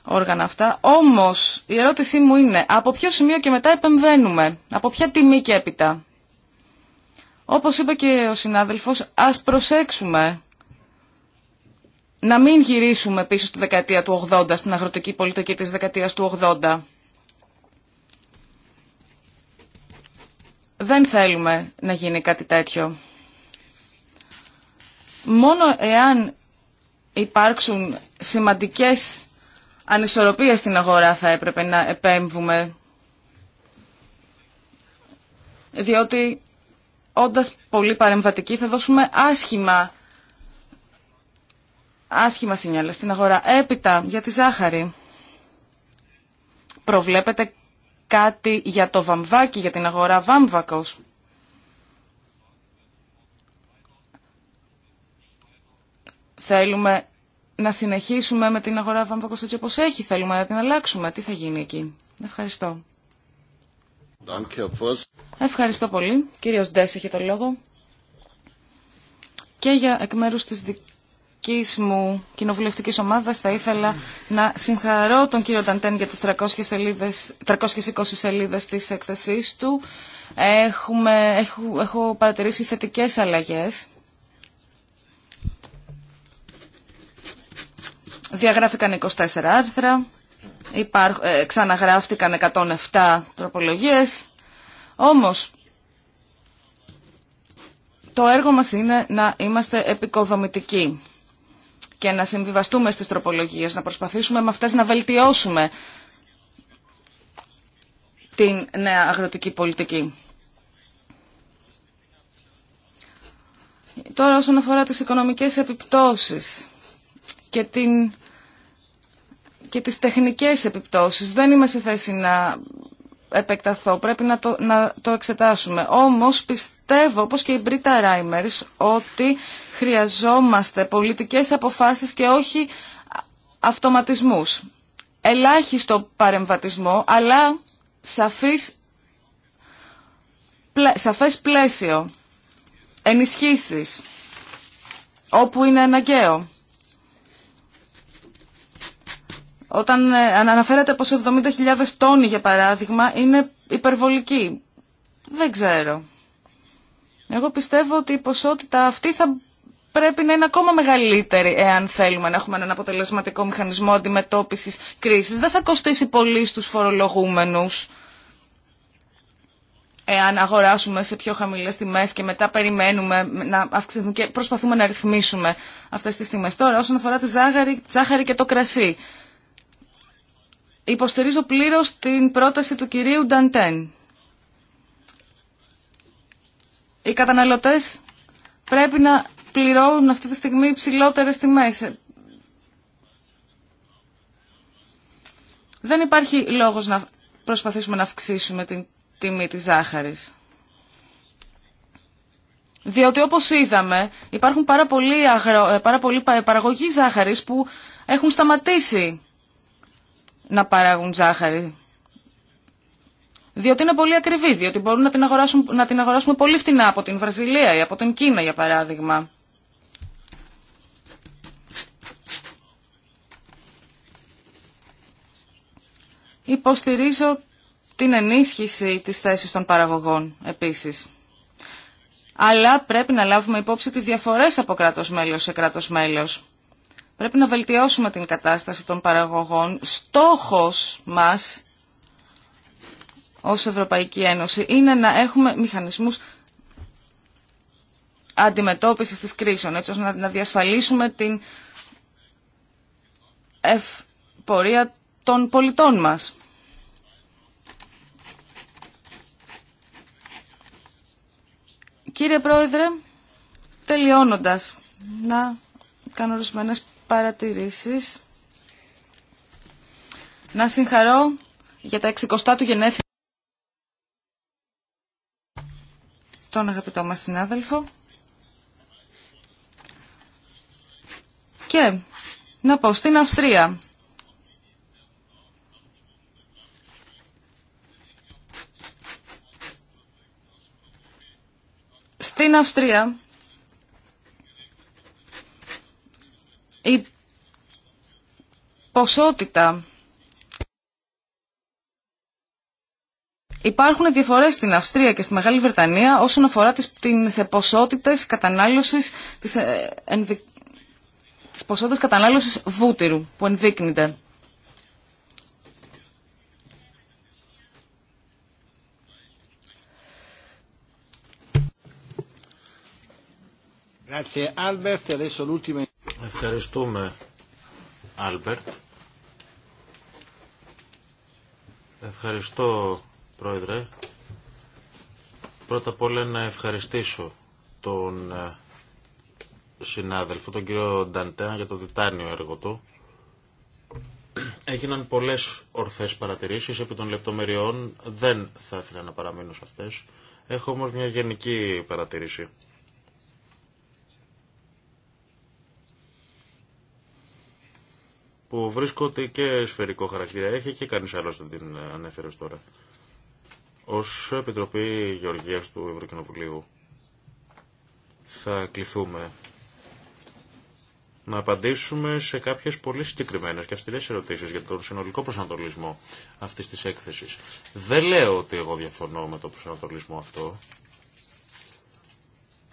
όργανα αυτά. Όμως η ερώτησή μου είναι από ποιο σημείο και μετά επεμβαίνουμε, από ποια τιμή και έπειτα. Όπως είπε και ο συνάδελφος, ας προσέξουμε να μην γυρίσουμε πίσω στη δεκαετία του 80, στην αγροτική πολιτική της δεκαετίας του 80. Δεν θέλουμε να γίνει κάτι τέτοιο μόνο εάν υπάρξουν σημαντικές ανισορροπίες στην αγορά θα έπρεπε να επέμβουμε. Διότι όντας πολύ παρεμβατικοί θα δώσουμε άσχημα, άσχημα σινιάλα στην αγορά. Έπειτα για τη ζάχαρη. Προβλέπετε κάτι για το βαμβάκι, για την αγορά βάμβακος. Θέλουμε να συνεχίσουμε με την αγορά φάρμακος έτσι όπως έχει, θέλουμε να την αλλάξουμε. Τι θα γίνει εκεί. Ευχαριστώ. Ευχαριστώ πολύ. Κύριος Ντές έχει το λόγο. Και για εκ μέρους της δικής μου κοινοβουλευτικής ομάδας θα ήθελα να συγχαρώ τον κύριο Νταντέν για τις 300 σελίδες, 320 σελίδες της έκθεσής του. Έχουμε, έχω, έχω παρατηρήσει θετικές αλλαγές διαγράφηκαν 24 άρθρα, υπάρχ, ε, ξαναγράφτηκαν 107 τροπολογίες, όμως το έργο μας είναι να είμαστε επικοδομητικοί και να συμβιβαστούμε στις τροπολογίες, να προσπαθήσουμε με αυτές να βελτιώσουμε την νέα αγροτική πολιτική. Τώρα όσον αφορά τις οικονομικές επιπτώσεις και, την, και τις τεχνικές επιπτώσεις. Δεν είμαι σε θέση να επεκταθώ, πρέπει να το, να το εξετάσουμε. Όμως πιστεύω, όπως και η Μπρίτα Ράιμερς, ότι χρειαζόμαστε πολιτικές αποφάσεις και όχι αυτοματισμούς. Ελάχιστο παρεμβατισμό, αλλά σαφής, σαφές πλαίσιο, ενισχύσεις, όπου είναι αναγκαίο. Όταν ε, αναφέρατε πως 70.000 τόνοι για παράδειγμα είναι υπερβολική. Δεν ξέρω. Εγώ πιστεύω ότι η ποσότητα αυτή θα πρέπει να είναι ακόμα μεγαλύτερη εάν θέλουμε να έχουμε έναν αποτελεσματικό μηχανισμό αντιμετώπισης κρίσης. Δεν θα κοστίσει πολύ στους φορολογούμενους εάν αγοράσουμε σε πιο χαμηλές τιμές και μετά περιμένουμε να αυξηθούν και προσπαθούμε να ρυθμίσουμε αυτές τις τιμές. Τώρα όσον αφορά τη ζάχαρη, και το κρασί. Υποστηρίζω πλήρως την πρόταση του κυρίου Νταντέν. Οι καταναλωτές πρέπει να πληρώνουν αυτή τη στιγμή ψηλότερες τιμές. Δεν υπάρχει λόγος να προσπαθήσουμε να αυξήσουμε την τιμή της ζάχαρης. Διότι όπως είδαμε υπάρχουν πάρα πολλοί, αγρο... Ε, πολλοί παραγωγοί ζάχαρης που έχουν σταματήσει να παράγουν ζάχαρη. Διότι είναι πολύ ακριβή, διότι μπορούν να την, αγοράσουν, να την αγοράσουμε πολύ φτηνά από την Βραζιλία ή από την Κίνα, για παράδειγμα. Υποστηρίζω την ενίσχυση της θέσης των παραγωγών επίσης. Αλλά πρέπει να λάβουμε υπόψη τις διαφορές από κράτος μέλος σε κράτος μέλος. Πρέπει να βελτιώσουμε την κατάσταση των παραγωγών. Στόχος μας ως Ευρωπαϊκή Ένωση είναι να έχουμε μηχανισμούς αντιμετώπισης της κρίσης, έτσι ώστε να διασφαλίσουμε την ευπορία των πολιτών μας. Κύριε Πρόεδρε, τελειώνοντας, να κάνω ορισμένε παρατηρήσεις. Να συγχαρώ για τα εξικοστά του γενέθλια τον αγαπητό μας συνάδελφο και να πω στην Αυστρία στην Αυστρία η ποσότητα. Υπάρχουν διαφορές στην Αυστρία και στη Μεγάλη Βρετανία όσον αφορά τις, τις ε, ποσότητες κατανάλωσης της, ε, ποσότητες κατανάλωσης βούτυρου που ενδείκνυται. E Ευχαριστούμε, Άλμπερτ. Ευχαριστώ, Πρόεδρε. Πρώτα απ' όλα να ευχαριστήσω τον ε, συνάδελφο, τον κύριο Νταντέα, για το διτάνιο έργο του. Έγιναν πολλές ορθές παρατηρήσεις επί των λεπτομεριών. Δεν θα ήθελα να παραμείνω σε αυτές. Έχω όμως μια γενική παρατηρήση. που βρίσκονται και σφαιρικό χαρακτήρα. Έχει και κανείς άλλος δεν την ανέφερε τώρα. Ως Επιτροπή Γεωργίας του Ευρωκοινοβουλίου θα κληθούμε να απαντήσουμε σε κάποιες πολύ συγκεκριμένες και αυστηρές ερωτήσεις για τον συνολικό προσανατολισμό αυτής της έκθεσης. Δεν λέω ότι εγώ διαφωνώ με τον προσανατολισμό αυτό,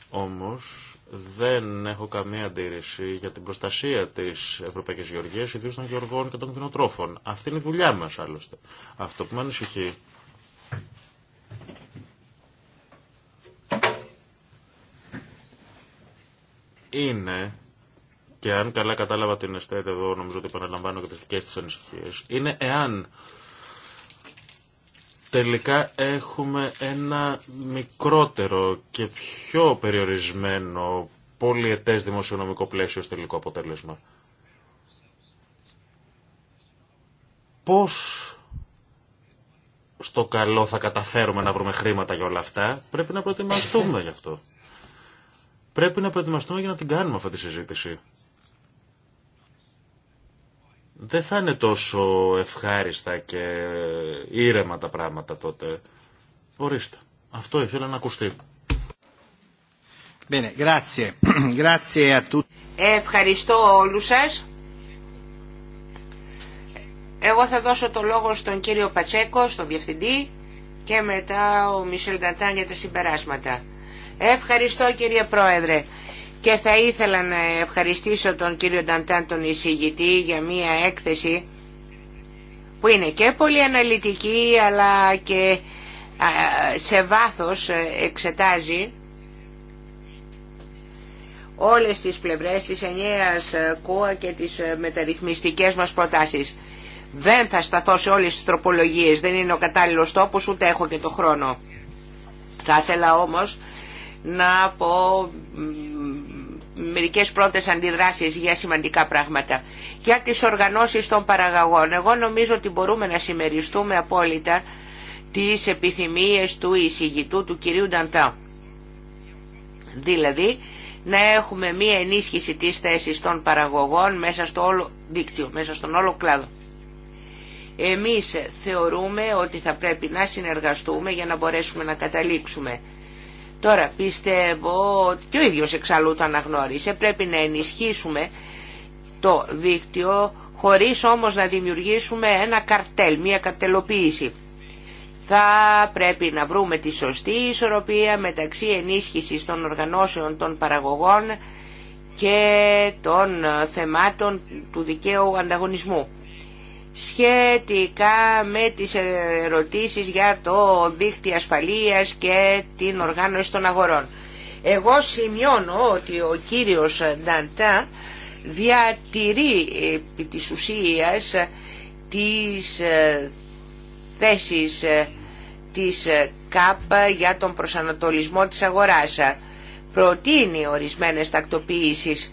όμως δεν έχω καμία αντίρρηση για την προστασία τη Ευρωπαϊκή Γεωργία, ιδίω των γεωργών και των κοινοτρόφων. Αυτή είναι η δουλειά μα, άλλωστε. Αυτό που με ανησυχεί είναι, και αν καλά κατάλαβα την αισθέτη εδώ, νομίζω ότι επαναλαμβάνω και τι δικέ τη ανησυχίε, είναι εάν τελικά έχουμε ένα μικρότερο και πιο περιορισμένο πολυετές δημοσιονομικό πλαίσιο στο τελικό αποτέλεσμα. Πώς στο καλό θα καταφέρουμε να βρούμε χρήματα για όλα αυτά, πρέπει να προετοιμαστούμε γι' αυτό. Πρέπει να προετοιμαστούμε για να την κάνουμε αυτή τη συζήτηση δεν θα είναι τόσο ευχάριστα και ήρεμα τα πράγματα τότε. Ορίστε. Αυτό ήθελα να ακουστεί. Ευχαριστώ όλους σας. Εγώ θα δώσω το λόγο στον κύριο Πατσέκο, στον Διευθυντή και μετά ο Μισελ Νταντάν για τα συμπεράσματα. Ευχαριστώ κύριε Πρόεδρε και θα ήθελα να ευχαριστήσω τον κύριο Νταντάν τον εισηγητή για μια έκθεση που είναι και πολύ αναλυτική αλλά και σε βάθος εξετάζει όλες τις πλευρές της ενιαίας ΚΟΑ και τις μεταρρυθμιστικές μας προτάσεις. Δεν θα σταθώ σε όλες τις τροπολογίες, δεν είναι ο κατάλληλος τόπος, ούτε έχω και το χρόνο. Θα ήθελα όμως να πω μερικές πρώτες αντιδράσεις για σημαντικά πράγματα. Για τις οργανώσεις των παραγωγών, εγώ νομίζω ότι μπορούμε να συμμεριστούμε απόλυτα τις επιθυμίες του εισηγητού του κυρίου Νταντά. Δηλαδή, να έχουμε μία ενίσχυση της θέσης των παραγωγών μέσα στο όλο δίκτυο, μέσα στον όλο κλάδο. Εμείς θεωρούμε ότι θα πρέπει να συνεργαστούμε για να μπορέσουμε να καταλήξουμε Τώρα πιστεύω ότι και ο ίδιος εξαλλού το αναγνώρισε, πρέπει να ενισχύσουμε το δίκτυο χωρίς όμως να δημιουργήσουμε ένα καρτέλ, μια καρτελοποίηση. Θα πρέπει να βρούμε τη σωστή ισορροπία μεταξύ ενίσχυσης των οργανώσεων των παραγωγών και των θεμάτων του δικαίου ανταγωνισμού σχετικά με τις ερωτήσεις για το δίκτυο ασφαλείας και την οργάνωση των αγορών. Εγώ σημειώνω ότι ο κύριος Νταντά διατηρεί επί της ουσίας τις ε, θέσεις ε, της ε, ΚΑΠ για τον προσανατολισμό της αγοράς. Προτείνει ορισμένες τακτοποίησεις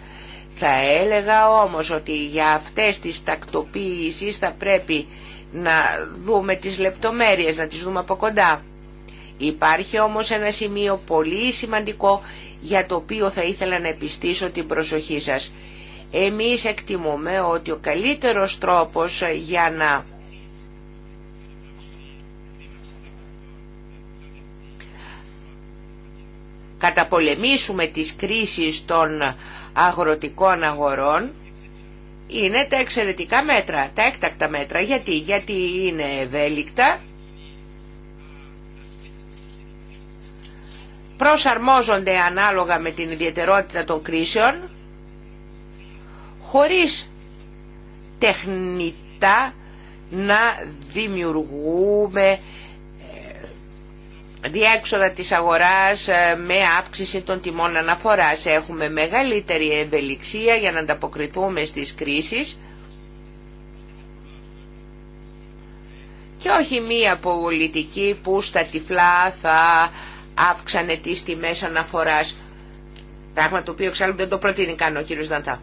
θα έλεγα όμως ότι για αυτές τις τακτοποίησεις θα πρέπει να δούμε τις λεπτομέρειες, να τις δούμε από κοντά. Υπάρχει όμως ένα σημείο πολύ σημαντικό για το οποίο θα ήθελα να επιστήσω την προσοχή σας. Εμείς εκτιμούμε ότι ο καλύτερος τρόπος για να καταπολεμήσουμε τις κρίσεις των αγροτικών αγορών είναι τα εξαιρετικά μέτρα, τα έκτακτα μέτρα. Γιατί, Γιατί είναι ευέλικτα, προσαρμόζονται ανάλογα με την ιδιαιτερότητα των κρίσεων, χωρίς τεχνητά να δημιουργούμε διέξοδα της αγοράς ε, με αύξηση των τιμών αναφοράς. Έχουμε μεγαλύτερη ευελιξία για να ανταποκριθούμε στις κρίσεις και όχι μία πολιτική που στα τυφλά θα αύξανε τις τιμές αναφοράς. Πράγμα το οποίο εξάλλου δεν το προτείνει καν ο κύριος Δαντά.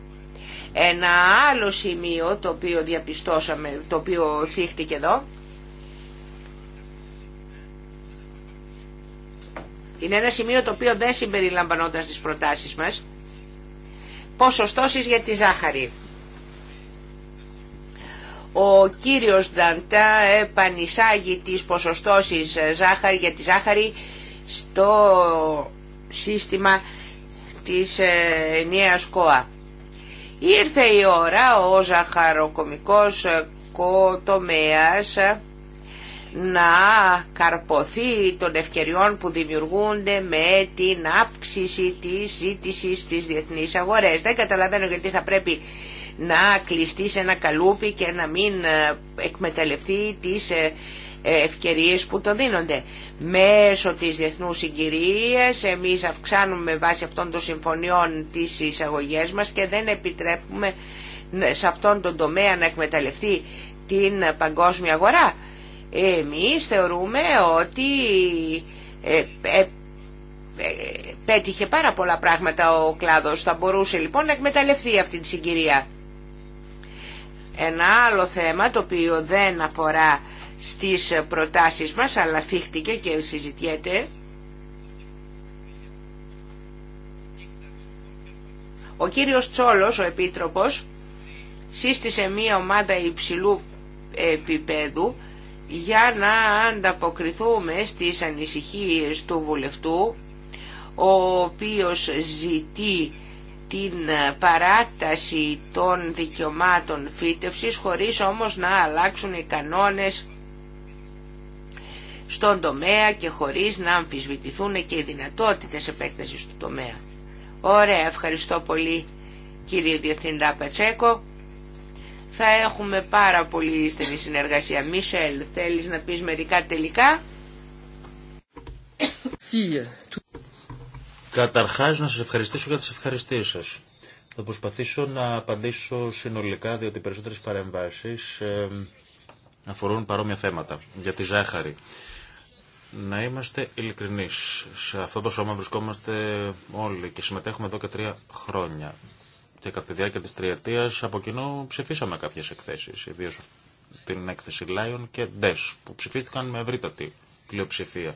Ένα άλλο σημείο το οποίο διαπιστώσαμε, το οποίο θύχτηκε εδώ, Είναι ένα σημείο το οποίο δεν συμπεριλαμβανόταν στις προτάσεις μας. Ποσοστώσεις για τη ζάχαρη. Ο κύριος Νταντά επανισάγει τις ποσοστώσεις ε, ζάχαρη, για τη ζάχαρη στο σύστημα της ε, Νέας ΚΟΑ. Ήρθε η ώρα ο ζαχαροκομικός ε, κοτομέας να καρποθεί των ευκαιριών που δημιουργούνται με την αύξηση της ζήτηση στις διεθνείς αγορές. Δεν καταλαβαίνω γιατί θα πρέπει να κλειστεί σε ένα καλούπι και να μην ε, εκμεταλλευτεί τις ε, ε, ευκαιρίες που το δίνονται. Μέσω της διεθνούς συγκυρίας εμείς αυξάνουμε βάσει αυτών των συμφωνιών τις εισαγωγές μας και δεν επιτρέπουμε σε αυτόν τον τομέα να εκμεταλλευτεί την παγκόσμια αγορά εμείς θεωρούμε ότι ε, ε, πέτυχε πάρα πολλά πράγματα ο κλάδος. Θα μπορούσε λοιπόν να εκμεταλλευτεί αυτή τη συγκυρία. Ένα άλλο θέμα το οποίο δεν αφορά στις προτάσεις μας αλλά θύχτηκε και συζητιέται Ο κύριος Τσόλος, ο Επίτροπος, σύστησε μία ομάδα υψηλού επίπεδου για να ανταποκριθούμε στις ανησυχίες του βουλευτού ο οποίος ζητεί την παράταση των δικαιωμάτων φύτευσης χωρίς όμως να αλλάξουν οι κανόνες στον τομέα και χωρίς να αμφισβητηθούν και οι δυνατότητες επέκτασης του τομέα. Ωραία, ευχαριστώ πολύ κύριε Διευθυντά Πατσέκο θα έχουμε πάρα πολύ στενή συνεργασία. Μίσελ, θέλεις να πεις μερικά τελικά. Καταρχάς να σας ευχαριστήσω για τις ευχαριστίες σας. Θα προσπαθήσω να απαντήσω συνολικά, διότι οι περισσότερες παρεμβάσεις αφορούν παρόμοια θέματα. Για τη ζάχαρη. Να είμαστε ειλικρινεί. Σε αυτό το σώμα βρισκόμαστε όλοι και συμμετέχουμε εδώ και τρία χρόνια και κατά τη διάρκεια της τριετίας από κοινού ψηφίσαμε κάποιες εκθέσεις, ιδίως την έκθεση Lion και DES, που ψηφίστηκαν με ευρύτατη πλειοψηφία.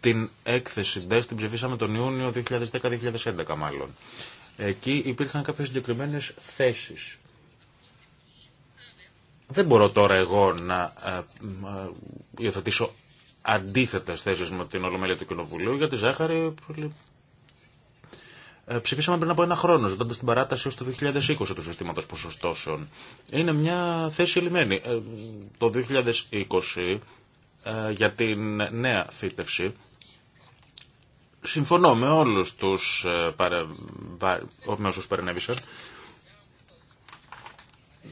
Την έκθεση DES την ψηφίσαμε τον Ιούνιο 2010-2011 μάλλον. Εκεί υπήρχαν κάποιες συγκεκριμένε θέσεις. Δεν μπορώ τώρα εγώ να ε, ε, υιοθετήσω αντίθετε θέσει με την Ολομέλεια του Κοινοβουλίου για τη ζάχαρη ε, ψηφίσαμε πριν από ένα χρόνο, ζητώντα την παράταση ω το 2020 του συστήματο ποσοστώσεων. Είναι μια θέση ελλημένη. Ε, το 2020 ε, για την νέα θήτευση συμφωνώ με όλου του ε, με παρενέβησαν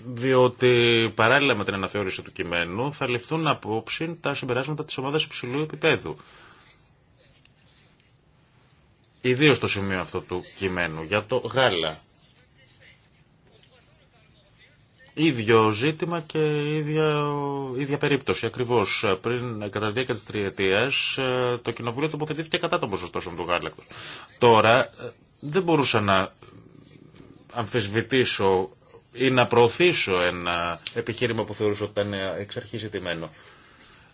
διότι παράλληλα με την αναθεώρηση του κειμένου θα ληφθούν απόψη τα συμπεράσματα της ομάδας υψηλού επίπεδου ιδίω στο σημείο αυτό του κειμένου, για το γάλα. Ίδιο ζήτημα και ίδια, ίδια περίπτωση. Ακριβώ πριν, κατά τη διάρκεια τη τριετία, το κοινοβούλιο τοποθετήθηκε κατά των ποσοστώσεων του γάλακτο. Τώρα δεν μπορούσα να αμφισβητήσω ή να προωθήσω ένα επιχείρημα που θεωρούσα ότι ήταν εξ αρχή ζητημένο.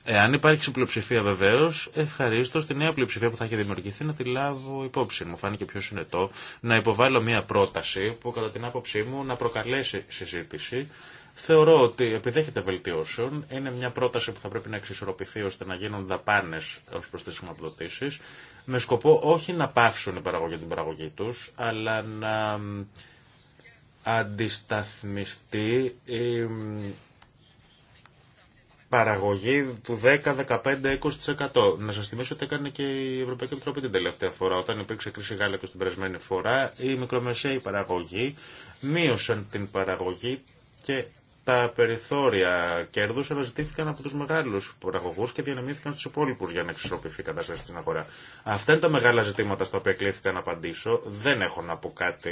Εάν υπάρχει πλειοψηφία βεβαίω, ευχαρίστω στη νέα πλειοψηφία που θα έχει δημιουργηθεί να τη λάβω υπόψη. Μου φάνηκε πιο συνετό να υποβάλω μια πρόταση που κατά την άποψή μου να προκαλέσει συζήτηση. Θεωρώ ότι επιδέχεται βελτιώσεων. Είναι μια πρόταση που θα πρέπει να εξισορροπηθεί ώστε να γίνουν δαπάνε ω προ τι χρηματοδοτήσει. Με σκοπό όχι να πάυσουν οι παραγωγοί την παραγωγή του, αλλά να αντισταθμιστεί η παραγωγή του 10-15-20%. Να σα θυμίσω ότι έκανε και η Ευρωπαϊκή Επιτροπή την τελευταία φορά. Όταν υπήρξε κρίση γάλακτο την περασμένη φορά, οι μικρομεσαίοι παραγωγοί μείωσαν την παραγωγή και τα περιθώρια κέρδους αναζητήθηκαν από τους μεγάλους παραγωγούς και διανεμήθηκαν στους υπόλοιπου για να εξισορροπηθεί η κατάσταση στην αγορά. Αυτά είναι τα μεγάλα ζητήματα στα οποία κλήθηκα να απαντήσω. Δεν έχω να πω κάτι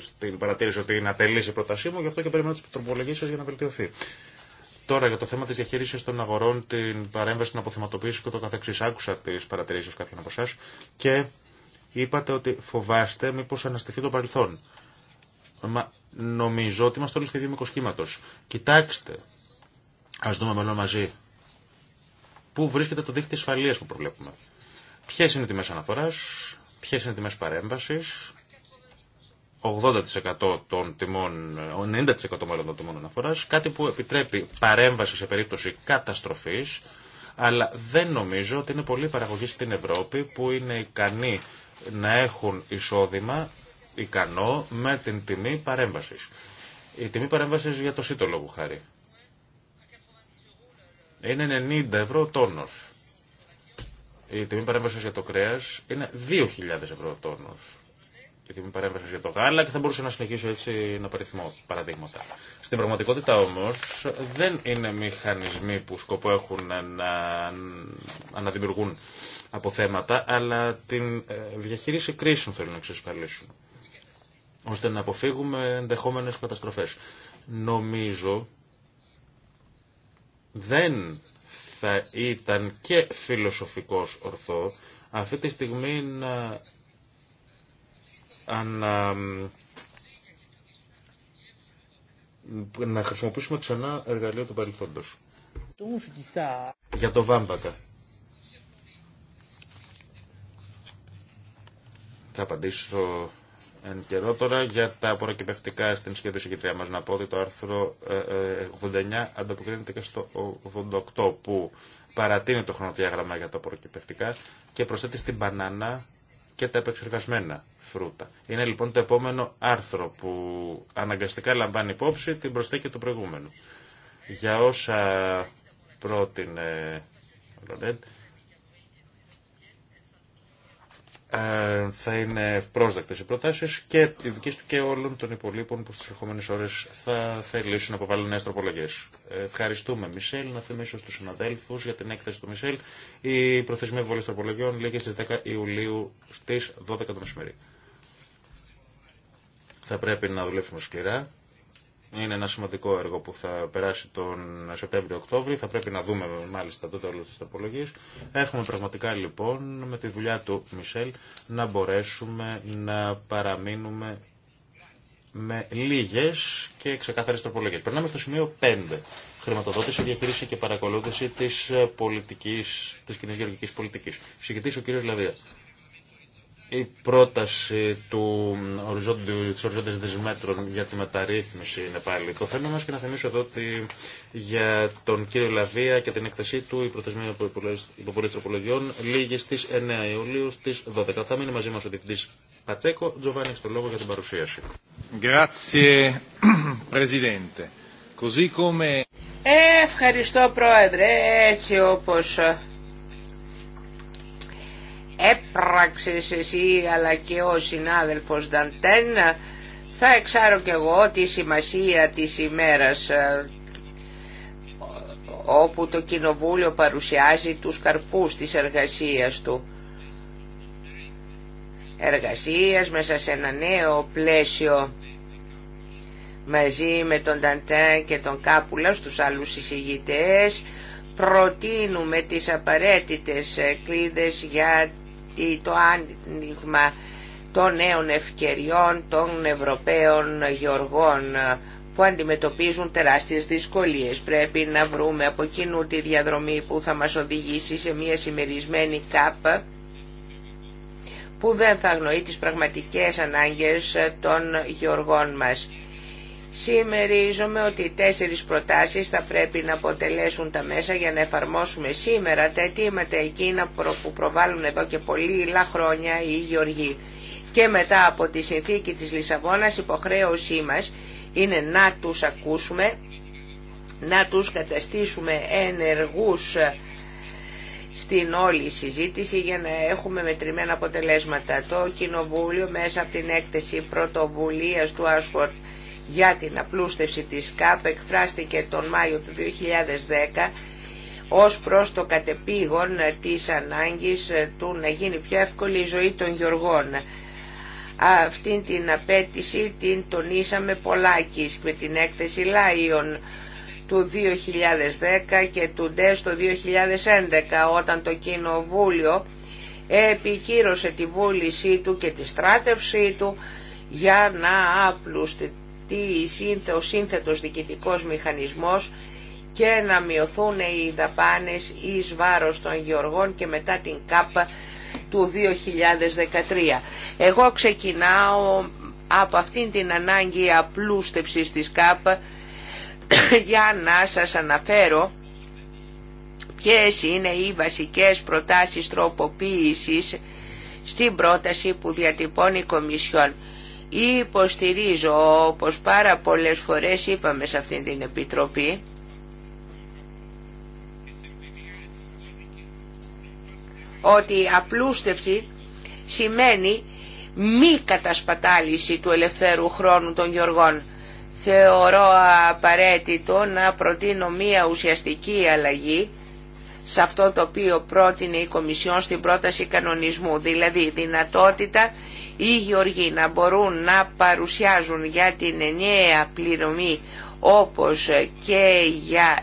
στην παρατήρηση ότι είναι ατελής η πρότασή μου, γι' αυτό και περιμένω τις τροπολογίε για να βελτιωθεί. Τώρα για το θέμα τη διαχείριση των αγορών, την παρέμβαση, την αποθεματοποίηση και το καθεξή. Άκουσα τι παρατηρήσει κάποιων από εσά και είπατε ότι φοβάστε μήπω αναστηθεί το παρελθόν. νομίζω ότι είμαστε όλοι στη δίμηκο Κοιτάξτε, α δούμε μελό μαζί. Πού βρίσκεται το δίκτυο ασφαλεία που προβλέπουμε. Ποιε είναι οι τιμέ αναφορά, ποιε είναι οι τιμέ παρέμβαση, 80% των τιμών, 90% μάλλον των τιμών αναφορά. κάτι που επιτρέπει παρέμβαση σε περίπτωση καταστροφής, αλλά δεν νομίζω ότι είναι πολλοί παραγωγοί στην Ευρώπη που είναι ικανοί να έχουν εισόδημα ικανό με την τιμή παρέμβαση. Η τιμή παρέμβασης για το σύτολο που χάρη. Είναι 90 ευρώ τόνο. Η τιμή παρέμβασης για το κρέα είναι 2.000 ευρώ τόνο επειδή με παρέμβασε για το γάλα και θα μπορούσα να συνεχίσω έτσι να παριθμώ παραδείγματα. Στην πραγματικότητα όμω δεν είναι μηχανισμοί που σκοπό έχουν να αναδημιουργούν αποθέματα, αλλά την ε, διαχείριση κρίσεων θέλουν να εξασφαλίσουν ώστε να αποφύγουμε ενδεχόμενε καταστροφές. Νομίζω δεν θα ήταν και φιλοσοφικός ορθό αυτή τη στιγμή να να χρησιμοποιήσουμε ξανά εργαλείο του παρελθόντος. Για το Βάμπακα. Θα απαντήσω εν καιρό τώρα για τα απορροκυπευτικά στην σχέδιο συγκεκριά μας να πω ότι το άρθρο 89 ε, ε, ανταποκρίνεται και στο 88 που παρατείνει το χρονοδιάγραμμα για τα απορροκυπευτικά και προσθέτει στην μπανάνα και τα επεξεργασμένα φρούτα. Είναι λοιπόν το επόμενο άρθρο που αναγκαστικά λαμβάνει υπόψη την προσθήκη του προηγούμενου. Για όσα πρότεινε ο Λορέντ, Ε, θα είναι ευπρόσδεκτε οι προτάσει και οι δικέ του και όλων των υπολείπων που στι ερχόμενε ώρε θα θελήσουν να αποβάλουν νέε τροπολογίε. Ε, ευχαριστούμε, Μισελ. Να θυμίσω στου συναδέλφου για την έκθεση του Μισελ. Η προθεσμία βολή τροπολογιών λήγει στι 10 Ιουλίου στι 12 το μεσημέρι. Θα πρέπει να δουλέψουμε σκληρά είναι ένα σημαντικό έργο που θα περάσει τον Σεπτέμβριο-Οκτώβριο. Θα πρέπει να δούμε μάλιστα το τέλο τη τροπολογία. Έχουμε πραγματικά λοιπόν με τη δουλειά του Μισελ να μπορέσουμε να παραμείνουμε με λίγε και ξεκάθαρε τροπολογίε. Περνάμε στο σημείο 5. Χρηματοδότηση, διαχείριση και παρακολούθηση τη της ε, κοινή γεωργική πολιτική. Συγκητή ο κ. Λαβία η πρόταση του οριζόντιου, της μέτρων για τη μεταρρύθμιση είναι πάλι το θέμα μας και να θυμίσω εδώ ότι για τον κύριο Λαβία και την έκθεσή του η προθεσμία υποβολής τροπολογιών λήγει στις 9 Ιουλίου στις 12. Θα μείνει μαζί μας ο διευθυντής Πατσέκο. Τζοβάνι, στο λόγο για την παρουσίαση. Ευχαριστώ Πρόεδρε, έτσι όπως έπραξες εσύ αλλά και ο συνάδελφος Νταντέν θα εξάρω κι εγώ τη σημασία της ημέρας ε, όπου το κοινοβούλιο παρουσιάζει τους καρπούς της εργασίας του. Εργασίας μέσα σε ένα νέο πλαίσιο μαζί με τον Νταντέν και τον Κάπουλα στους άλλους εισηγητές προτείνουμε τις απαραίτητες κλίδες για ή το άνοιγμα των νέων ευκαιριών των Ευρωπαίων γεωργών που αντιμετωπίζουν τεράστιες δυσκολίες. Πρέπει να βρούμε από κοινού τη διαδρομή που θα μας οδηγήσει σε μια συμμερισμένη ΚΑΠ που δεν θα αγνοεί τις πραγματικές ανάγκες των γεωργών μας. Σημερίζομαι ότι οι τέσσερις προτάσεις θα πρέπει να αποτελέσουν τα μέσα για να εφαρμόσουμε σήμερα τα αιτήματα εκείνα που προβάλλουν εδώ και πολύ χρόνια οι Γεωργοί. Και μετά από τη συνθήκη της Λισαβόνας υποχρέωσή μας είναι να τους ακούσουμε, να τους καταστήσουμε ενεργούς ε, στην όλη συζήτηση για να έχουμε μετρημένα αποτελέσματα. Το Κοινοβούλιο μέσα από την έκθεση πρωτοβουλίας του Άσφορτ για την απλούστευση της ΚΑΠ εκφράστηκε τον Μάιο του 2010 ως προς το κατεπήγον της ανάγκης του να γίνει πιο εύκολη η ζωή των Γιωργών. Αυτή την απέτηση την τονίσαμε πολλάκις με την έκθεση Λάιον του 2010 και του ΝΤΕΣ το 2011 όταν το Κοινοβούλιο επικύρωσε τη βούλησή του και τη στράτευσή του για να απλουστευτεί ο σύνθετος διοικητικός μηχανισμός και να μειωθούν οι δαπάνες εις βάρος των γεωργών και μετά την ΚΑΠ του 2013. Εγώ ξεκινάω από αυτήν την ανάγκη απλούστευσης της ΚΑΠ για να σας αναφέρω ποιες είναι οι βασικές προτάσεις τροποποίησης στην πρόταση που διατυπώνει η Κομισιόν. Υποστηρίζω, όπως πάρα πολλές φορές είπαμε σε αυτήν την Επιτροπή, ότι απλούστευση σημαίνει μη κατασπατάληση του ελευθέρου χρόνου των Γιωργών. Θεωρώ απαραίτητο να προτείνω μία ουσιαστική αλλαγή σε αυτό το οποίο πρότεινε η Κομισιόν στην πρόταση κανονισμού, δηλαδή δυνατότητα οι γεωργοί να μπορούν να παρουσιάζουν για την ενιαία πληρωμή όπως και για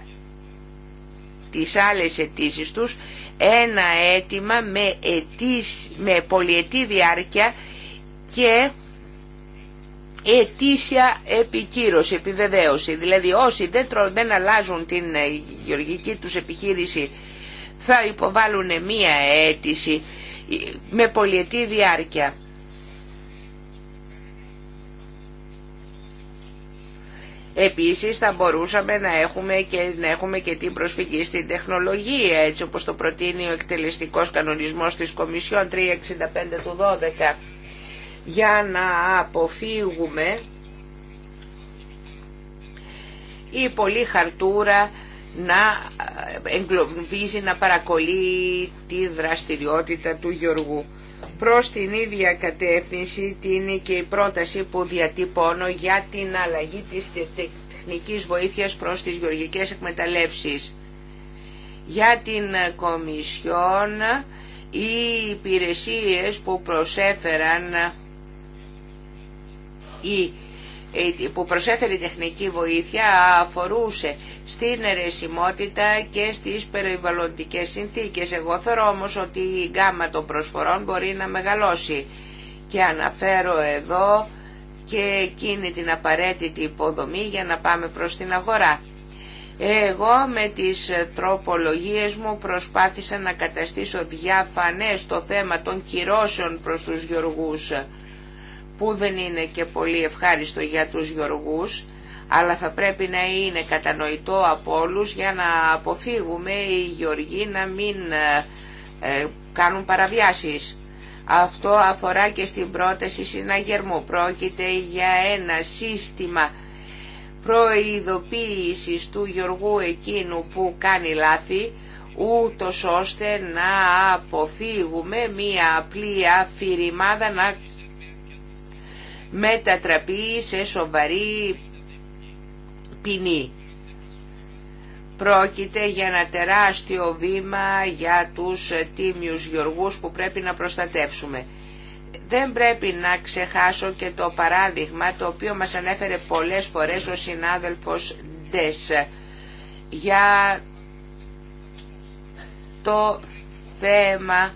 τις άλλες αιτήσει τους ένα αίτημα με, με πολυετή διάρκεια και ετήσια επικύρωση, επιβεβαίωση. Δηλαδή όσοι δεν, δεν αλλάζουν την γεωργική τους επιχείρηση θα υποβάλουν μία αίτηση με πολιετή διάρκεια. Επίσης θα μπορούσαμε να έχουμε και, να έχουμε και την προσφυγή στην τεχνολογία, έτσι όπως το προτείνει ο εκτελεστικός κανονισμός της Κομισιόν 365 του 12, για να αποφύγουμε η πολλή χαρτούρα να εγκλωβίζει, να παρακολεί τη δραστηριότητα του Γιώργου. Προς την ίδια κατεύθυνση τίνει και η πρόταση που διατυπώνω για την αλλαγή της τεχνικής βοήθειας προς τις γεωργικές εκμεταλλεύσεις. Για την Κομισιόν οι υπηρεσίες που προσέφεραν οι που προσέφερε τεχνική βοήθεια αφορούσε στην αιρεσιμότητα και στις περιβαλλοντικές συνθήκες. Εγώ θεωρώ όμως ότι η γκάμα των προσφορών μπορεί να μεγαλώσει και αναφέρω εδώ και εκείνη την απαραίτητη υποδομή για να πάμε προς την αγορά. Εγώ με τις τροπολογίες μου προσπάθησα να καταστήσω διαφανές το θέμα των κυρώσεων προς τους γεωργούς που δεν είναι και πολύ ευχάριστο για τους γεωργούς, αλλά θα πρέπει να είναι κατανοητό από όλους για να αποφύγουμε οι γεωργοί να μην ε, ε, κάνουν παραβιάσεις. Αυτό αφορά και στην πρόταση συναγερμού. Πρόκειται για ένα σύστημα προειδοποίησης του Γιωργού εκείνου που κάνει λάθη, ούτω ώστε να αποφύγουμε μία απλή αφηρημάδα να μετατραπεί σε σοβαρή ποινή. Πρόκειται για ένα τεράστιο βήμα για τους τίμιους γεωργούς που πρέπει να προστατεύσουμε. Δεν πρέπει να ξεχάσω και το παράδειγμα το οποίο μας ανέφερε πολλές φορές ο συνάδελφος Ντες για το θέμα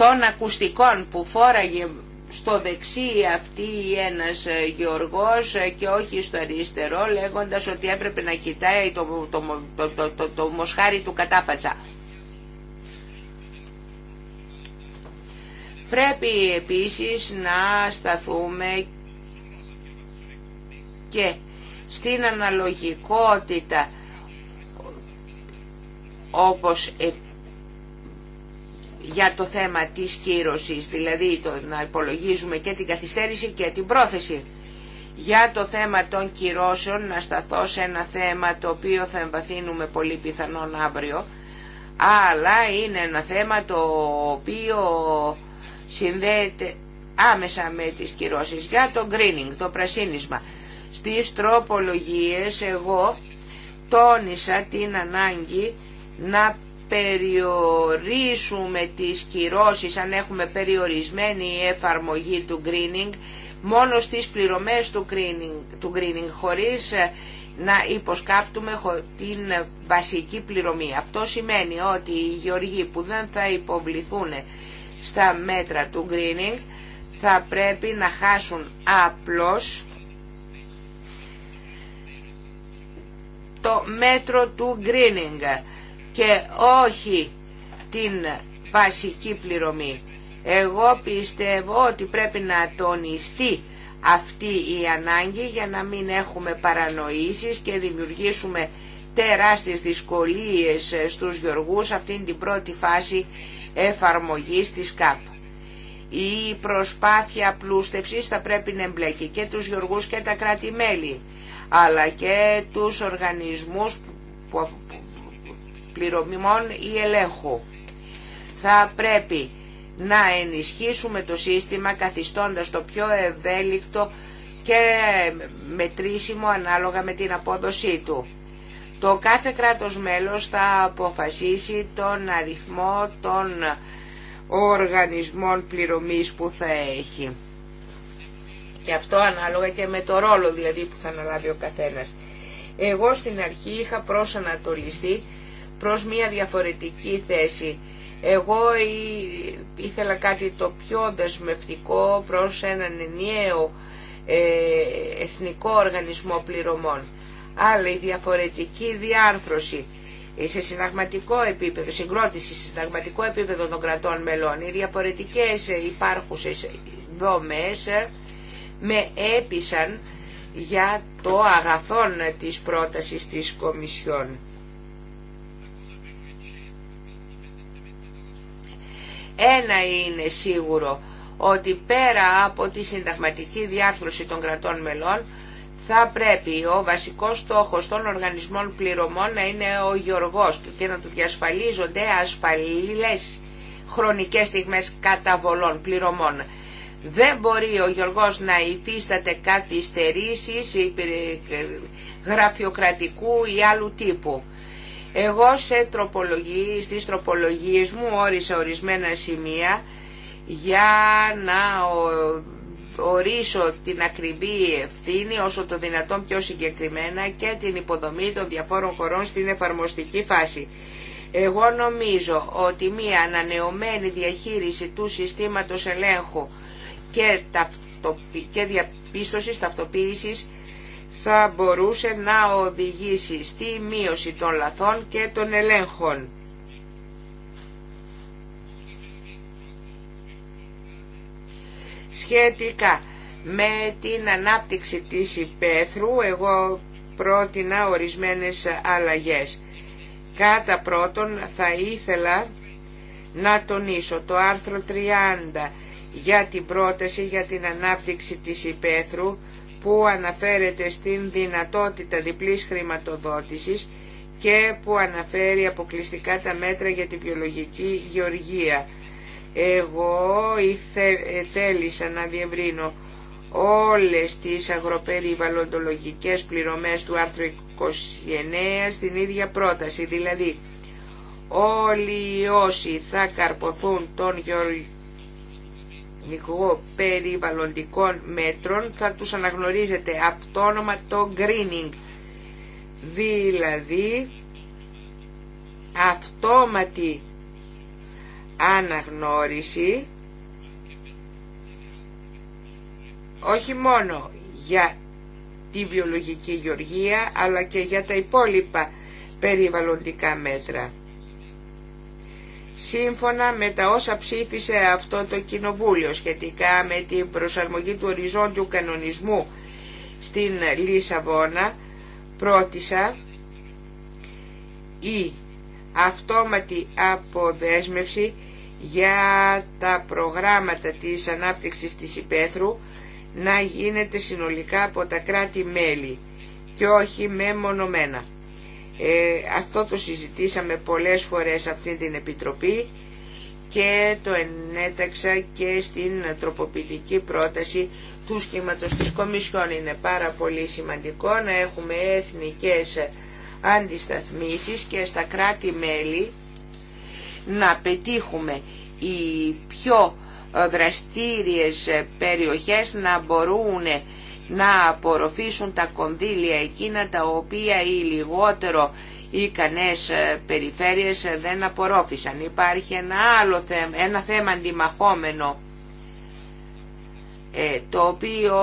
των ακουστικών που φόραγε στο δεξί αυτή ένας ε, γεωργός ε, και όχι στο αριστερό λέγοντας ότι έπρεπε να κοιτάει το, το, μοσχάρι του κατάπατσα. Πρέπει επίσης να σταθούμε και στην αναλογικότητα όπως επίσης για το θέμα της κύρωσης, δηλαδή το, να υπολογίζουμε και την καθυστέρηση και την πρόθεση. Για το θέμα των κυρώσεων να σταθώ σε ένα θέμα το οποίο θα εμβαθύνουμε πολύ πιθανόν αύριο, αλλά είναι ένα θέμα το οποίο συνδέεται άμεσα με τις κυρώσεις. Για το greening, το πρασίνισμα. Στις τροπολογίες εγώ τόνισα την ανάγκη να περιορίσουμε τις κυρώσεις αν έχουμε περιορισμένη εφαρμογή του greening μόνο στις πληρωμές του greening, του greening χωρίς ε, να υποσκάπτουμε την βασική πληρωμή. Αυτό σημαίνει ότι οι γεωργοί που δεν θα υποβληθούν στα μέτρα του greening θα πρέπει να χάσουν απλώς το μέτρο του greening και όχι την βασική πληρωμή. Εγώ πιστεύω ότι πρέπει να τονιστεί αυτή η ανάγκη για να μην έχουμε παρανοήσεις και δημιουργήσουμε τεράστιες δυσκολίες στους γεωργούς αυτήν την πρώτη φάση εφαρμογής της ΚΑΠ. Η προσπάθεια πλούστευσης θα πρέπει να εμπλέκει και τους γεωργούς και τα κράτη-μέλη, αλλά και τους οργανισμούς πληρωμιμών ή ελέγχου. Θα πρέπει να ενισχύσουμε το σύστημα καθιστώντας το πιο ευέλικτο και μετρήσιμο ανάλογα με την απόδοσή του. Το κάθε κράτος μέλος θα αποφασίσει τον αριθμό των οργανισμών πληρωμής που θα έχει. Και αυτό ανάλογα και με το ρόλο δηλαδή που θα αναλάβει ο καθένας. Εγώ στην αρχή είχα προσανατολιστεί προς μια διαφορετική θέση. Εγώ ήθελα κάτι το πιο δεσμευτικό προς έναν ενιαίο ε, εθνικό οργανισμό πληρωμών. η διαφορετική διάρθρωση σε συναγματικό επίπεδο, συγκρότηση σε συναγματικό επίπεδο των κρατών μελών, οι διαφορετικές υπάρχουσες δομές ε, με έπεισαν για το αγαθόν της πρότασης της Κομισιόν. Ένα είναι σίγουρο ότι πέρα από τη συνταγματική διάρθρωση των κρατών μελών θα πρέπει ο βασικός στόχος των οργανισμών πληρωμών να είναι ο γεωργός και να του διασφαλίζονται ασφαλείς χρονικές στιγμές καταβολών πληρωμών. Δεν μπορεί ο Γιωργός να υφίσταται καθυστερήσεις γραφειοκρατικού ή άλλου τύπου. Εγώ σε τροπολογίες, στις τροπολογίες μου όρισα ορισμένα σημεία για να ορίσω την ακριβή ευθύνη όσο το δυνατόν πιο συγκεκριμένα και την υποδομή των διαφόρων χωρών στην εφαρμοστική φάση. Εγώ νομίζω ότι μία ανανεωμένη διαχείριση του συστήματος ελέγχου και, ταυτοπι... και διαπίστωσης ταυτοποίησης θα μπορούσε να οδηγήσει στη μείωση των λαθών και των ελέγχων. Σχετικά με την ανάπτυξη της υπαίθρου, εγώ πρότεινα ορισμένες αλλαγές. Κατά πρώτον θα ήθελα να τονίσω το άρθρο 30 για την πρόταση για την ανάπτυξη της υπαίθρου που αναφέρεται στην δυνατότητα διπλής χρηματοδότησης και που αναφέρει αποκλειστικά τα μέτρα για τη βιολογική γεωργία. Εγώ ε, θέλησα να διευρύνω όλες τις αγροπεριβαλλοντολογικές πληρωμές του άρθρου 29 στην ίδια πρόταση, δηλαδή όλοι όσοι θα καρποθούν τον γεωργικό περιβαλλοντικών μέτρων θα τους αναγνωρίζεται αυτόνομα το greening δηλαδή αυτόματη αναγνώριση όχι μόνο για τη βιολογική γεωργία αλλά και για τα υπόλοιπα περιβαλλοντικά μέτρα σύμφωνα με τα όσα ψήφισε αυτό το κοινοβούλιο σχετικά με την προσαρμογή του οριζόντιου κανονισμού στην Λισαβόνα πρότισα η αυτόματη αποδέσμευση για τα προγράμματα της ανάπτυξης της υπαίθρου να γίνεται συνολικά από τα κράτη-μέλη και όχι μεμονωμένα. Ε, αυτό το συζητήσαμε πολλές φορές αυτή την Επιτροπή και το ενέταξα και στην τροποποιητική πρόταση του σχήματος της Κομισιόν. Είναι πάρα πολύ σημαντικό να έχουμε εθνικές αντισταθμίσεις και στα κράτη-μέλη να πετύχουμε οι πιο δραστήριες περιοχές να μπορούν να απορροφήσουν τα κονδύλια εκείνα τα οποία οι λιγότερο ικανές ε, περιφέρειες ε, δεν απορρόφησαν. Υπάρχει ένα άλλο θέμα, ένα θέμα αντιμαχόμενο ε, το οποίο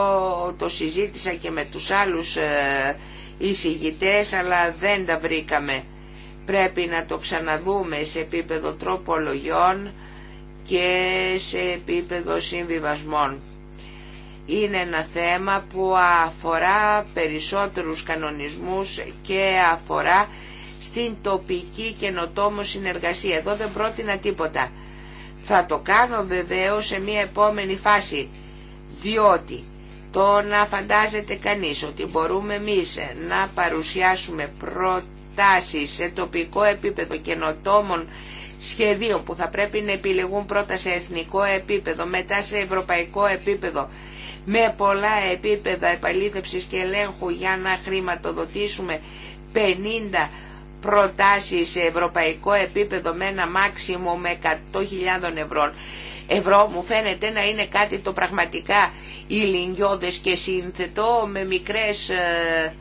το συζήτησα και με τους άλλους εισηγητές αλλά δεν τα βρήκαμε. Πρέπει να το ξαναδούμε σε επίπεδο τροπολογιών και σε επίπεδο συμβιβασμών είναι ένα θέμα που αφορά περισσότερους κανονισμούς και αφορά στην τοπική καινοτόμο συνεργασία. Εδώ δεν πρότεινα τίποτα. Θα το κάνω βεβαίως σε μια επόμενη φάση, διότι το να φαντάζεται κανείς ότι μπορούμε εμείς να παρουσιάσουμε προτάσεις σε τοπικό επίπεδο καινοτόμων σχεδίων που θα πρέπει να επιλεγούν πρώτα σε εθνικό επίπεδο, μετά σε ευρωπαϊκό επίπεδο, με πολλά επίπεδα επαλήθευσης και ελέγχου για να χρηματοδοτήσουμε 50 προτάσεις σε ευρωπαϊκό επίπεδο με ένα μάξιμο με 100.000 ευρώ. Ευρώ μου φαίνεται να είναι κάτι το πραγματικά ηλιγιώδες και σύνθετο με μικρές, ε,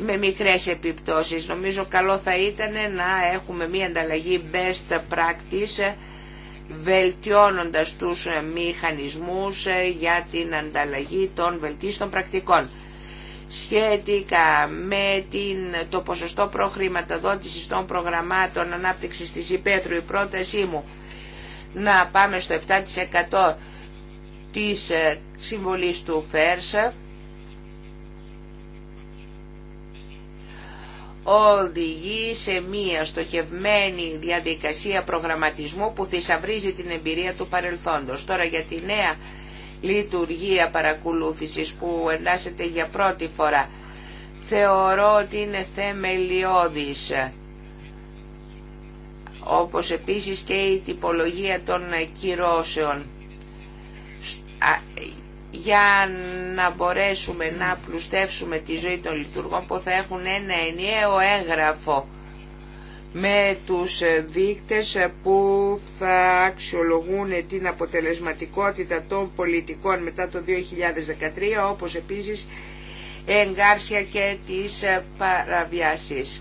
με μικρές επιπτώσεις. Νομίζω καλό θα ήταν να έχουμε μια ανταλλαγή best practice βελτιώνοντας τους ε, μηχανισμούς ε, για την ανταλλαγή των βελτίστων πρακτικών. Σχετικά με την, το ποσοστό προχρηματοδότησης των προγραμμάτων ανάπτυξης της υπαίθρου, η πρότασή μου να πάμε στο 7% της ε, συμβολής του ΦΕΡΣΑ, οδηγεί σε μία στοχευμένη διαδικασία προγραμματισμού που θησαυρίζει την εμπειρία του παρελθόντος. Τώρα για τη νέα λειτουργία παρακολούθησης που εντάσσεται για πρώτη φορά θεωρώ ότι είναι θεμελιώδης όπως επίσης και η τυπολογία των κυρώσεων για να μπορέσουμε να πλουστεύσουμε τη ζωή των λειτουργών που θα έχουν ένα ενιαίο έγγραφο με τους δείκτες που θα αξιολογούν την αποτελεσματικότητα των πολιτικών μετά το 2013 όπως επίσης εγκάρσια και τις παραβιάσεις.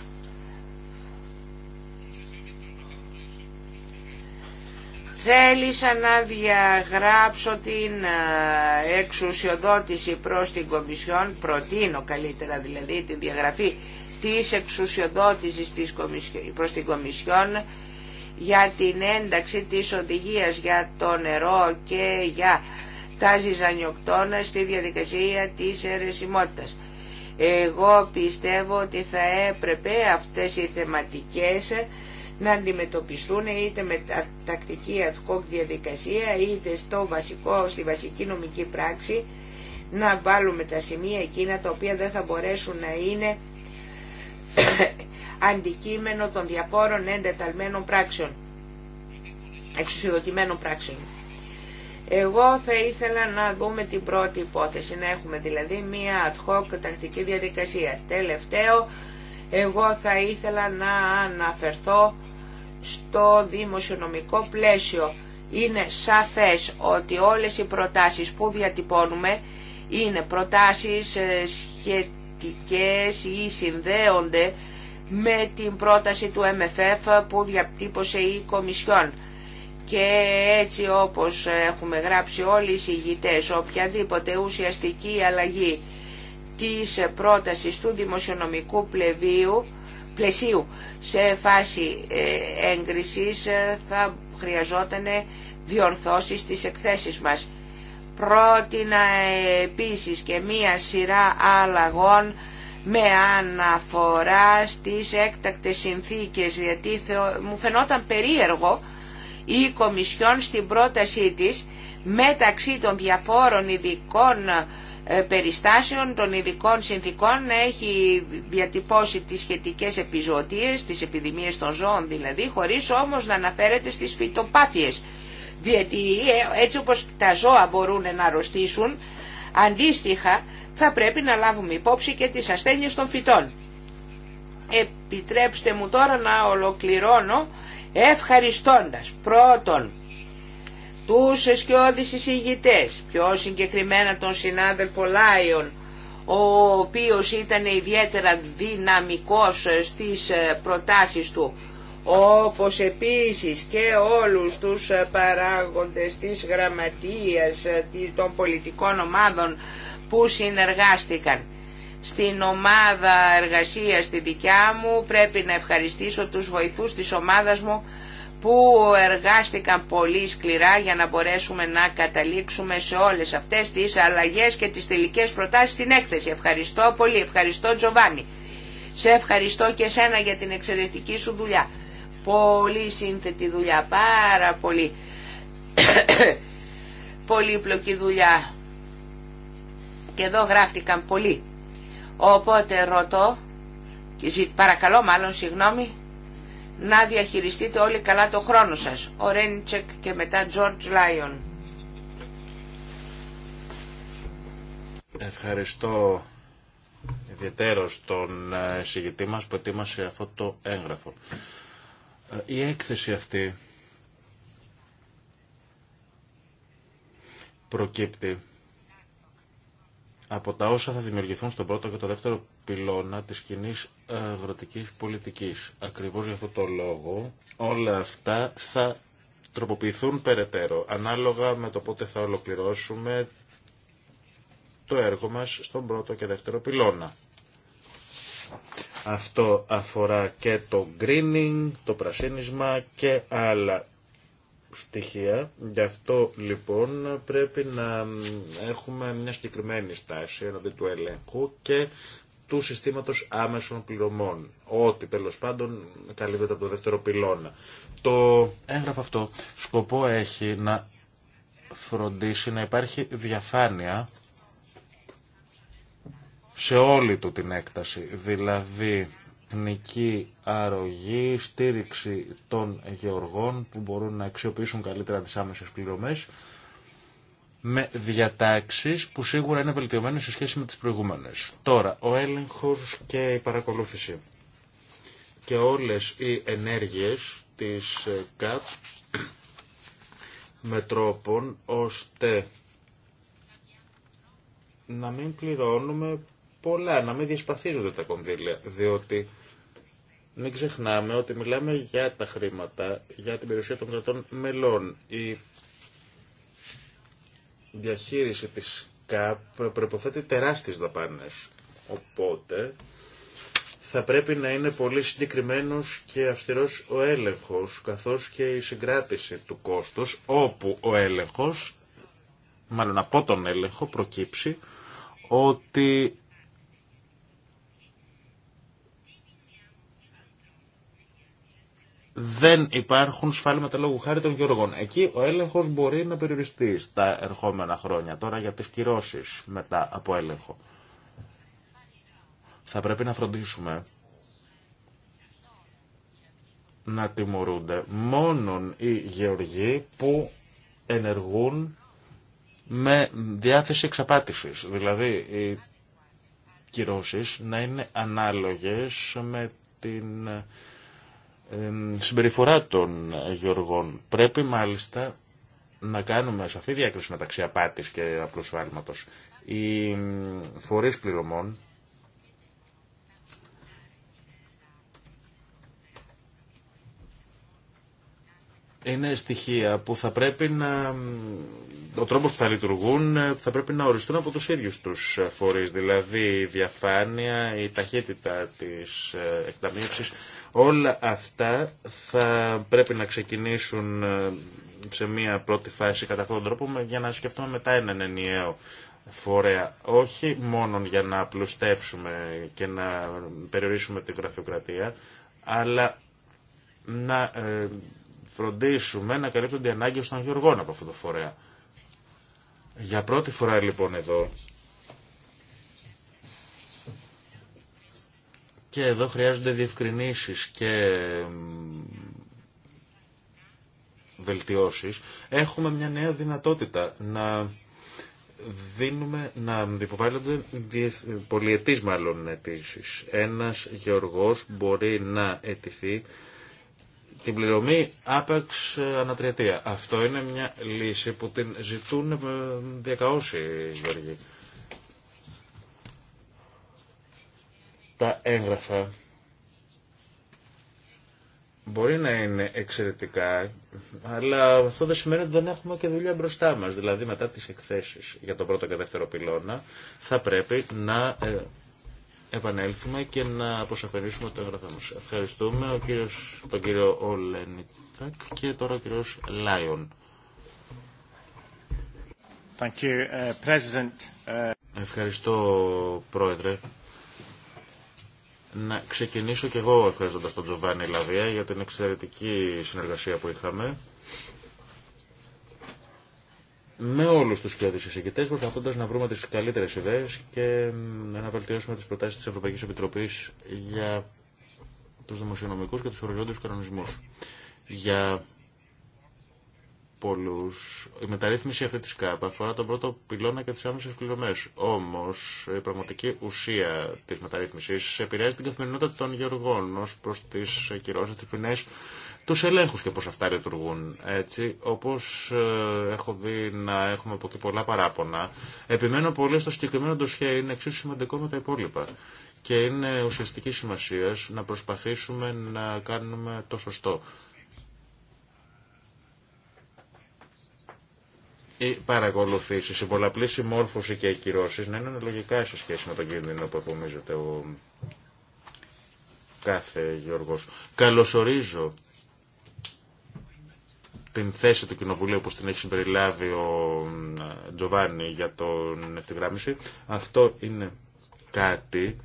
Θέλησα να διαγράψω την ε, εξουσιοδότηση προς την Κομισιόν, προτείνω καλύτερα δηλαδή τη διαγραφή της εξουσιοδότησης της προς την Κομισιόν για την ένταξη της οδηγίας για το νερό και για τα ζυζανιοκτώνα στη διαδικασία της αιρεσιμότητας. Εγώ πιστεύω ότι θα έπρεπε αυτές οι θεματικές να αντιμετωπιστούν είτε με τακτική ad hoc διαδικασία είτε στο βασικό, στη βασική νομική πράξη να βάλουμε τα σημεία εκείνα τα οποία δεν θα μπορέσουν να είναι αντικείμενο των διαφόρων εντεταλμένων πράξεων, εξουσιοδοτημένων πράξεων. Εγώ θα ήθελα να δούμε την πρώτη υπόθεση, να έχουμε δηλαδή μία ad hoc τακτική διαδικασία. Τελευταίο, εγώ θα ήθελα να αναφερθώ στο δημοσιονομικό πλαίσιο. Είναι σαφές ότι όλες οι προτάσεις που διατυπώνουμε είναι προτάσεις ε, σχετικές ή συνδέονται με την πρόταση του MFF που διατύπωσε η Κομισιόν. Και έτσι όπως έχουμε γράψει όλοι οι συγητές, οποιαδήποτε ουσιαστική αλλαγή της πρότασης του δημοσιονομικού πλευίου πλαισίου σε φάση ε, έγκρισης ε, θα χρειαζόταν διορθώσεις στις εκθέσεις μας. Πρότεινα ε, επίσης και μία σειρά αλλαγών με αναφορά στις έκτακτες συνθήκες γιατί μου φαινόταν περίεργο η Κομισιόν στην πρότασή της μεταξύ των διαφόρων ειδικών ε, περιστάσεων των ειδικών συνθήκων έχει διατυπώσει τις σχετικές επιζωτίες, τις επιδημίες των ζώων δηλαδή, χωρίς όμως να αναφέρεται στις φυτοπάθειες. Διότι ε, έτσι όπως τα ζώα μπορούν να αρρωστήσουν, αντίστοιχα θα πρέπει να λάβουμε υπόψη και τις ασθένειες των φυτών. Επιτρέψτε μου τώρα να ολοκληρώνω ευχαριστώντας πρώτον τους εσκιώδεις εισηγητές, πιο συγκεκριμένα τον συνάδελφο Λάιον, ο οποίος ήταν ιδιαίτερα δυναμικός στις ε, προτάσεις του, όπως επίσης και όλους τους ε, παράγοντες της γραμματείας ε, των πολιτικών ομάδων που συνεργάστηκαν. Στην ομάδα εργασίας τη δικιά μου πρέπει να ευχαριστήσω τους βοηθούς της ομάδας μου που εργάστηκαν πολύ σκληρά για να μπορέσουμε να καταλήξουμε σε όλες αυτές τις αλλαγές και τις τελικές προτάσεις στην έκθεση. Ευχαριστώ πολύ, ευχαριστώ Τζοβάνι. Σε ευχαριστώ και σένα για την εξαιρετική σου δουλειά. Πολύ σύνθετη δουλειά, πάρα πολύ πολύπλοκη δουλειά. Και εδώ γράφτηκαν πολύ. Οπότε ρωτώ, παρακαλώ μάλλον συγγνώμη, να διαχειριστείτε όλοι καλά το χρόνο σας. Ο Ρέντσεκ και μετά George Λάιον. Ευχαριστώ ιδιαίτερος τον ε, εισηγητή μας που ετοίμασε αυτό το έγγραφο. Ε, η έκθεση αυτή προκύπτει από τα όσα θα δημιουργηθούν στον πρώτο και το δεύτερο πυλώνα της κοινή αγροτικής πολιτικής. Ακριβώς για αυτό το λόγο όλα αυτά θα τροποποιηθούν περαιτέρω, ανάλογα με το πότε θα ολοκληρώσουμε το έργο μας στον πρώτο και δεύτερο πυλώνα. Αυτό αφορά και το greening, το πρασίνισμα και άλλα στοιχεία. Γι' αυτό λοιπόν πρέπει να έχουμε μια συγκεκριμένη στάση εναντί του ελέγχου και του συστήματος άμεσων πληρωμών. Ό,τι τέλο πάντων καλύπτεται από το δεύτερο πυλώνα. Το έγγραφο αυτό σκοπό έχει να φροντίσει να υπάρχει διαφάνεια σε όλη του την έκταση. Δηλαδή, νική αρρωγή, στήριξη των γεωργών που μπορούν να αξιοποιήσουν καλύτερα τις άμεσες πληρωμές με διατάξεις που σίγουρα είναι βελτιωμένες σε σχέση με τις προηγούμενες. Τώρα, ο έλεγχος και η παρακολούθηση και όλες οι ενέργειες της ε, ΚΑΤ με τρόπον ώστε να μην πληρώνουμε πολλά, να μην διασπαθίζονται τα κονδύλια, διότι μην ξεχνάμε ότι μιλάμε για τα χρήματα, για την περιουσία των κρατών μελών. Η διαχείριση της ΚΑΠ προποθέτει τεράστιες δαπάνες. Οπότε θα πρέπει να είναι πολύ συγκεκριμένος και αυστηρός ο έλεγχος, καθώς και η συγκράτηση του κόστους, όπου ο έλεγχος, μάλλον από τον έλεγχο, προκύψει ότι δεν υπάρχουν σφάλματα λόγου χάρη των γεωργών. Εκεί ο έλεγχο μπορεί να περιοριστεί στα ερχόμενα χρόνια. Τώρα για τις κυρώσεις μετά από έλεγχο. Θα πρέπει να φροντίσουμε να τιμωρούνται μόνον οι γεωργοί που ενεργούν με διάθεση εξαπάτησης. Δηλαδή οι κυρώσεις να είναι ανάλογες με την συμπεριφορά των ε, γεωργών. Πρέπει μάλιστα να κάνουμε σαφή διάκριση μεταξύ απάτης και απλού Οι φορείς πληρωμών είναι στοιχεία που θα πρέπει να... Ο τρόπος που θα λειτουργούν θα πρέπει να οριστούν από του ίδιου τους φορείς, δηλαδή η διαφάνεια, η ταχύτητα της ε, εκταμίευσης. Όλα αυτά θα πρέπει να ξεκινήσουν ε, σε μία πρώτη φάση κατά αυτόν τον τρόπο για να σκεφτούμε μετά έναν ενιαίο φορέα. Όχι μόνο για να απλουστεύσουμε και να περιορίσουμε τη γραφειοκρατία, αλλά να ε, φροντίσουμε να καλύπτονται οι ανάγκε των γεωργών από αυτό το φορέα. Για πρώτη φορά λοιπόν εδώ και εδώ χρειάζονται διευκρινήσεις και βελτιώσεις. Έχουμε μια νέα δυνατότητα να δίνουμε να υποβάλλονται πολιετής μάλλον αιτήσει. Ένας γεωργός μπορεί να αιτηθεί την πληρωμή άπαξ ανατριετία. Αυτό είναι μια λύση που την ζητούν ε, διακαώσει, οι Γεωργοί. Τα έγγραφα μπορεί να είναι εξαιρετικά, αλλά αυτό δεν σημαίνει ότι δεν έχουμε και δουλειά μπροστά μας. Δηλαδή μετά τις εκθέσεις για τον πρώτο και δεύτερο πυλώνα θα πρέπει να ε, επανέλθουμε και να αποσαφενήσουμε το έγγραφό μας. Ευχαριστούμε ο κύριος, τον κύριο Ολενιτσακ και τώρα ο κύριος Λάιον. Uh, uh, Ευχαριστώ, Πρόεδρε. Να ξεκινήσω κι εγώ ευχαριστώντας τον Τζοβάνι Λαβία για την εξαιρετική συνεργασία που είχαμε με όλου του κοιόδης εισηγητές προσπαθώντα να βρούμε τι καλύτερε ιδέε και να βελτιώσουμε τι προτάσει τη Ευρωπαϊκή Επιτροπή για του δημοσιονομικού και του οριζόντιου κανονισμού. Για πολλού. η μεταρρύθμιση αυτή τη ΚΑΠ αφορά τον πρώτο πυλώνα και τι άμεσε πληρωμέ. Όμω, η πραγματική ουσία τη μεταρρύθμιση επηρεάζει την καθημερινότητα των γεωργών ω προ τι κυρώσει τι ποινέ τους ελέγχους και πώς αυτά λειτουργούν. Έτσι, όπως ε, έχω δει να έχουμε από εκεί πολλά παράπονα, επιμένω πολύ στο συγκεκριμένο ντοσχέ, είναι εξίσου σημαντικό με τα υπόλοιπα. Και είναι ουσιαστική σημασία να προσπαθήσουμε να κάνουμε το σωστό. οι παρακολουθήσει, η πολλαπλή συμμόρφωση και οι κυρώσει να είναι λογικά σε σχέση με τον κίνδυνο που απομίζεται ο κάθε Γιώργος. Καλωσορίζω την θέση του Κοινοβουλίου που την έχει συμπεριλάβει ο ε, Τζοβάνι για τον ευθυγράμμιση. Αυτό είναι κάτι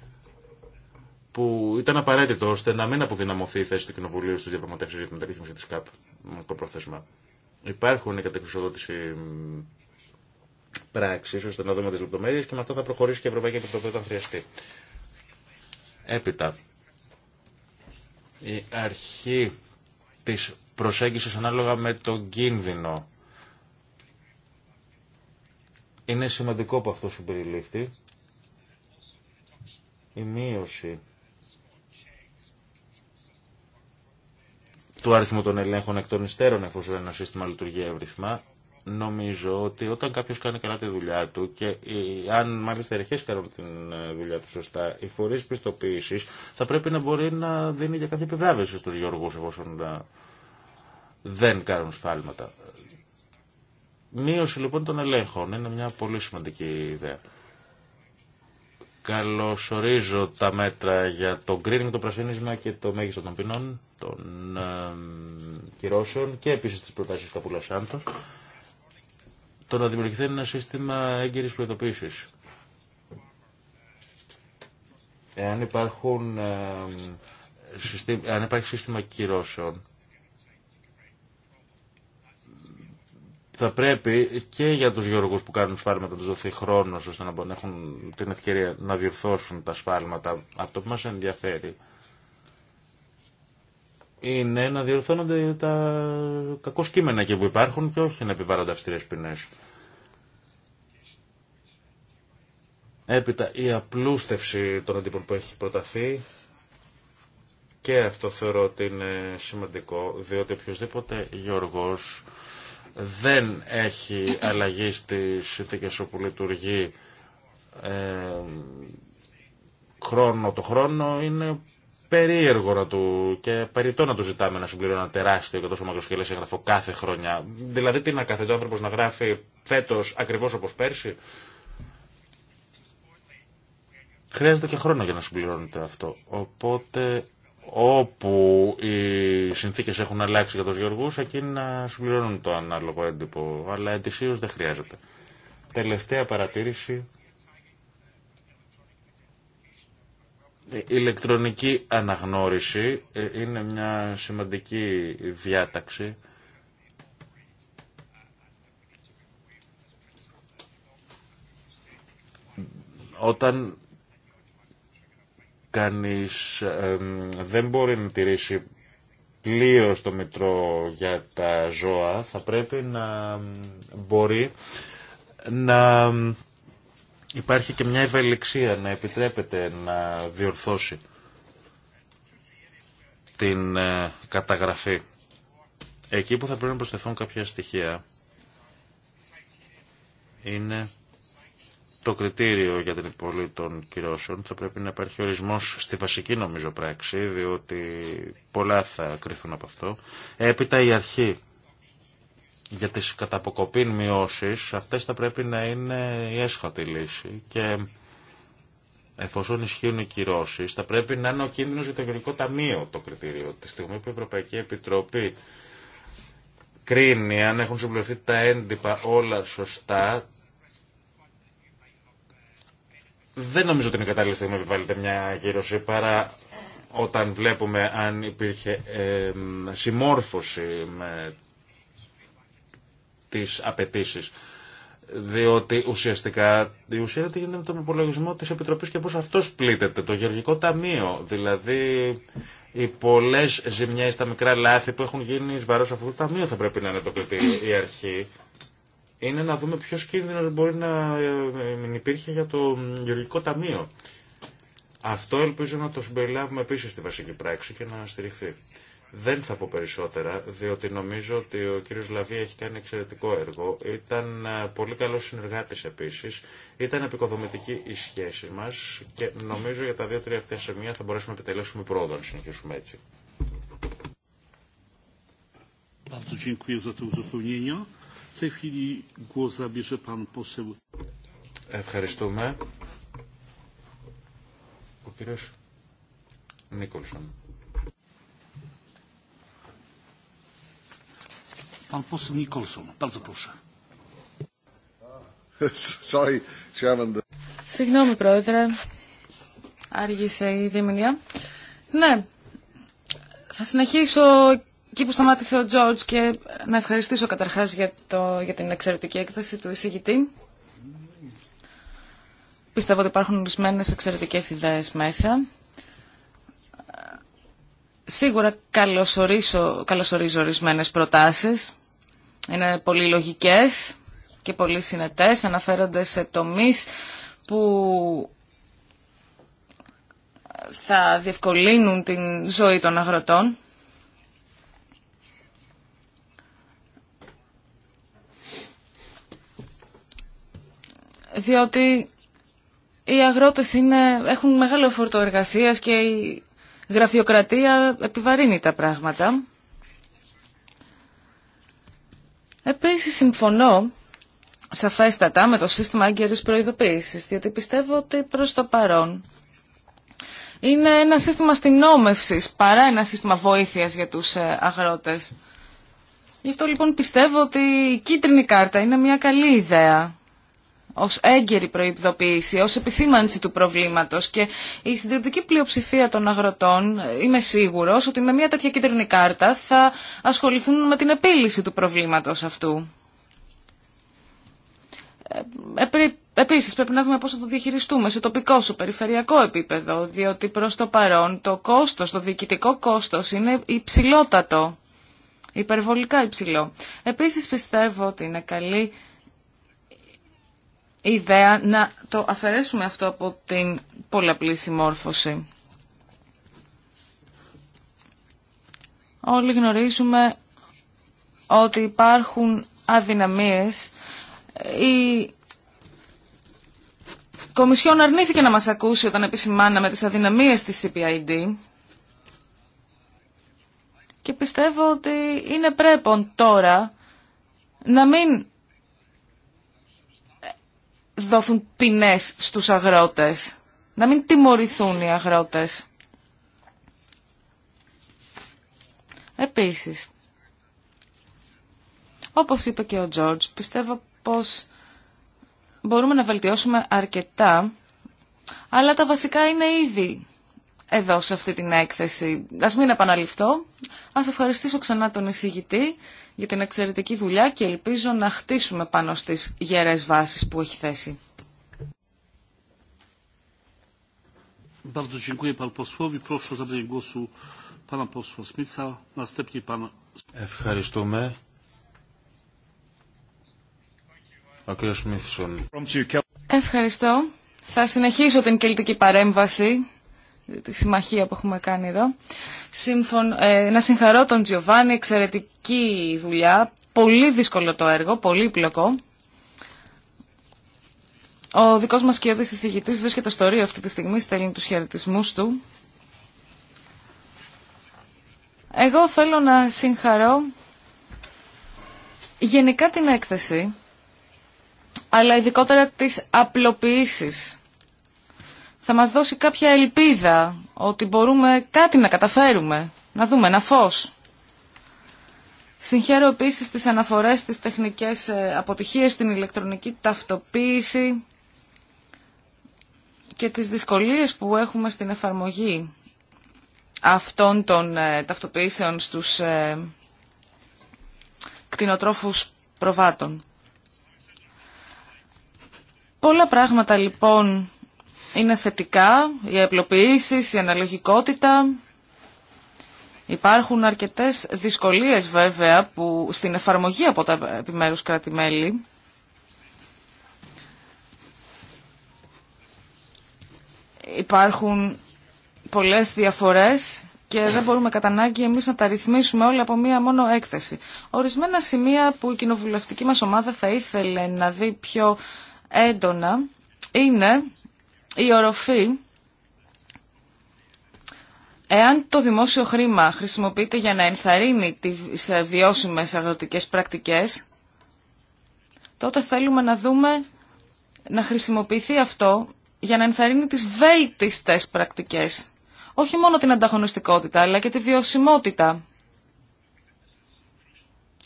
που ήταν απαραίτητο ώστε να μην αποδυναμωθεί η θέση του Κοινοβουλίου στις διαπραγματεύσεις για την μεταρρύθμιση της ΚΑΠ το πρόθεσμα. Υπάρχουν η κατεξουσιοδότηση πράξεις ώστε να δούμε τις λεπτομέρειες και με αυτό θα προχωρήσει και η Ευρωπαϊκή Επιτροπή όταν χρειαστεί. Έπειτα, η αρχή της προσέγγισης ανάλογα με τον κίνδυνο. Είναι σημαντικό που αυτό συμπεριλήφθη. Η μείωση του αριθμού των ελέγχων εκ των υστέρων εφόσον ένα σύστημα λειτουργεί εύρυθμα. Νομίζω ότι όταν κάποιος κάνει καλά τη δουλειά του και αν μάλιστα οι αρχέ κάνουν τη ε, δουλειά του σωστά, οι φορείς πιστοποίησης θα πρέπει να μπορεί να δίνει για κάποια επιβράβευση στους γεωργούς εφόσον ε, δεν κάνουν σφάλματα. Μείωση λοιπόν των ελέγχων είναι μια πολύ σημαντική ιδέα. Καλωσορίζω τα μέτρα για το greening, το πρασίνισμα και το μέγιστο των ποινών, των κυρώσεων και επίσης τις προτάσεις Καπούλα Σάντος. Το να δημιουργηθεί ένα σύστημα έγκυρης προειδοποίησης. Εάν υπάρχουν αν υπάρχει σύστημα κυρώσεων, θα πρέπει και για τους γεωργούς που κάνουν σφάλματα τους δοθεί χρόνο ώστε να έχουν την ευκαιρία να διορθώσουν τα σφάλματα. Αυτό που μας ενδιαφέρει είναι να διορθώνονται τα κακό και που υπάρχουν και όχι να επιβάλλονται αυστηρές ποινές. Έπειτα η απλούστευση των αντίπων που έχει προταθεί και αυτό θεωρώ ότι είναι σημαντικό διότι οποιοδήποτε γεωργός δεν έχει αλλαγή στις συνθήκες όπου λειτουργεί ε, χρόνο το χρόνο είναι περίεργο να του και περιττό να του ζητάμε να συμπληρώνει ένα τεράστιο και τόσο μακροσκελέ έγγραφο κάθε χρονιά. Δηλαδή, τι να κάθεται ο άνθρωπο να γράφει φέτο ακριβώ όπω πέρσι. Χρειάζεται και χρόνο για να συμπληρώνεται αυτό. Οπότε όπου οι συνθήκες έχουν αλλάξει για τους γεωργούς, εκείνοι να συμπληρώνουν το ανάλογο έντυπο, αλλά ετησίως δεν χρειάζεται. Τελευταία παρατήρηση. Η ηλεκτρονική αναγνώριση ε, είναι μια σημαντική διάταξη όταν κανείς δεν μπορεί να τηρήσει πλήρως το μητρό για τα ζώα, θα πρέπει να μπορεί να υπάρχει και μια ευελιξία να επιτρέπεται να διορθώσει την ε, καταγραφή. Εκεί που θα πρέπει να προσθεθούν κάποια στοιχεία είναι το κριτήριο για την υπολή των κυρώσεων θα πρέπει να υπάρχει ορισμό στη βασική νομίζω πράξη, διότι πολλά θα κρυθούν από αυτό. Έπειτα η αρχή για τις καταποκοπήν μειώσεις, αυτές θα πρέπει να είναι η έσχατη λύση και εφόσον ισχύουν οι κυρώσει, θα πρέπει να είναι ο κίνδυνο για το Γενικό Ταμείο το κριτήριο. Τη στιγμή που η Ευρωπαϊκή Επιτροπή κρίνει αν έχουν συμπληρωθεί τα έντυπα όλα σωστά, δεν νομίζω ότι είναι κατάλληλη στιγμή να επιβάλλεται μια κύρωση παρά όταν βλέπουμε αν υπήρχε ε, συμμόρφωση με τις απαιτήσει. Διότι ουσιαστικά η ουσία είναι ότι γίνεται με τον υπολογισμό της Επιτροπής και πώς αυτός πλήττεται, το γεωργικό ταμείο. Δηλαδή οι πολλές ζημιές, τα μικρά λάθη που έχουν γίνει εις βαρός αυτού του ταμείου θα πρέπει να είναι το κριτήριο η αρχή είναι να δούμε ποιο κίνδυνο μπορεί να ε, υπήρχε για το γεωργικό ταμείο. Αυτό ελπίζω να το συμπεριλάβουμε επίση στη βασική πράξη και να στηριχθεί. Δεν θα πω περισσότερα, διότι νομίζω ότι ο κύριος Λαβή έχει κάνει εξαιρετικό έργο. Ήταν ε, πολύ καλός συνεργάτης επίσης. Ήταν επικοδομητική η σχέση μας και νομίζω για τα δύο-τρία αυτά σημεία θα μπορέσουμε να επιτελέσουμε πρόοδο να συνεχίσουμε έτσι. Ευχαριστούμε. Ο Νίκολσον. Συγγνώμη, Πρόεδρε. Άργησε η δίμηνια. Ναι, θα συνεχίσω εκεί που σταμάτησε ο Τζόρτζ και να ευχαριστήσω καταρχάς για, το, για την εξαιρετική έκθεση του εισηγητή. Πιστεύω ότι υπάρχουν ορισμένε εξαιρετικές ιδέες μέσα. Σίγουρα καλωσορίζω, ορισμένε προτάσεις. Είναι πολύ λογικές και πολύ συνετές. Αναφέρονται σε τομείς που θα διευκολύνουν την ζωή των αγροτών. διότι οι αγρότες είναι, έχουν μεγάλο φορτό εργασίας και η γραφειοκρατία επιβαρύνει τα πράγματα. Επίσης συμφωνώ σαφέστατα με το σύστημα έγκαιρης προειδοποίησης, διότι πιστεύω ότι προς το παρόν είναι ένα σύστημα στινόμευσης παρά ένα σύστημα βοήθειας για τους ε, αγρότες. Γι' αυτό λοιπόν πιστεύω ότι η κίτρινη κάρτα είναι μια καλή ιδέα ως έγκαιρη προειδοποίηση, ως επισήμανση του προβλήματος και η συντριπτική πλειοψηφία των αγροτών είμαι σίγουρος ότι με μια τέτοια κίτρινη κάρτα θα ασχοληθούν με την επίλυση του προβλήματος αυτού. Ε, επίσης πρέπει να δούμε πώς θα το διαχειριστούμε σε τοπικό σου περιφερειακό επίπεδο διότι προς το παρόν το κόστος, το διοικητικό κόστος είναι υψηλότατο, υπερβολικά υψηλό. Επίσης πιστεύω ότι είναι καλή η ιδέα να το αφαιρέσουμε αυτό από την πολλαπλή συμμόρφωση. Όλοι γνωρίζουμε ότι υπάρχουν αδυναμίες. Η Κομισιόν αρνήθηκε να μας ακούσει όταν επισημάναμε τις αδυναμίες της CPID και πιστεύω ότι είναι πρέπον τώρα να μην δόθουν πινές στους αγρότες, να μην τιμωρηθούν οι αγρότες. Επίσης, όπως είπε και ο Τζόρτζ, πιστεύω πως μπορούμε να βελτιώσουμε αρκετά, αλλά τα βασικά είναι ήδη εδώ σε αυτή την έκθεση. Α μην επαναληφθώ. Α ευχαριστήσω ξανά τον εισηγητή για την εξαιρετική δουλειά και ελπίζω να χτίσουμε πάνω στι γέρε βάσεις που έχει θέσει. Ευχαριστούμε. Ευχαριστώ. Θα συνεχίσω την κελτική παρέμβαση τη συμμαχία που έχουμε κάνει εδώ. Σύμφων, ε, να συγχαρώ τον Τζιωβάνι, εξαιρετική δουλειά, πολύ δύσκολο το έργο, πολύ πλοκό. Ο δικός μας κοιόδης εισηγητής βρίσκεται στο Ρίο αυτή τη στιγμή, στέλνει τους χαιρετισμού του. Εγώ θέλω να συγχαρώ γενικά την έκθεση, αλλά ειδικότερα τις απλοποιήσεις θα μας δώσει κάποια ελπίδα ότι μπορούμε κάτι να καταφέρουμε, να δούμε ένα φως. Συγχαίρω επίσης τις αναφορές στις τεχνικές ε, αποτυχίες, στην ηλεκτρονική ταυτοποίηση και τις δυσκολίες που έχουμε στην εφαρμογή αυτών των ε, ταυτοποίησεων στους ε, κτηνοτρόφους προβάτων. Πολλά πράγματα λοιπόν είναι θετικά, οι απλοποίησει, η αναλογικότητα. Υπάρχουν αρκετές δυσκολίες βέβαια που στην εφαρμογή από τα επιμέρους Υπάρχουν πολλές διαφορές και δεν μπορούμε κατά ανάγκη εμείς να τα ρυθμίσουμε όλα από μία μόνο έκθεση. Ορισμένα σημεία που η κοινοβουλευτική μας ομάδα θα ήθελε να δει πιο έντονα είναι η οροφή, εάν το δημόσιο χρήμα χρησιμοποιείται για να ενθαρρύνει τις βιώσιμες αγροτικές πρακτικές, τότε θέλουμε να δούμε να χρησιμοποιηθεί αυτό για να ενθαρρύνει τις βέλτιστες πρακτικές. Όχι μόνο την ανταγωνιστικότητα, αλλά και τη βιωσιμότητα.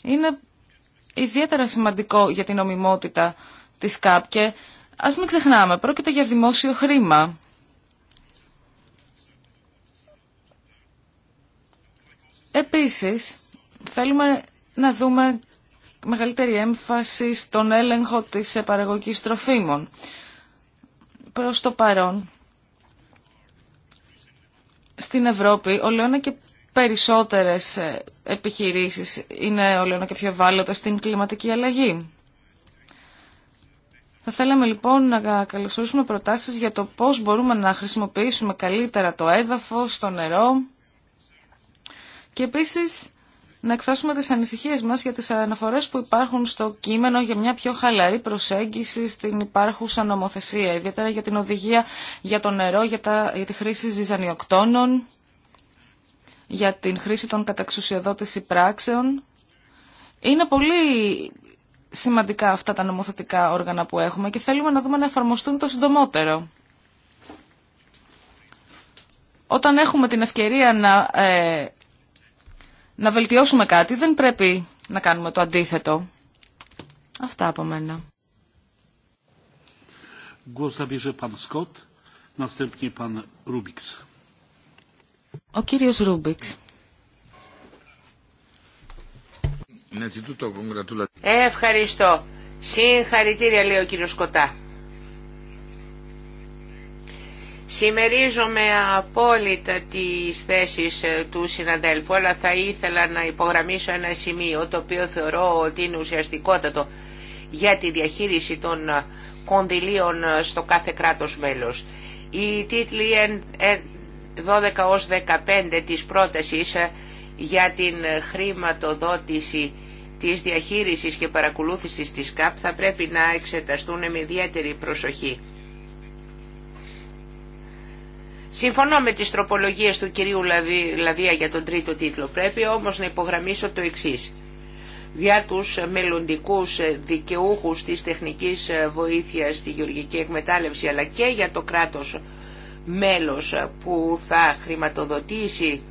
Είναι ιδιαίτερα σημαντικό για την ομιμότητα της ΚΑΠ Ας μην ξεχνάμε, πρόκειται για δημόσιο χρήμα. Επίσης, θέλουμε να δούμε μεγαλύτερη έμφαση στον έλεγχο της παραγωγής τροφίμων. Προς το παρόν, στην Ευρώπη, ολοένα και περισσότερες επιχειρήσεις είναι ολοένα και πιο ευάλωτες στην κλιματική αλλαγή. Θα θέλαμε λοιπόν να καλωσορίσουμε προτάσεις για το πώς μπορούμε να χρησιμοποιήσουμε καλύτερα το έδαφος, το νερό και επίσης να εκφράσουμε τις ανησυχίες μας για τις αναφορές που υπάρχουν στο κείμενο για μια πιο χαλαρή προσέγγιση στην υπάρχουσα νομοθεσία, ιδιαίτερα για την οδηγία για το νερό, για, τα, για τη χρήση ζυζανιοκτώνων, για την χρήση των καταξουσιοδότηση πράξεων. Είναι πολύ σημαντικά αυτά τα νομοθετικά όργανα που έχουμε και θέλουμε να δούμε να εφαρμοστούν το συντομότερο. Όταν έχουμε την ευκαιρία να, ε, να βελτιώσουμε κάτι, δεν πρέπει να κάνουμε το αντίθετο. Αυτά από μένα. Ο κύριος Ρούμπιξ. Ναι, ε, ευχαριστώ. Συγχαρητήρια λέει ο κύριος Σκοτά. Σημερίζομαι απόλυτα τις θέσεις ε, του συναντέλφου αλλά θα ήθελα να υπογραμμίσω ένα σημείο το οποίο θεωρώ ότι είναι ουσιαστικότατο για τη διαχείριση των ε, κονδυλίων στο κάθε κράτος μέλος. Οι τίτλοι 12 ως 15 της πρότασης για την χρηματοδότηση της διαχείρισης και παρακολούθησης της ΚΑΠ θα πρέπει να εξεταστούν με ιδιαίτερη προσοχή. Συμφωνώ με τις τροπολογίες του κυρίου Λαβία για τον τρίτο τίτλο. Πρέπει όμως να υπογραμμίσω το εξής. Για τους μελλοντικούς δικαιούχους της τεχνικής βοήθειας στη γεωργική εκμετάλλευση αλλά και για το κράτος μέλος που θα χρηματοδοτήσει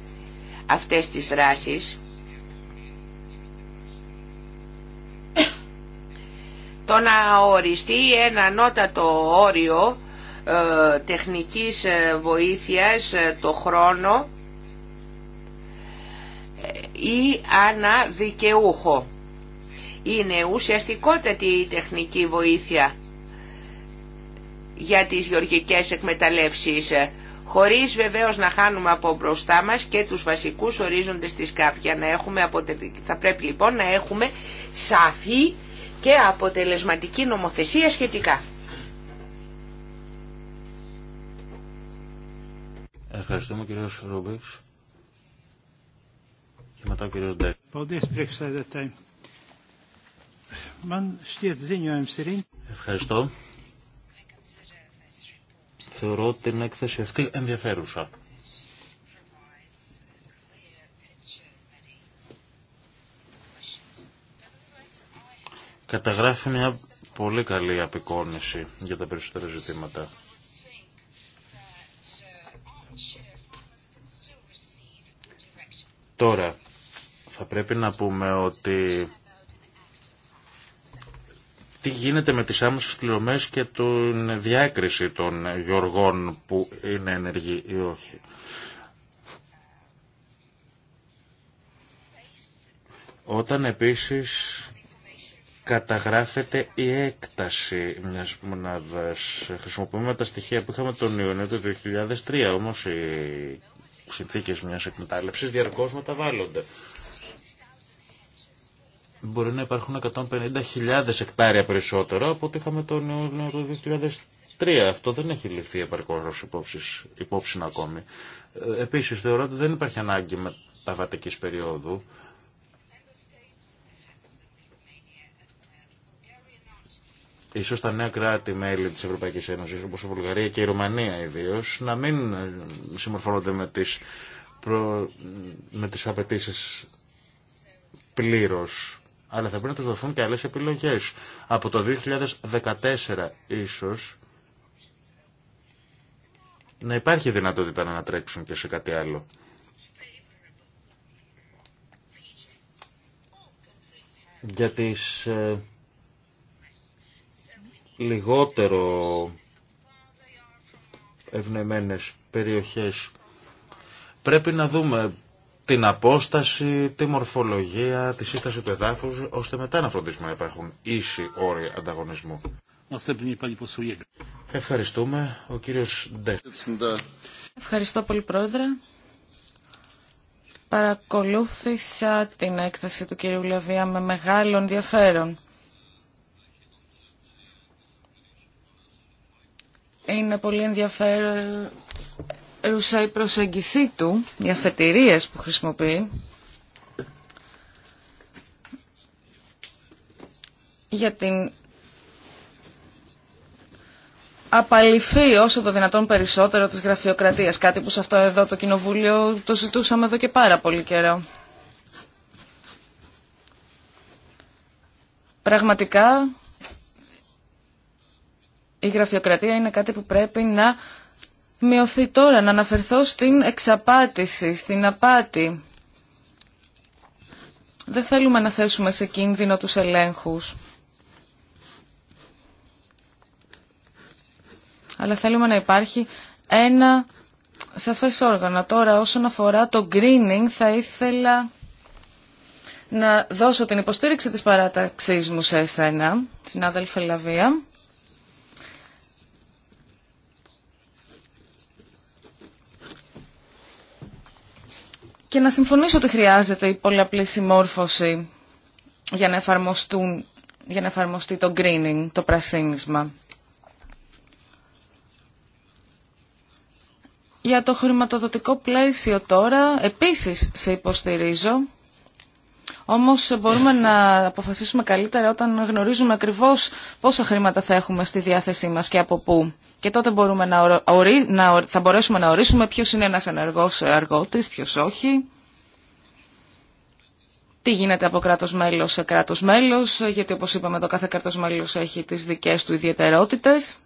αυτές τις δράσεις το να οριστεί ένα ανώτατο όριο ε, τεχνικής ε, βοήθειας ε, το χρόνο ή αναδικαιούχο. Είναι ουσιαστικότατη η τεχνική βοήθεια για τις γεωργικές εκμεταλλεύσεις χωρίς βεβαίως να χάνουμε από μπροστά μας και τους βασικούς ορίζοντες της κάποια. Να έχουμε αποτελε... Θα πρέπει λοιπόν να έχουμε σαφή και αποτελεσματική νομοθεσία σχετικά. Ευχαριστούμε κύριο Ρούμπεξ και μετά ο κύριος Ντέκ. Ευχαριστώ θεωρώ την έκθεση αυτή ενδιαφέρουσα. Καταγράφει μια πολύ καλή απεικόνηση για τα περισσότερα ζητήματα. Τώρα, θα πρέπει να πούμε ότι τι γίνεται με τις άμεσες πληρωμές και την διάκριση των γεωργών που είναι ενεργοί ή όχι. Όταν επίσης καταγράφεται η έκταση μιας μονάδας. Χρησιμοποιούμε τα στοιχεία που είχαμε τον Ιούνιο του 2003, όμως οι συνθήκες μιας εκμετάλλευσης διαρκώς μεταβάλλονται μπορεί να υπάρχουν 150.000 εκτάρια περισσότερο από ό,τι είχαμε το 2003. Αυτό δεν έχει ληφθεί επαρκώς υπόψη, ακόμη. Ε, επίσης θεωρώ ότι δεν υπάρχει ανάγκη μεταβατικής περίοδου. Ίσως τα νέα κράτη-μέλη της Ευρωπαϊκής Ένωσης, όπως η Βουλγαρία και η Ρουμανία ιδίως, να μην ε, συμμορφώνονται με τις, προ... με τις απαιτήσεις πλήρως αλλά θα πρέπει να τους δοθούν και άλλες επιλογές. Από το 2014 ίσως να υπάρχει δυνατότητα να ανατρέξουν και σε κάτι άλλο. Για τις ε, λιγότερο ευνεμένες περιοχές πρέπει να δούμε την απόσταση, τη μορφολογία, τη σύσταση του εδάφου ώστε μετά να φροντίσουμε να υπάρχουν ίσοι όροι ανταγωνισμού. Ευχαριστούμε. Ο κύριος Ντέ. Ευχαριστώ πολύ, Πρόεδρε. Παρακολούθησα την έκθεση του κυρίου Λεβία με μεγάλο ενδιαφέρον. Είναι πολύ ενδιαφέρον Ρούσα, η προσέγγιση του, οι αφετηρίες που χρησιμοποιεί, για την απαλληφή όσο το δυνατόν περισσότερο της γραφειοκρατίας, κάτι που σε αυτό εδώ το κοινοβούλιο το ζητούσαμε εδώ και πάρα πολύ καιρό. Πραγματικά η γραφειοκρατία είναι κάτι που πρέπει να μειωθεί τώρα, να αναφερθώ στην εξαπάτηση, στην απάτη. Δεν θέλουμε να θέσουμε σε κίνδυνο τους ελέγχους. Αλλά θέλουμε να υπάρχει ένα σαφές όργανο. Τώρα όσον αφορά το greening θα ήθελα να δώσω την υποστήριξη της παράταξής μου σε εσένα, συνάδελφε Λαβία. Και να συμφωνήσω ότι χρειάζεται η πολλαπλή συμμόρφωση για να, εφαρμοστούν, για να εφαρμοστεί το greening, το πρασίνισμα. Για το χρηματοδοτικό πλαίσιο τώρα, επίσης σε υποστηρίζω, όμως μπορούμε να αποφασίσουμε καλύτερα όταν γνωρίζουμε ακριβώς πόσα χρήματα θα έχουμε στη διάθεσή μας και από πού. Και τότε μπορούμε να να, θα μπορέσουμε να ορίσουμε ποιος είναι ένας ενεργός αργότης, ποιος όχι. Τι γίνεται από κράτος μέλος σε κράτος μέλος, γιατί όπως είπαμε το κάθε κράτος μέλος έχει τις δικές του ιδιαιτερότητες.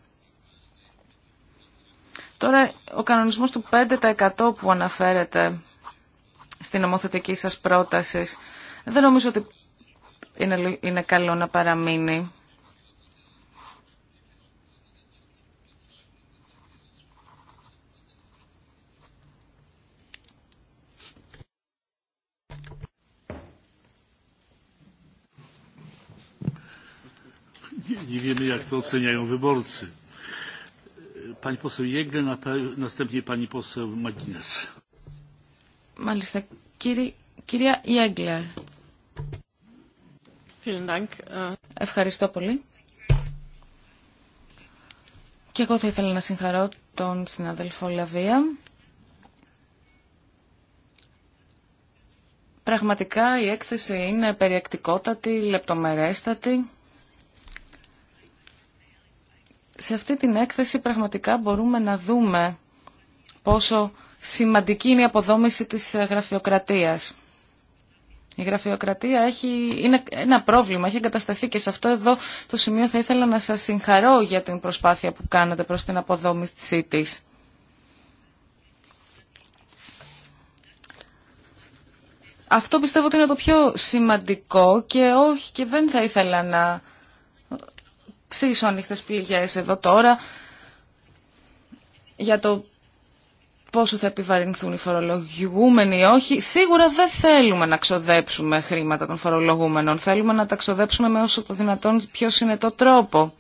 Τώρα ο κανονισμός του 5% που αναφέρεται στην νομοθετική σας πρόταση δεν νομίζω ότι είναι, είναι καλό να παραμείνει. nie wiemy, jak to oceniają wyborcy. Pani poseł Jegle, następnie pani poseł Magines. Μάλιστα. Κύριε, κυρία Ιέγκλερ. Ευχαριστώ πολύ. Και εγώ θα ήθελα να συγχαρώ τον συναδελφό Λαβία. Πραγματικά η έκθεση είναι περιεκτικότατη, λεπτομερέστατη σε αυτή την έκθεση πραγματικά μπορούμε να δούμε πόσο σημαντική είναι η αποδόμηση της γραφειοκρατίας. Η γραφειοκρατία έχει, είναι ένα πρόβλημα, έχει εγκατασταθεί και σε αυτό εδώ το σημείο θα ήθελα να σας συγχαρώ για την προσπάθεια που κάνατε προς την αποδόμησή της. Αυτό πιστεύω ότι είναι το πιο σημαντικό και όχι και δεν θα ήθελα να ξύσω ανοιχτές πληγές εδώ τώρα για το πόσο θα επιβαρυνθούν οι φορολογούμενοι ή όχι. Σίγουρα δεν θέλουμε να ξοδέψουμε χρήματα των φορολογούμενων. Θέλουμε να τα ξοδέψουμε με όσο το δυνατόν πιο συνετό τρόπο.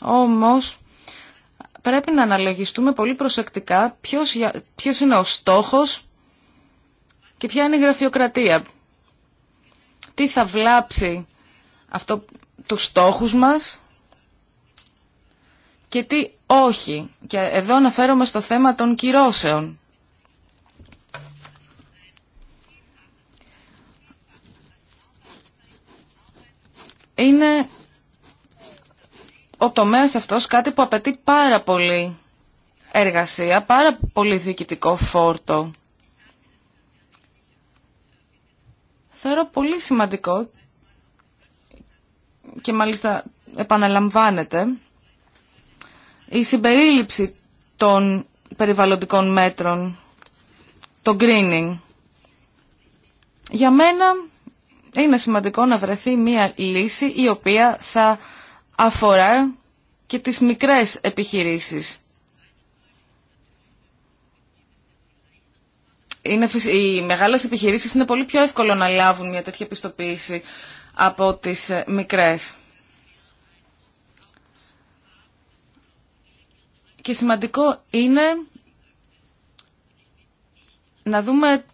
Όμως πρέπει να αναλογιστούμε πολύ προσεκτικά ποιος, είναι ο στόχος και ποια είναι η γραφειοκρατία. Τι θα βλάψει αυτό τους στόχους μας γιατί όχι. Και εδώ αναφέρομαι στο θέμα των κυρώσεων. Είναι ο τομέας αυτός κάτι που απαιτεί πάρα πολύ εργασία, πάρα πολύ διοικητικό φόρτο. Θεωρώ πολύ σημαντικό και μάλιστα επαναλαμβάνεται η συμπερίληψη των περιβαλλοντικών μέτρων, το greening. Για μένα είναι σημαντικό να βρεθεί μία λύση η οποία θα αφορά και τις μικρές επιχειρήσεις. Είναι, οι μεγάλες επιχειρήσεις είναι πολύ πιο εύκολο να λάβουν μια τέτοια πιστοποίηση από τις μικρές. Και σημαντικό είναι να δούμε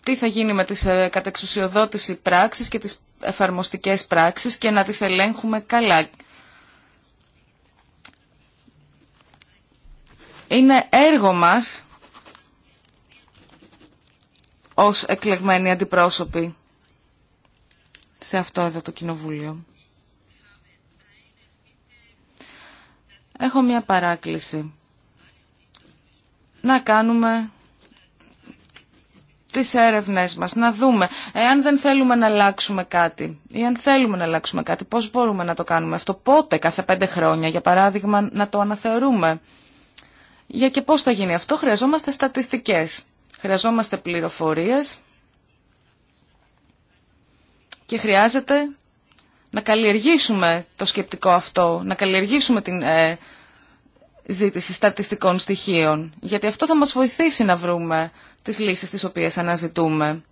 τι θα γίνει με τις ε, κατεξουσιοδότηση πράξεις και τις εφαρμοστικές πράξεις και να τις ελέγχουμε καλά. Είναι έργο μας ως εκλεγμένοι αντιπρόσωποι σε αυτό εδώ το κοινοβούλιο. έχω μια παράκληση. Να κάνουμε τις έρευνές μας, να δούμε εάν δεν θέλουμε να αλλάξουμε κάτι ή αν θέλουμε να αλλάξουμε κάτι, πώς μπορούμε να το κάνουμε αυτό, πότε, κάθε πέντε χρόνια, για παράδειγμα, να το αναθεωρούμε. Για και πώς θα γίνει αυτό, χρειαζόμαστε στατιστικές, χρειαζόμαστε πληροφορίες και χρειάζεται να καλλιεργήσουμε το σκεπτικό αυτό, να καλλιεργήσουμε την ε, ζήτηση στατιστικών στοιχείων, γιατί αυτό θα μας βοηθήσει να βρούμε τις λύσεις τις οποίες αναζητούμε.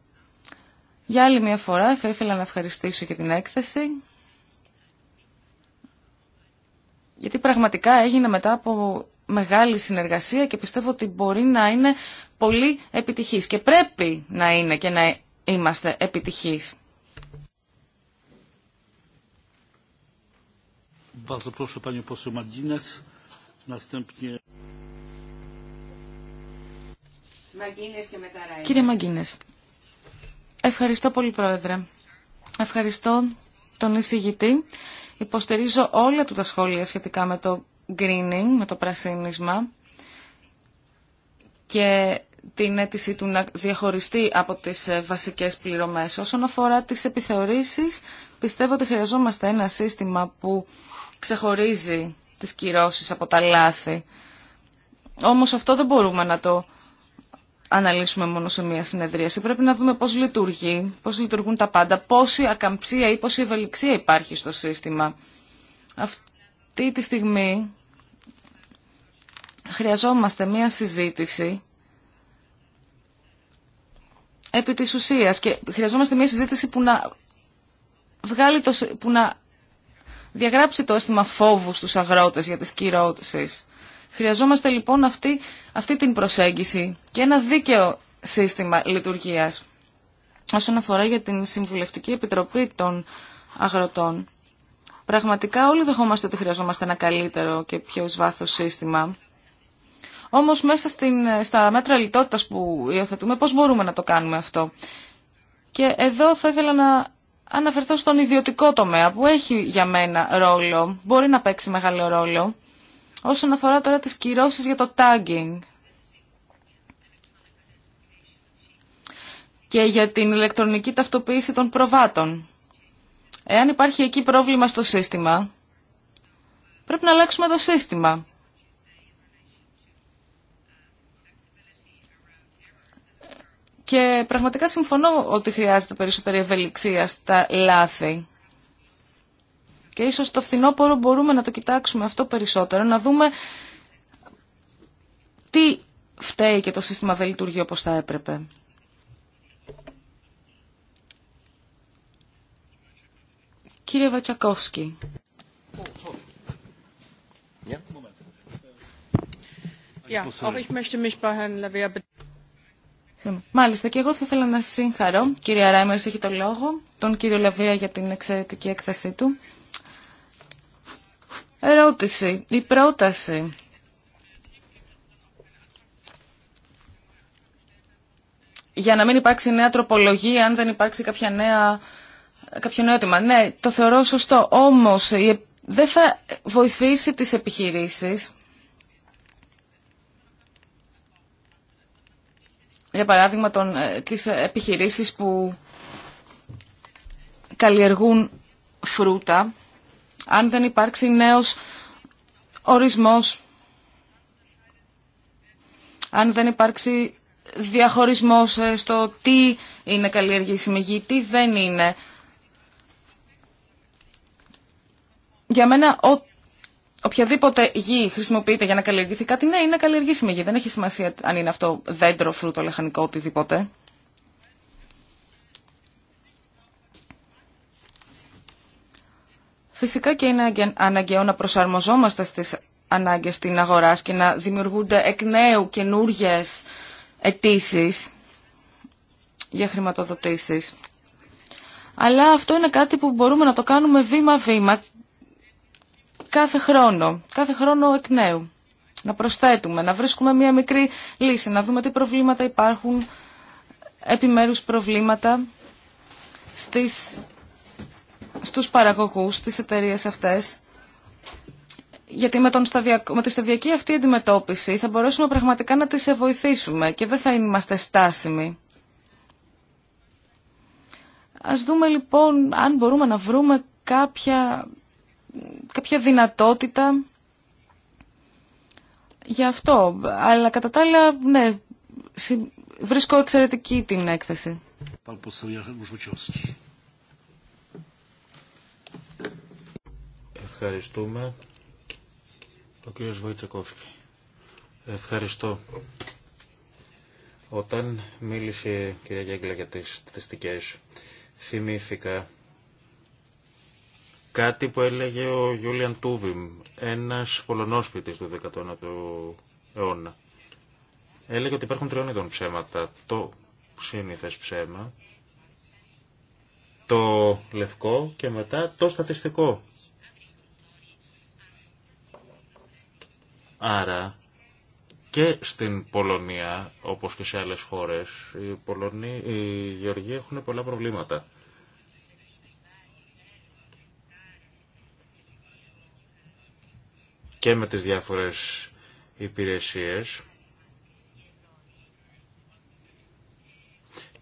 Για άλλη μια φορά θα ήθελα να ευχαριστήσω και την έκθεση, γιατί πραγματικά έγινε μετά από μεγάλη συνεργασία και πιστεύω ότι μπορεί να είναι πολύ επιτυχής και πρέπει να είναι και να είμαστε επιτυχείς. Κύριε Μαγκίνες, ευχαριστώ πολύ Πρόεδρε. Ευχαριστώ τον εισηγητή. Υποστηρίζω όλα του τα σχόλια σχετικά με το greening, με το πρασίνισμα και την αίτηση του να διαχωριστεί από τις ε, βασικές πληρωμές. Όσον αφορά τις επιθεωρήσεις, πιστεύω ότι χρειαζόμαστε ένα σύστημα που ξεχωρίζει τις κυρώσεις από τα λάθη. Όμως αυτό δεν μπορούμε να το αναλύσουμε μόνο σε μία συνεδρίαση. Πρέπει να δούμε πώς λειτουργεί, πώς λειτουργούν τα πάντα, πόση ακαμψία ή πόση ευελιξία υπάρχει στο σύστημα. Αυτή τη στιγμή χρειαζόμαστε μία συζήτηση επί της ουσίας και χρειαζόμαστε μία συζήτηση που να, βγάλει το, που να διαγράψει το αίσθημα φόβου στους αγρότες για τις κυρώσεις. Χρειαζόμαστε λοιπόν αυτή, αυτή την προσέγγιση και ένα δίκαιο σύστημα λειτουργίας όσον αφορά για την Συμβουλευτική Επιτροπή των Αγροτών. Πραγματικά όλοι δεχόμαστε ότι χρειαζόμαστε ένα καλύτερο και πιο σβάθο σύστημα. Όμως μέσα στην, στα μέτρα λιτότητας που υιοθετούμε, πώς μπορούμε να το κάνουμε αυτό. Και εδώ θα ήθελα να αναφερθώ στον ιδιωτικό τομέα που έχει για μένα ρόλο, μπορεί να παίξει μεγάλο ρόλο, όσον αφορά τώρα τις κυρώσεις για το tagging. και για την ηλεκτρονική ταυτοποίηση των προβάτων. Εάν υπάρχει εκεί πρόβλημα στο σύστημα, πρέπει να αλλάξουμε το σύστημα. Και πραγματικά συμφωνώ ότι χρειάζεται περισσότερη ευελιξία στα λάθη. Και ίσως το φθινόπωρο μπορούμε να το κοιτάξουμε αυτό περισσότερο, να δούμε τι φταίει και το σύστημα δεν λειτουργεί όπως θα έπρεπε. Κύριε Βατσακόφσκι. Oh, Μάλιστα και εγώ θα ήθελα να συγχαρώ, κυρία Ράιμερ έχει το λόγο, τον κύριο Λαβία για την εξαιρετική έκθεσή του. Ερώτηση, η πρόταση για να μην υπάρξει νέα τροπολογία αν δεν υπάρξει κάποια νέα, κάποιο νέο αίτημα. Ναι, το θεωρώ σωστό, όμως δεν θα βοηθήσει τις επιχειρήσεις για παράδειγμα, των, ε, τις επιχειρήσεις που καλλιεργούν φρούτα, αν δεν υπάρξει νέος ορισμός, αν δεν υπάρξει διαχωρισμός ε, στο τι είναι καλλιεργήσιμη γη, τι δεν είναι. Για μένα, ό, οποιαδήποτε γη χρησιμοποιείται για να καλλιεργηθεί κάτι, ναι, είναι καλλιεργήσιμη γη. Δεν έχει σημασία αν είναι αυτό δέντρο, φρούτο, λαχανικό, οτιδήποτε. Φυσικά και είναι αναγκαίο να προσαρμοζόμαστε στις ανάγκες της αγοράς και να δημιουργούνται εκ νέου καινούριε αιτήσει για χρηματοδοτήσεις. Αλλά αυτό είναι κάτι που μπορούμε να το κάνουμε βήμα-βήμα κάθε χρόνο, κάθε χρόνο εκ νέου. Να προσθέτουμε, να βρίσκουμε μία μικρή λύση, να δούμε τι προβλήματα υπάρχουν, επιμέρους προβλήματα στις, στους παραγωγούς, στις εταιρείες αυτές. Γιατί με, τον σταδιακ... με τη σταδιακή αυτή αντιμετώπιση θα μπορέσουμε πραγματικά να τις βοηθήσουμε και δεν θα είμαστε στάσιμοι. Ας δούμε λοιπόν αν μπορούμε να βρούμε κάποια κάποια δυνατότητα για αυτό. Αλλά κατά τα άλλα, ναι, βρίσκω εξαιρετική την έκθεση. Ευχαριστούμε. Ο κύριος Βοητσακόφσκι. Ευχαριστώ. Όταν μίλησε η κυρία Γέγκλα για τις στατιστικές, θυμήθηκα Κάτι που έλεγε ο Γιούλιαν Τούβιμ, ένας Πολωνός του 19ου αιώνα. Έλεγε ότι υπάρχουν τριών ειδών ψέματα. Το σύνηθες ψέμα, το λευκό και μετά το στατιστικό. Άρα και στην Πολωνία, όπως και σε άλλες χώρες, οι, Πολωνοί, οι Γεωργοί έχουν πολλά προβλήματα. και με τις διάφορες υπηρεσίες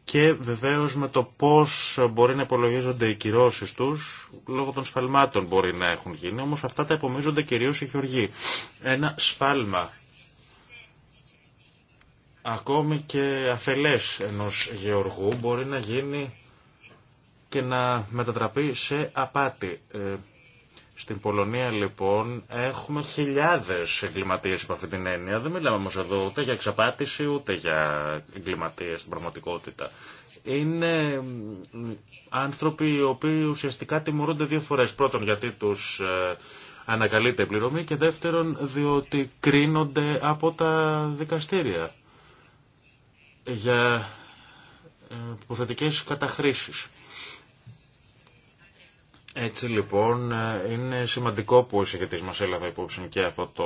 και βεβαίως με το πώς μπορεί να υπολογίζονται οι κυρώσεις τους λόγω των σφαλμάτων μπορεί να έχουν γίνει, όμως αυτά τα επομίζονται κυρίως οι χειοργοί. Ένα σφάλμα ακόμη και αφελές ενός γεωργού μπορεί να γίνει και να μετατραπεί σε απάτη. Ε, στην Πολωνία λοιπόν έχουμε χιλιάδες εγκληματίες από αυτή την έννοια. Δεν μιλάμε όμως εδώ ούτε για εξαπάτηση ούτε για εγκληματίες στην πραγματικότητα. Είναι άνθρωποι οι οποίοι ουσιαστικά τιμωρούνται δύο φορές. Πρώτον γιατί τους ε, ανακαλείται η πληρωμή και δεύτερον διότι κρίνονται από τα δικαστήρια για ε, υποθετικές καταχρήσεις. Έτσι λοιπόν ε, είναι σημαντικό που ο εισηγητής μας έλαβε υπόψη και αυτό το,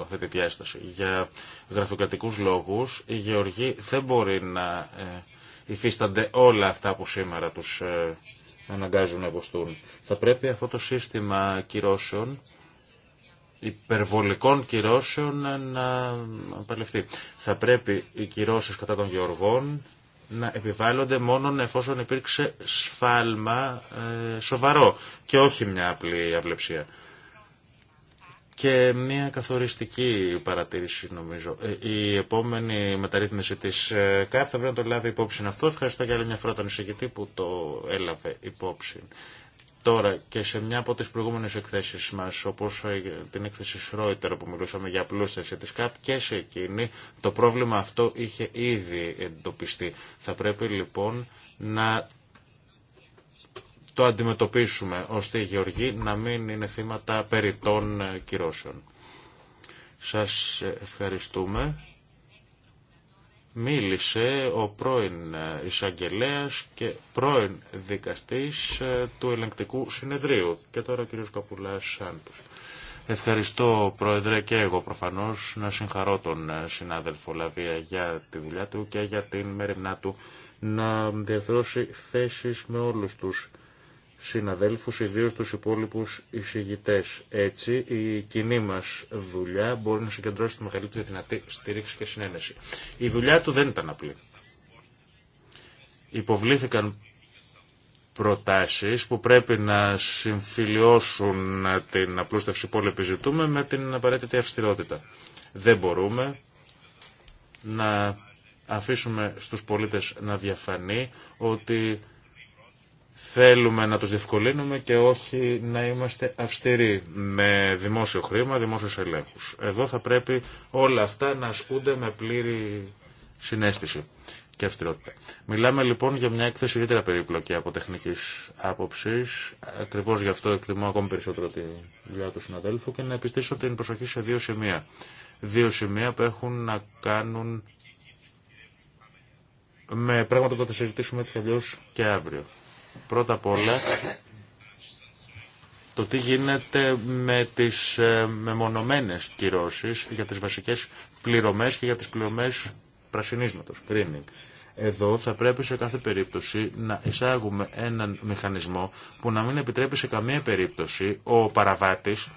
αυτή τη διάσταση. Για γραφειοκρατικούς λόγους οι γεωργοί δεν μπορεί να ε, υφίστανται όλα αυτά που σήμερα τους ε, αναγκάζουν να υποστούν. Θα πρέπει αυτό το σύστημα κυρώσεων υπερβολικών κυρώσεων να παλευθεί. Θα πρέπει οι κυρώσεις κατά των γεωργών να επιβάλλονται μόνο εφόσον υπήρξε σφάλμα ε, σοβαρό και όχι μια απλή απλεψία Και μια καθοριστική παρατήρηση νομίζω. Ε, η επόμενη μεταρρύθμιση της ε, ΚΑΠ θα πρέπει να το λάβει υπόψη αυτό. Ευχαριστώ για άλλη μια φορά τον εισηγητή που το έλαβε υπόψη. Τώρα και σε μια από τις προηγούμενες εκθέσεις μας, όπως ε, την έκθεση Σρόιτερ που μιλούσαμε για απλούσταση της ΚΑΠ και σε εκείνη, το πρόβλημα αυτό είχε ήδη εντοπιστεί. Θα πρέπει λοιπόν να το αντιμετωπίσουμε ώστε οι γεωργοί να μην είναι θύματα των ε, κυρώσεων. Σας ευχαριστούμε μίλησε ο πρώην ε, εισαγγελέα και πρώην δικαστής ε, του ελεγκτικού συνεδρίου και τώρα ο κ. Καπουλάς Σάντους. Ευχαριστώ Πρόεδρε και εγώ προφανώς να συγχαρώ τον ε, συνάδελφο Λαβία για τη δουλειά του και για την μέρημνά του να διαδρώσει θέσεις με όλους τους συναδέλφους, ιδίως τους υπόλοιπους εισηγητές. Έτσι, η κοινή μας δουλειά μπορεί να συγκεντρώσει τη μεγαλύτερη δυνατή στήριξη και συνένεση. Η δουλειά του δεν ήταν απλή. Υποβλήθηκαν προτάσεις που πρέπει να συμφιλιώσουν την απλούστευση που όλοι επιζητούμε με την απαραίτητη αυστηρότητα. Δεν μπορούμε να αφήσουμε στους πολίτες να διαφανεί ότι Θέλουμε να τους διευκολύνουμε και όχι να είμαστε αυστηροί με δημόσιο χρήμα, δημόσιους ελέγχους. Εδώ θα πρέπει όλα αυτά να ασκούνται με πλήρη συνέστηση και αυστηρότητα. Μιλάμε λοιπόν για μια έκθεση ιδιαίτερα περίπλοκη από τεχνική άποψη. Ακριβώ γι' αυτό εκτιμώ ακόμη περισσότερο τη δουλειά του συναδέλφου και να επιστήσω την προσοχή σε δύο σημεία. Δύο σημεία που έχουν να κάνουν με πράγματα που θα τα συζητήσουμε έτσι αλλιώ και αύριο. Πρώτα απ' όλα, το τι γίνεται με τις ε, μεμονωμένες κυρώσεις για τις βασικές πληρωμές και για τις πληρωμές πρασινίσματος, Εδώ θα πρέπει σε κάθε περίπτωση να εισάγουμε έναν μηχανισμό που να μην επιτρέπει σε καμία περίπτωση ο παραβάτης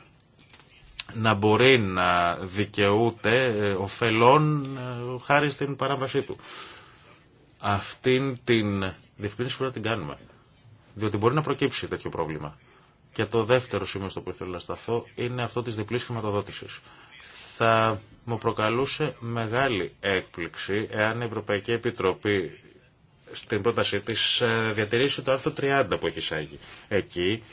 να μπορεί να δικαιούται ε, ωφελών ε, χάρη στην παράβασή του. Αυτήν την διευκρίνηση πρέπει να την κάνουμε διότι μπορεί να προκύψει τέτοιο πρόβλημα. Και το δεύτερο σημείο στο οποίο θέλω να σταθώ είναι αυτό της διπλής χρηματοδότησης. Θα μου προκαλούσε μεγάλη έκπληξη εάν η Ευρωπαϊκή Επιτροπή στην πρότασή της ε, διατηρήσει το άρθρο 30 που έχει εισάγει. Εκεί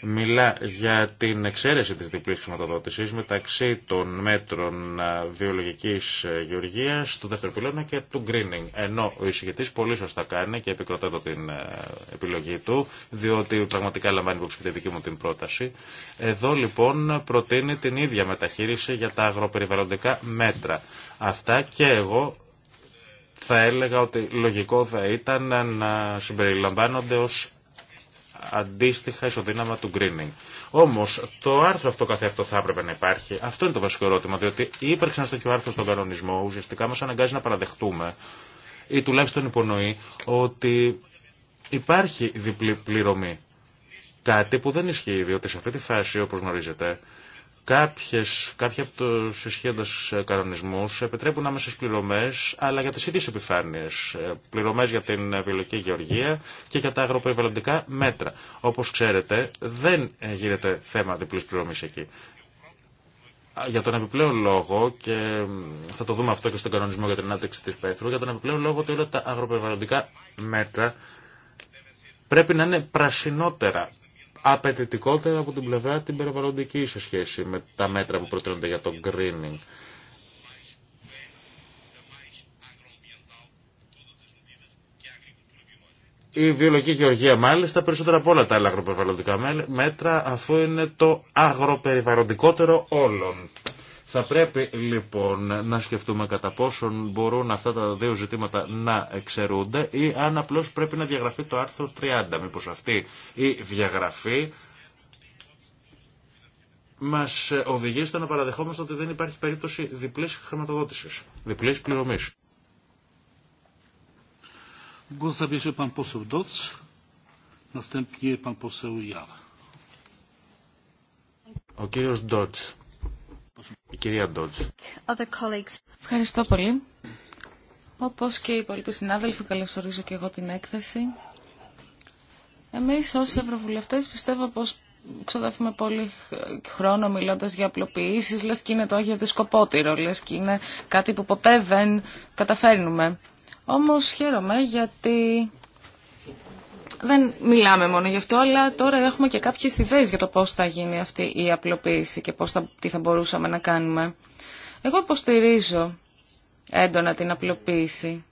μιλά για την εξαίρεση της διπλής χρηματοδότησης μεταξύ των μέτρων ε, βιολογικής ε, γεωργίας του δεύτερου πυλώνα και του greening. Ενώ ο εισηγητής πολύ σωστά κάνει και επικροτεύω την ε, επιλογή του, διότι πραγματικά λαμβάνει υπόψη τη δική μου την πρόταση. Εδώ λοιπόν προτείνει την ίδια μεταχείριση για τα αγροπεριβαλλοντικά μέτρα. Αυτά και εγώ θα έλεγα ότι λογικό θα ήταν να συμπεριλαμβάνονται ως αντίστοιχα ισοδύναμα του greening. Όμω, το άρθρο αυτό καθεαυτό θα έπρεπε να υπάρχει. Αυτό είναι το βασικό ερώτημα, διότι η ύπαρξη τέτοιο άρθρο στον κανονισμό ουσιαστικά μα αναγκάζει να παραδεχτούμε ή τουλάχιστον υπονοεί ότι υπάρχει διπλή πληρωμή. Κάτι που δεν ισχύει, διότι σε αυτή τη φάση, όπω γνωρίζετε, Κάποιες, κάποιοι από τους ισχύοντε ε, κανονισμούς επιτρέπουν άμεσες πληρωμές, αλλά για τις ίδιες επιφάνειες. Ε, πληρωμές για την ε, βιολογική γεωργία και για τα αγροπεριβαλλοντικά μέτρα. Όπως ξέρετε, δεν γίνεται θέμα διπλής πληρωμής εκεί. Για τον επιπλέον λόγο, και θα το δούμε αυτό και στον κανονισμό για την ανάπτυξη της Πέθρου, για τον επιπλέον λόγο ότι όλα τα αγροπεριβαλλοντικά μέτρα πρέπει να είναι πρασινότερα, απαιτητικότερα από την πλευρά την περιβαλλοντική σε σχέση με τα μέτρα που προτείνονται για το greening. Η βιολογική γεωργία μάλιστα περισσότερα από όλα τα άλλα αγροπεριβαλλοντικά μέτρα αφού είναι το αγροπεριβαλλοντικότερο όλων. Θα πρέπει λοιπόν να σκεφτούμε κατά πόσον μπορούν αυτά τα δύο ζητήματα να εξαιρούνται ή αν απλώς πρέπει να διαγραφεί το άρθρο 30. Μήπως αυτή η αν Μα πρεπει να διαγραφει το αρθρο 30 μηπως αυτη η διαγραφη μα οδηγεί στο να παραδεχόμαστε ότι δεν υπάρχει περίπτωση διπλής χρηματοδότησης, διπλής πληρωμής. Ο κύριος Ντότς. Η κυρία Ντότζ. Ευχαριστώ πολύ. Όπως και οι υπόλοιποι συνάδελφοι, καλωσορίζω και εγώ την έκθεση. Εμείς ως Ευρωβουλευτές πιστεύω πως ξοδεύουμε πολύ χρόνο μιλώντας για απλοποιήσεις, λες και είναι το Άγιο Δισκοπότηρο, λες και είναι κάτι που ποτέ δεν καταφέρνουμε. Όμως χαίρομαι γιατί δεν μιλάμε μόνο γι' αυτό, αλλά τώρα έχουμε και κάποιες ιδέες για το πώς θα γίνει αυτή η απλοποίηση και πώς θα, τι θα μπορούσαμε να κάνουμε. Εγώ υποστηρίζω έντονα την απλοποίηση.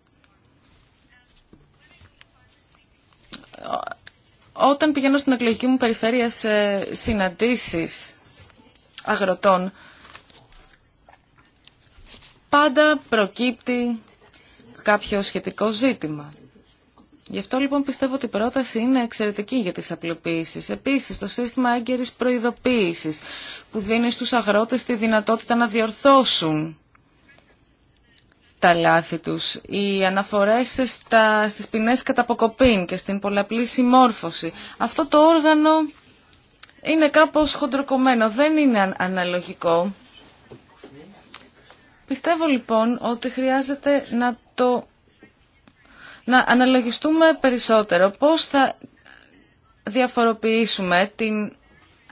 Όταν πηγαίνω στην εκλογική μου περιφέρεια σε συναντήσεις αγροτών, πάντα προκύπτει κάποιο σχετικό ζήτημα. Γι' αυτό λοιπόν πιστεύω ότι η πρόταση είναι εξαιρετική για τις απλοποίησεις. Επίσης το σύστημα έγκαιρης προειδοποίησης που δίνει στους αγρότες τη δυνατότητα να διορθώσουν τα λάθη τους. Οι αναφορές στα, στις ποινές καταποκοπήν και στην πολλαπλή συμμόρφωση. Αυτό το όργανο είναι κάπως χοντροκομμένο, δεν είναι αναλογικό. Πιστεύω λοιπόν ότι χρειάζεται να το να αναλογιστούμε περισσότερο πώς θα διαφοροποιήσουμε την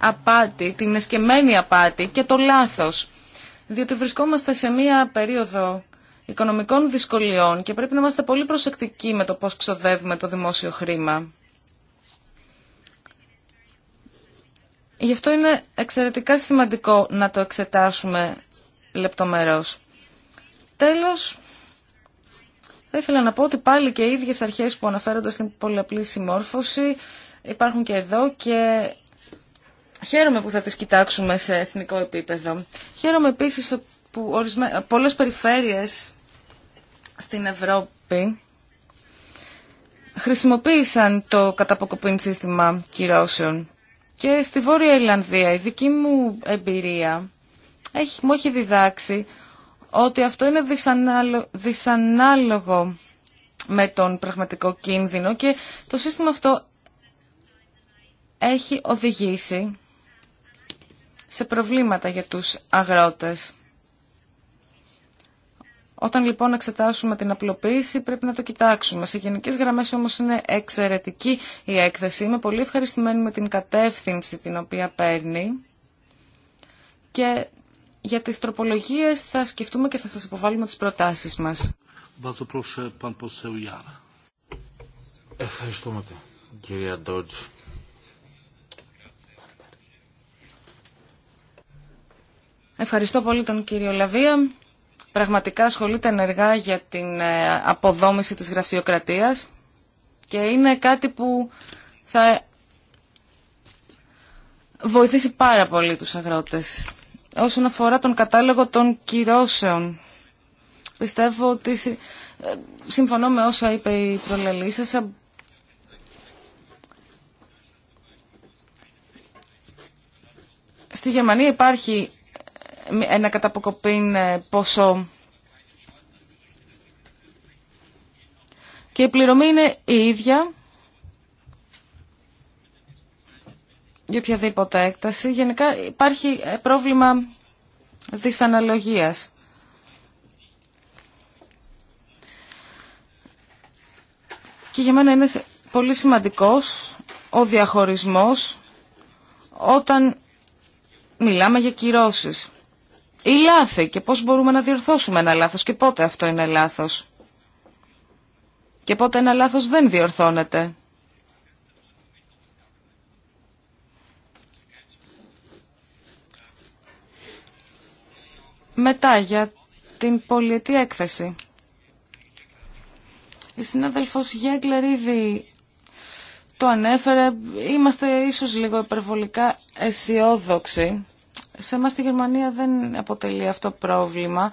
απάτη, την εσκεμμένη απάτη και το λάθος. Διότι βρισκόμαστε σε μία περίοδο οικονομικών δυσκολιών και πρέπει να είμαστε πολύ προσεκτικοί με το πώς ξοδεύουμε το δημόσιο χρήμα. Γι' αυτό είναι εξαιρετικά σημαντικό να το εξετάσουμε λεπτομερώς. Τέλος, θα ήθελα να πω ότι πάλι και οι ίδιες αρχές που αναφέρονται στην πολλαπλή συμμόρφωση υπάρχουν και εδώ και χαίρομαι που θα τις κοιτάξουμε σε εθνικό επίπεδο. Χαίρομαι επίσης που ορισμέ... πολλές περιφέρειες στην Ευρώπη χρησιμοποίησαν το καταποκοπήν σύστημα κυρώσεων. Και στη Βόρεια Ιρλανδία η δική μου εμπειρία έχει, μου έχει διδάξει ότι αυτό είναι δυσανάλο... δυσανάλογο με τον πραγματικό κίνδυνο και το σύστημα αυτό έχει οδηγήσει σε προβλήματα για τους αγρότες. Όταν λοιπόν εξετάσουμε την απλοποίηση πρέπει να το κοιτάξουμε. Σε γενικές γραμμές όμως είναι εξαιρετική η έκθεση. Είμαι πολύ ευχαριστημένη με την κατεύθυνση την οποία παίρνει και για τις τροπολογίες θα σκεφτούμε και θα σας υποβάλουμε τις προτάσεις μας. Ευχαριστούμε, κυρία Ευχαριστώ πολύ τον κύριο Λαβία. Πραγματικά ασχολείται ενεργά για την ε, αποδόμηση της γραφειοκρατίας και είναι κάτι που θα βοηθήσει πάρα πολύ τους αγρότες όσον αφορά τον κατάλογο των κυρώσεων. Πιστεύω ότι ε, συμφωνώ με όσα είπε η προλαλή σας. Στη Γερμανία υπάρχει ε, ένα καταποκοπήν ε, ποσό και η πληρωμή είναι η ίδια για οποιαδήποτε έκταση. Γενικά υπάρχει ε, πρόβλημα δυσαναλογίας. Και για μένα είναι πολύ σημαντικός ο διαχωρισμός όταν μιλάμε για κυρώσεις. Ή λάθη και πώς μπορούμε να διορθώσουμε ένα λάθος και πότε αυτό είναι λάθος. Και πότε ένα λάθος δεν διορθώνεται. Μετά για την πολιετή έκθεση. Η συνάδελφος Γέγκλερ ήδη το ανέφερε. Είμαστε ίσως λίγο υπερβολικά αισιόδοξοι. Σε εμάς τη Γερμανία δεν αποτελεί αυτό πρόβλημα.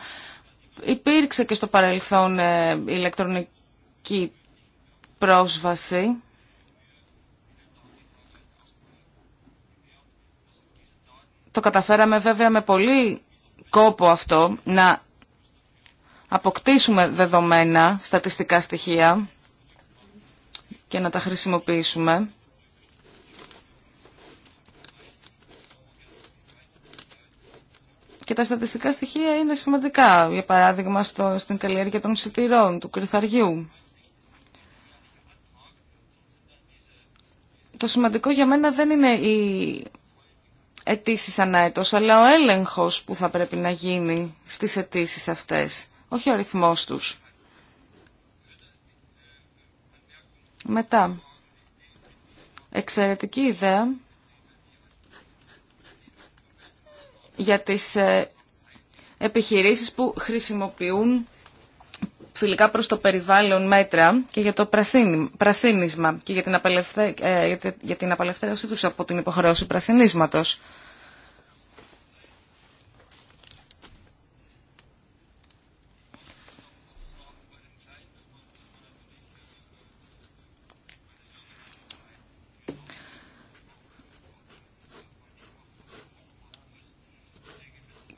Υπήρξε και στο παρελθόν ε, ηλεκτρονική πρόσβαση. Το καταφέραμε βέβαια με πολύ κόπο αυτό να αποκτήσουμε δεδομένα, στατιστικά στοιχεία και να τα χρησιμοποιήσουμε. Και τα στατιστικά στοιχεία είναι σημαντικά, για παράδειγμα στο, στην καλλιέργεια των σιτηρών, του κρυθαριού. Το σημαντικό για μένα δεν είναι η αιτήσει αναέτος, αλλά ο έλεγχος που θα πρέπει να γίνει στις αιτήσει αυτές, όχι ο αριθμός τους. Μετά, εξαιρετική ιδέα για τις ε, επιχειρήσεις που χρησιμοποιούν φιλικά προς το περιβάλλον μέτρα και για το πρασίνισμα και για την, απελευθε... Ε, για την απελευθέρωσή τους από την υποχρέωση πρασινίσματος.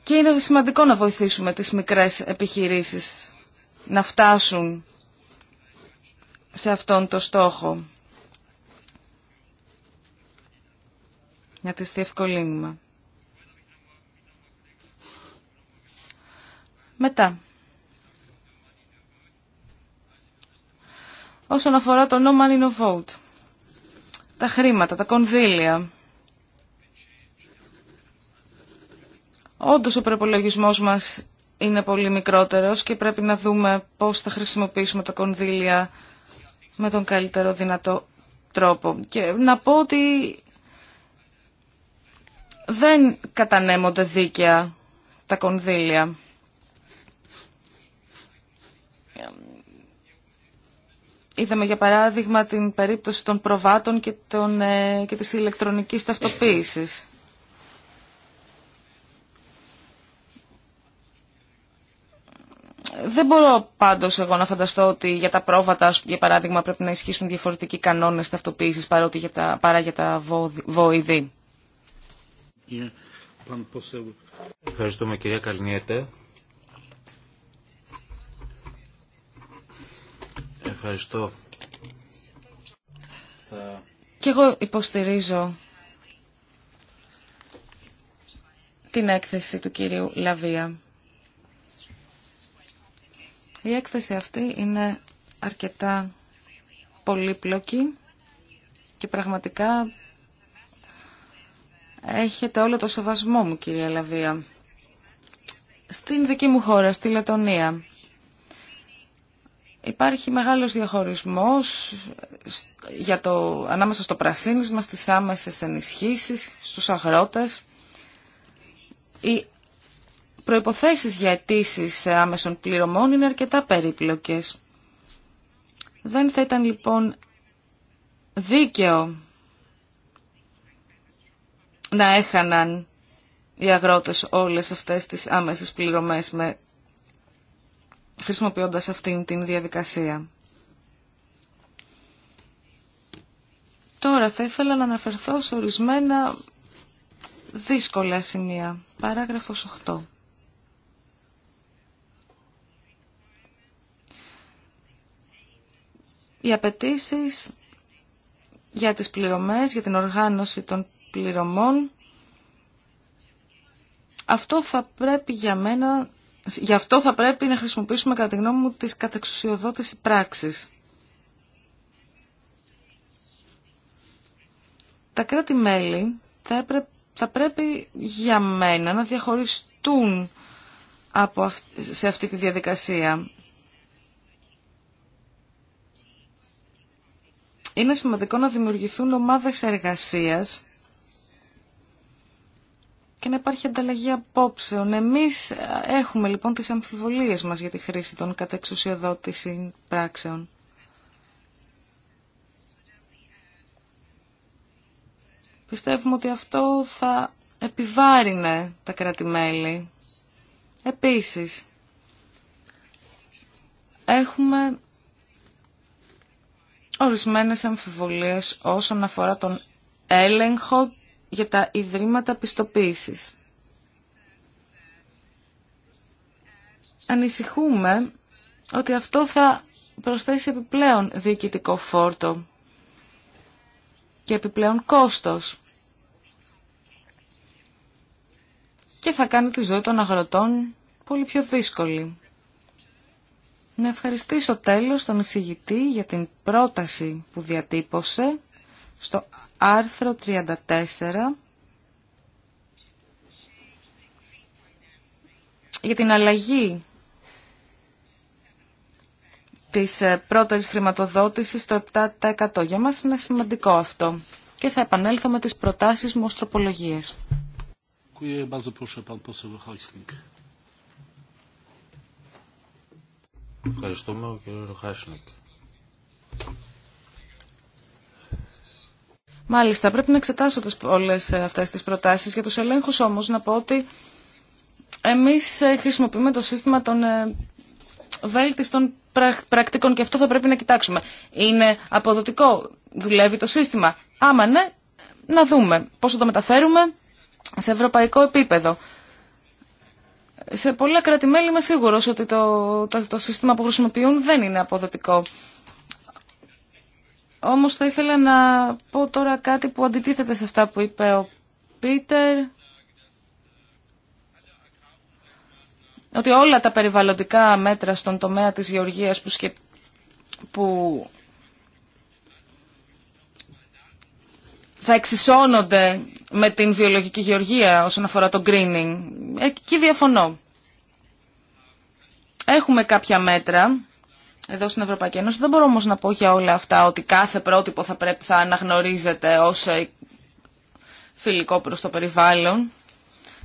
Και είναι σημαντικό να βοηθήσουμε τις μικρές επιχειρήσεις να φτάσουν σε αυτόν τον στόχο. Να τις διευκολύνουμε. Μετά. Όσον αφορά το no money no vote. Τα χρήματα, τα κονδύλια. Όντως ο προπολογισμό μας είναι πολύ μικρότερος και πρέπει να δούμε πώς θα χρησιμοποιήσουμε τα κονδύλια με τον καλύτερο δυνατό τρόπο. Και να πω ότι δεν κατανέμονται δίκαια τα κονδύλια. Είδαμε για παράδειγμα την περίπτωση των προβάτων και, των, ε, και της ηλεκτρονικής ταυτοποίησης. Δεν μπορώ πάντω εγώ να φανταστώ ότι για τα πρόβατα, για παράδειγμα, πρέπει να ισχύσουν διαφορετικοί κανόνες ταυτοποίηση για τα, παρά για τα βοηδή. Ευχαριστούμε κυρία Καλνιέτε. Ευχαριστώ. Και εγώ υποστηρίζω την έκθεση του κυρίου Λαβία. Η έκθεση αυτή είναι αρκετά πολύπλοκη και πραγματικά έχετε όλο το σεβασμό μου, κυρία Λαβία. Στην δική μου χώρα, στη Λετωνία, υπάρχει μεγάλος διαχωρισμός για το, ανάμεσα στο πρασίνισμα, στις άμεσες ενισχύσεις, στους αγρότες. η προϋποθέσεις για αιτήσει άμεσων πληρωμών είναι αρκετά περίπλοκες. Δεν θα ήταν λοιπόν δίκαιο να έχαναν οι αγρότες όλες αυτές τις άμεσες πληρωμές με... χρησιμοποιώντας αυτήν την διαδικασία. Τώρα θα ήθελα να αναφερθώ σε ορισμένα δύσκολα σημεία. Παράγραφος 8. Οι απαιτήσει για τις πληρωμές, για την οργάνωση των πληρωμών, αυτό θα πρέπει για μένα, γι' αυτό θα πρέπει να χρησιμοποιήσουμε κατά τη γνώμη μου τις κατεξουσιοδότηση Τα κράτη-μέλη θα, θα πρέπει για μένα να διαχωριστούν από, σε αυτή τη διαδικασία. είναι σημαντικό να δημιουργηθούν ομάδες εργασίας και να υπάρχει ανταλλαγή απόψεων. Εμείς έχουμε λοιπόν τις αμφιβολίες μας για τη χρήση των κατεξουσιοδότησης πράξεων. Πιστεύουμε ότι αυτό θα επιβάρυνε τα κράτη-μέλη. Επίσης, έχουμε ορισμένες αμφιβολίες όσον αφορά τον έλεγχο για τα ιδρύματα πιστοποίησης. Ανησυχούμε ότι αυτό θα προσθέσει επιπλέον διοικητικό φόρτο και επιπλέον κόστος και θα κάνει τη ζωή των αγροτών πολύ πιο δύσκολη. Να ευχαριστήσω τέλος τον εισηγητή για την πρόταση που διατύπωσε στο άρθρο 34 για την αλλαγή της ε, πρότασης χρηματοδότησης στο 7%. Για μας είναι σημαντικό αυτό. Και θα επανέλθω με τις προτάσεις μου ως τροπολογίες. Ευχαριστούμε ο Ροχάσινικ. Ροχάσνικ. Μάλιστα, πρέπει να εξετάσω τις, όλες αυτές τις προτάσεις. Για τους ελέγχους όμως να πω ότι εμείς ε, χρησιμοποιούμε το σύστημα των ε, βέλτιστων πρακτικών και αυτό θα πρέπει να κοιτάξουμε. Είναι αποδοτικό, δουλεύει το σύστημα. Άμα ναι, να δούμε πώς θα το μεταφέρουμε σε ευρωπαϊκό επίπεδο σε πολλά κράτη-μέλη είμαι σίγουρο ότι το, το, το σύστημα που χρησιμοποιούν δεν είναι αποδοτικό. Όμως θα ήθελα να πω τώρα κάτι που αντιτίθεται σε αυτά που είπε ο Πίτερ. Ότι όλα τα περιβαλλοντικά μέτρα στον τομέα της γεωργίας που, σκε... που θα εξισώνονται με την βιολογική γεωργία όσον αφορά το greening. Εκεί διαφωνώ. Έχουμε κάποια μέτρα εδώ στην Ευρωπαϊκή Ένωση. Δεν μπορώ όμως να πω για όλα αυτά ότι κάθε πρότυπο θα πρέπει θα αναγνωρίζεται ως φιλικό προς το περιβάλλον.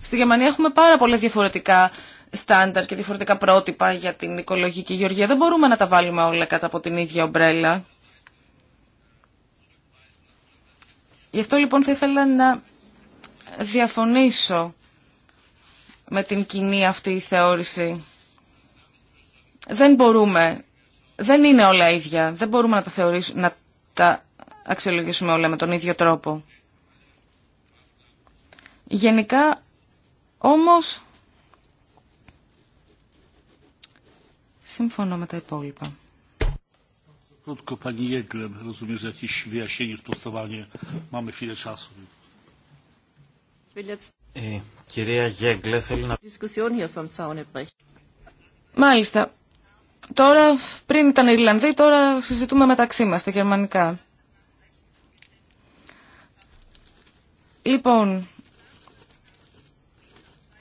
Στη Γερμανία έχουμε πάρα πολλά διαφορετικά στάνταρ και διαφορετικά πρότυπα για την οικολογική γεωργία. Δεν μπορούμε να τα βάλουμε όλα κάτω από την ίδια ομπρέλα. Γι' αυτό λοιπόν θα ήθελα να διαφωνήσω με την κοινή αυτή η θεώρηση. Δεν μπορούμε, δεν είναι όλα ίδια, δεν μπορούμε να τα, θεωρήσουμε, να τα αξιολογήσουμε όλα με τον ίδιο τρόπο. Γενικά όμως συμφωνώ με τα υπόλοιπα. Krótko pani Jeglen, rozumiem, że jakieś wyjaśnienie, sprostowanie. Mamy chwilę czasu. Μάλιστα. Τώρα, πριν ήταν Ιρλανδοί, τώρα συζητούμε μεταξύ μας τα γερμανικά. Λοιπόν,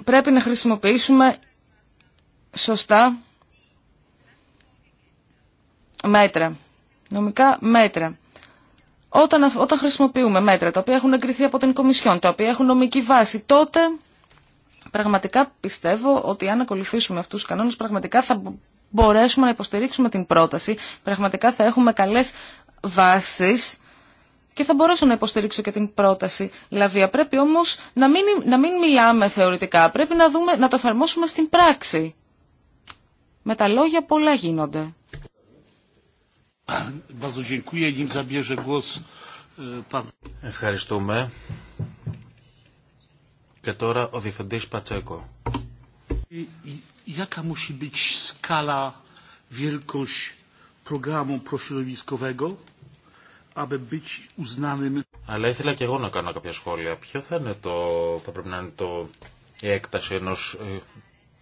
πρέπει να χρησιμοποιήσουμε σωστά μέτρα νομικά μέτρα. Όταν, όταν χρησιμοποιούμε μέτρα τα οποία έχουν εγκριθεί από την Κομισιόν, τα οποία έχουν νομική βάση, τότε πραγματικά πιστεύω ότι αν ακολουθήσουμε αυτούς τους κανόνες, πραγματικά θα μπορέσουμε να υποστηρίξουμε την πρόταση, πραγματικά θα έχουμε καλές βάσεις και θα μπορέσω να υποστηρίξω και την πρόταση Λαβία. Πρέπει όμως να μην, μιλάμε θεωρητικά, πρέπει να, δούμε, να το εφαρμόσουμε στην πράξη. Με τα λόγια πολλά γίνονται. E, Ευχαριστούμε. Και τώρα ο Διευθυντής Πατσέκο. Jaka musi być skala, wielkość programu prośrodowiskowego, aby być uznanym... Αλλά ήθελα και εγώ να κάνω κάποια σχόλια. Ποιο θα, είναι το, θα πρέπει να είναι το, η έκταση ενός ε,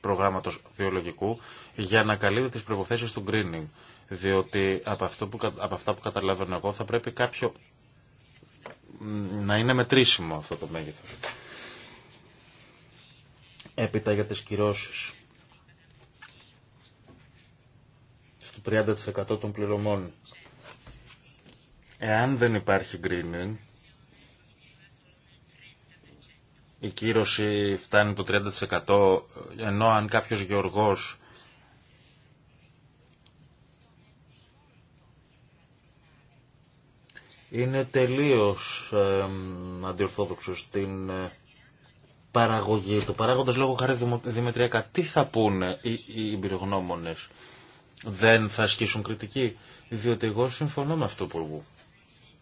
προγράμματος βιολογικού για να καλύπτει τις προϋποθέσεις του greening. Διότι από, αυτό που, από αυτά που καταλαβαίνω εγώ θα πρέπει κάποιο να είναι μετρήσιμο αυτό το μέγεθος. Έπειτα για τις κυρώσεις. Στο 30% των πληρωμών. Εάν δεν υπάρχει greening, η κύρωση φτάνει το 30% ενώ αν κάποιος γεωργός είναι τελείως ε, αντιορθόδοξο στην παραγωγή του. Παράγοντας λόγω χάρη Δημητριακά, τι θα πούνε οι, οι εμπειρογνώμονες. Δεν θα ασκήσουν κριτική. Διότι εγώ συμφωνώ με αυτό που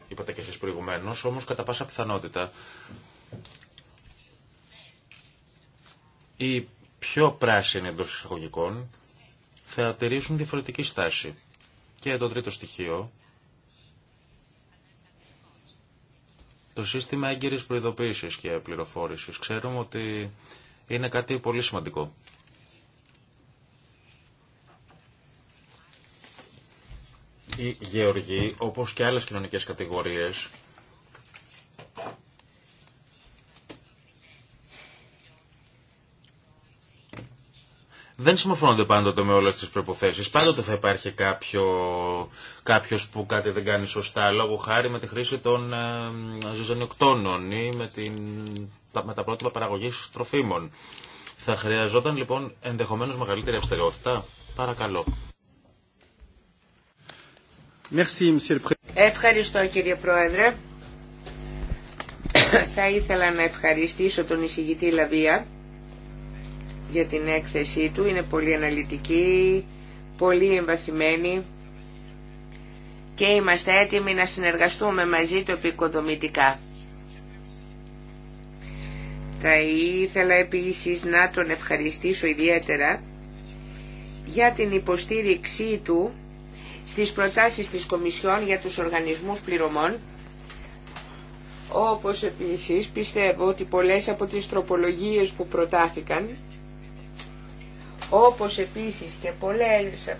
είπατε και εσείς προηγουμένως, όμως κατά πάσα πιθανότητα οι πιο πράσινοι εντό εισαγωγικών θα τηρήσουν διαφορετική στάση. Και το τρίτο στοιχείο, Το σύστημα έγκυρης προειδοποίησης και πληροφόρησης. Ξέρουμε ότι είναι κάτι πολύ σημαντικό. Οι γεωργοί, όπως και άλλες κοινωνικές κατηγορίες, δεν συμμορφώνονται πάντοτε με όλε τι προποθέσει. Πάντοτε θα υπάρχει κάποιο κάποιος που κάτι δεν κάνει σωστά, λόγω χάρη με τη χρήση των ε, ή με, την, τα, με τα πρότυπα παραγωγή τροφίμων. Θα χρειαζόταν λοιπόν ενδεχομένω μεγαλύτερη αυστηρότητα. Παρακαλώ. Ευχαριστώ κύριε Πρόεδρε. θα ήθελα να ευχαριστήσω τον εισηγητή Λαβία για την έκθεσή του. Είναι πολύ αναλυτική, πολύ εμβαθυμένη και είμαστε έτοιμοι να συνεργαστούμε μαζί του επικοδομητικά. Θα ήθελα επίσης να τον ευχαριστήσω ιδιαίτερα για την υποστήριξή του στις προτάσεις της Κομισιόν για τους οργανισμούς πληρωμών, όπως επίσης πιστεύω ότι πολλές από τις τροπολογίες που προτάθηκαν όπως επίσης και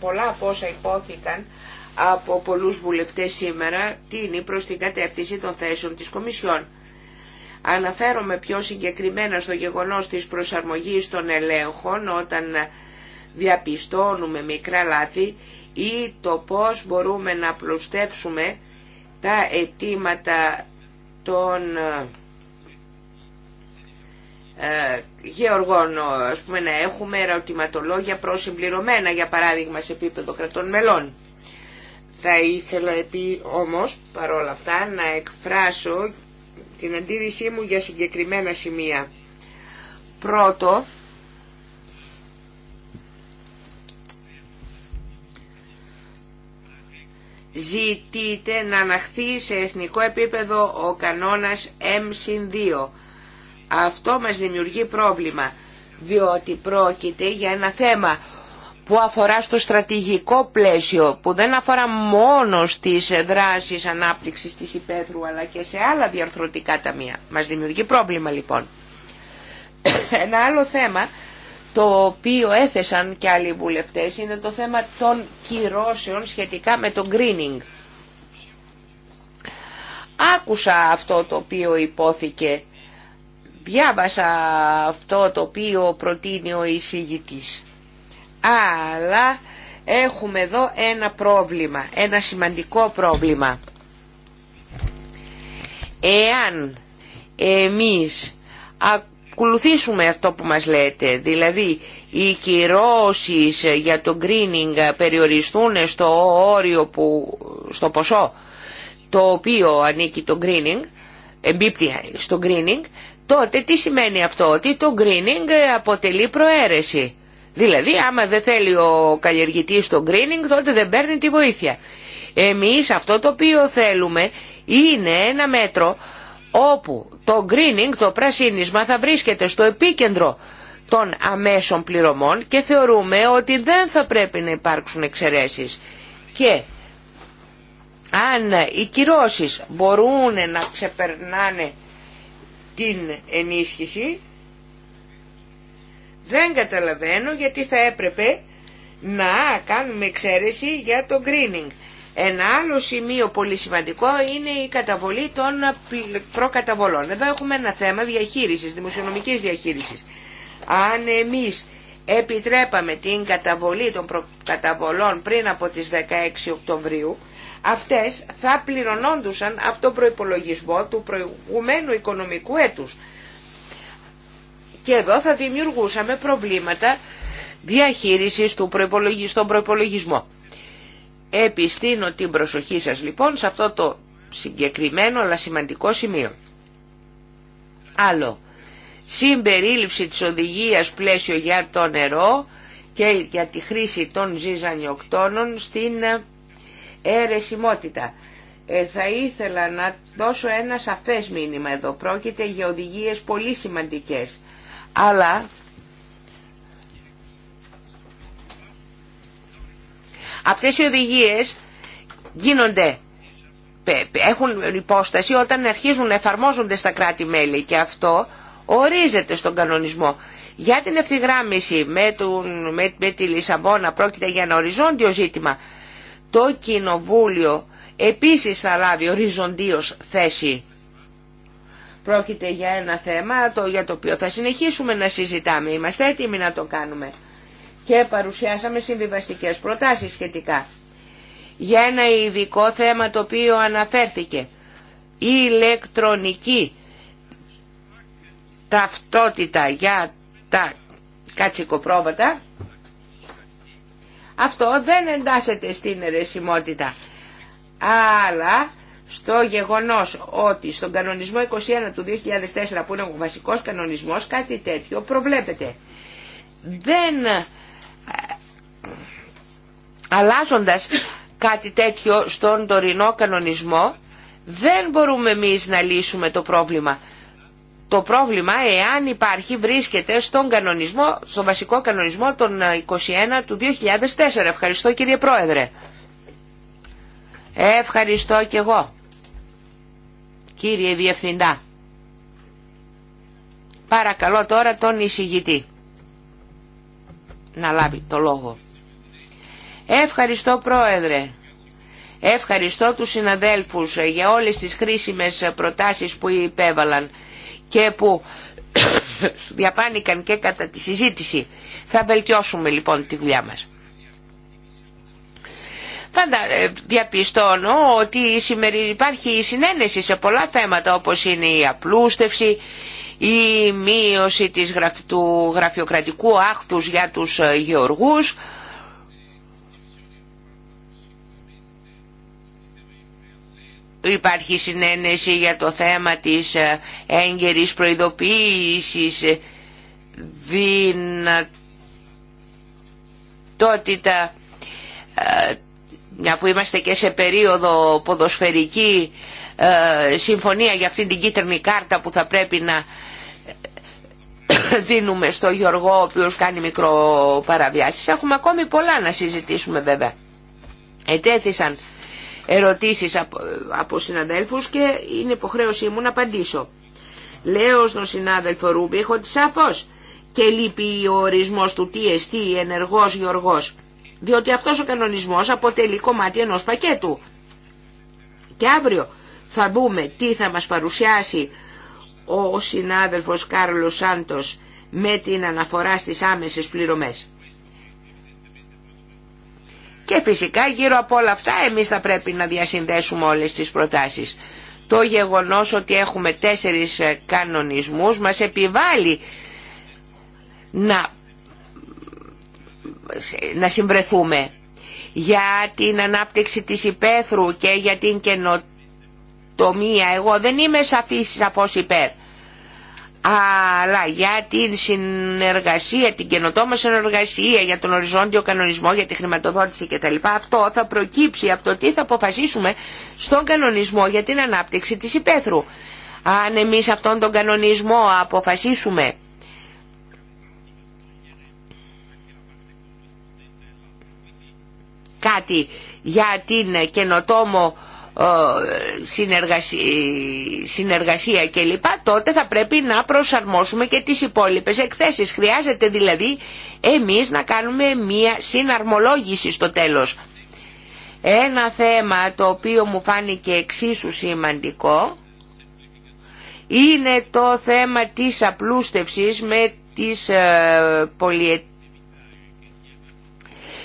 πολλά από όσα υπόθηκαν από πολλούς βουλευτές σήμερα τίνει προς την κατεύθυνση των θέσεων της Κομισιόν. Αναφέρομαι πιο συγκεκριμένα στο γεγονός της προσαρμογής των ελέγχων όταν διαπιστώνουμε μικρά λάθη ή το πώς μπορούμε να πλουστεύσουμε τα αιτήματα των ε, γεωργών, ας πούμε, να έχουμε ερωτηματολόγια προσυμπληρωμένα, για παράδειγμα, σε επίπεδο κρατών μελών. Θα ήθελα επί όμως, παρόλα αυτά, να εκφράσω την αντίρρησή μου για συγκεκριμένα σημεία. Πρώτο, ζητείτε να αναχθεί σε εθνικό επίπεδο ο κανόνας M2 αυτό μας δημιουργεί πρόβλημα, διότι πρόκειται για ένα θέμα που αφορά στο στρατηγικό πλαίσιο, που δεν αφορά μόνο στις δράσεις ανάπτυξης της υπαίθρου, αλλά και σε άλλα διαρθρωτικά ταμεία. Μας δημιουργεί πρόβλημα λοιπόν. Ένα άλλο θέμα, το οποίο έθεσαν και άλλοι βουλευτές, είναι το θέμα των κυρώσεων σχετικά με το greening. Άκουσα αυτό το οποίο υπόθηκε διάβασα αυτό το οποίο προτείνει ο εισηγητής. Αλλά έχουμε εδώ ένα πρόβλημα, ένα σημαντικό πρόβλημα. Εάν εμείς ακολουθήσουμε αυτό που μας λέτε, δηλαδή οι κυρώσεις για το greening περιοριστούν στο όριο που, στο ποσό το οποίο ανήκει το greening, εμπίπτει στο greening, τότε τι σημαίνει αυτό, ότι το greening αποτελεί προαίρεση. Δηλαδή άμα δεν θέλει ο καλλιεργητής το greening τότε δεν παίρνει τη βοήθεια. Εμείς αυτό το οποίο θέλουμε είναι ένα μέτρο όπου το greening, το πρασίνισμα θα βρίσκεται στο επίκεντρο των αμέσων πληρωμών και θεωρούμε ότι δεν θα πρέπει να υπάρξουν εξαιρέσεις. Και αν οι κυρώσεις μπορούν να ξεπερνάνε την ενίσχυση δεν καταλαβαίνω γιατί θα έπρεπε να κάνουμε εξαίρεση για το greening. Ένα άλλο σημείο πολύ σημαντικό είναι η καταβολή των προκαταβολών. Εδώ έχουμε ένα θέμα διαχείρισης, δημοσιονομικής διαχείρισης. Αν εμείς επιτρέπαμε την καταβολή των προκαταβολών πριν από τις 16 Οκτωβρίου, αυτές θα πληρωνόντουσαν από τον προϋπολογισμό του προηγουμένου οικονομικού έτους. Και εδώ θα δημιουργούσαμε προβλήματα διαχείρισης του προϋπολογισμού, στον προϋπολογισμό. Επιστήνω την προσοχή σας λοιπόν σε αυτό το συγκεκριμένο αλλά σημαντικό σημείο. Άλλο, συμπερίληψη της οδηγίας πλαίσιο για το νερό και για τη χρήση των ζυζανιοκτώνων στην αιρεσιμότητα. Ε, θα ήθελα να δώσω ένα σαφές μήνυμα εδώ. Πρόκειται για οδηγίες πολύ σημαντικές. Αλλά αυτές οι οδηγίες γίνονται έχουν υπόσταση όταν αρχίζουν να εφαρμόζονται στα κράτη-μέλη και αυτό ορίζεται στον κανονισμό. Για την ευθυγράμμιση με, με τη Λισαμπόνα πρόκειται για ένα οριζόντιο ζήτημα το Κοινοβούλιο επίσης θα λάβει οριζοντίως θέση. Πρόκειται για ένα θέμα το, για το οποίο θα συνεχίσουμε να συζητάμε. Είμαστε έτοιμοι να το κάνουμε. Και παρουσιάσαμε συμβιβαστικές προτάσεις σχετικά. Για ένα ειδικό θέμα το οποίο αναφέρθηκε. Η ηλεκτρονική ταυτότητα για τα κατσικοπρόβατα αυτό δεν εντάσσεται στην αιρεσιμότητα. Αλλά στο γεγονός ότι στον κανονισμό 21 του 2004 που είναι ο βασικός κανονισμός κάτι τέτοιο προβλέπεται. Δεν ε, αλλάζοντας κάτι τέτοιο στον τωρινό κανονισμό δεν μπορούμε εμείς να λύσουμε το πρόβλημα το πρόβλημα, εάν υπάρχει, βρίσκεται στον κανονισμό, στον βασικό κανονισμό των 21 του 2004. Ευχαριστώ κύριε Πρόεδρε. Ευχαριστώ και εγώ. Κύριε Διευθυντά. Παρακαλώ τώρα τον εισηγητή να λάβει το λόγο. Ευχαριστώ Πρόεδρε. Ευχαριστώ τους συναδέλφους για όλες τις χρήσιμες προτάσεις που υπέβαλαν και που διαπάνηκαν και κατά τη συζήτηση. Θα βελτιώσουμε λοιπόν τη δουλειά μας. Πάντα ε, διαπιστώνω ότι υπάρχει συνένεση σε πολλά θέματα όπως είναι η απλούστευση, η μείωση της, του γραφειοκρατικού άχθους για τους ε, γεωργούς, υπάρχει συνένεση για το θέμα της ε, έγκαιρης προειδοποίησης, ε, δυνατότητα, ε, μια που είμαστε και σε περίοδο ποδοσφαιρική, συμφωνία για αυτήν την κίτρινη κάρτα που θα πρέπει να δίνουμε στο Γιωργό ο οποίος κάνει μικρό Έχουμε ακόμη πολλά να συζητήσουμε βέβαια. Ετέθησαν ερωτήσεις από, από συναδέλφους και είναι υποχρέωσή μου να απαντήσω. Λέω στον συνάδελφο έχω τη σαφώς και λείπει ο ορισμός του τι εστί ενεργός γεωργός, διότι αυτός ο κανονισμός αποτελεί κομμάτι ενός πακέτου. Και αύριο θα δούμε τι θα μας παρουσιάσει ο συνάδελφος Κάρλος Σάντος με την αναφορά στις άμεσες πληρωμές. Και φυσικά γύρω από όλα αυτά εμείς θα πρέπει να διασυνδέσουμε όλες τις προτάσεις. Το γεγονός ότι έχουμε τέσσερις ε, κανονισμούς μας επιβάλλει να, να συμβρεθούμε για την ανάπτυξη της υπαίθρου και για την καινοτομία. Εγώ δεν είμαι σαφής σαφώς υπέρ αλλά για την συνεργασία, την καινοτόμα συνεργασία, για τον οριζόντιο κανονισμό, για τη χρηματοδότηση κτλ. Αυτό θα προκύψει από το τι θα αποφασίσουμε στον κανονισμό για την ανάπτυξη της υπαίθρου. Αν εμείς αυτόν τον κανονισμό αποφασίσουμε κάτι για την καινοτόμο συνεργασία κλπ τότε θα πρέπει να προσαρμόσουμε και τις υπόλοιπες εκθέσεις χρειάζεται δηλαδή εμείς να κάνουμε μία συναρμολόγηση στο τέλος ένα θέμα το οποίο μου φάνηκε εξίσου σημαντικό είναι το θέμα της απλούστευσης με τις ε, πολυετές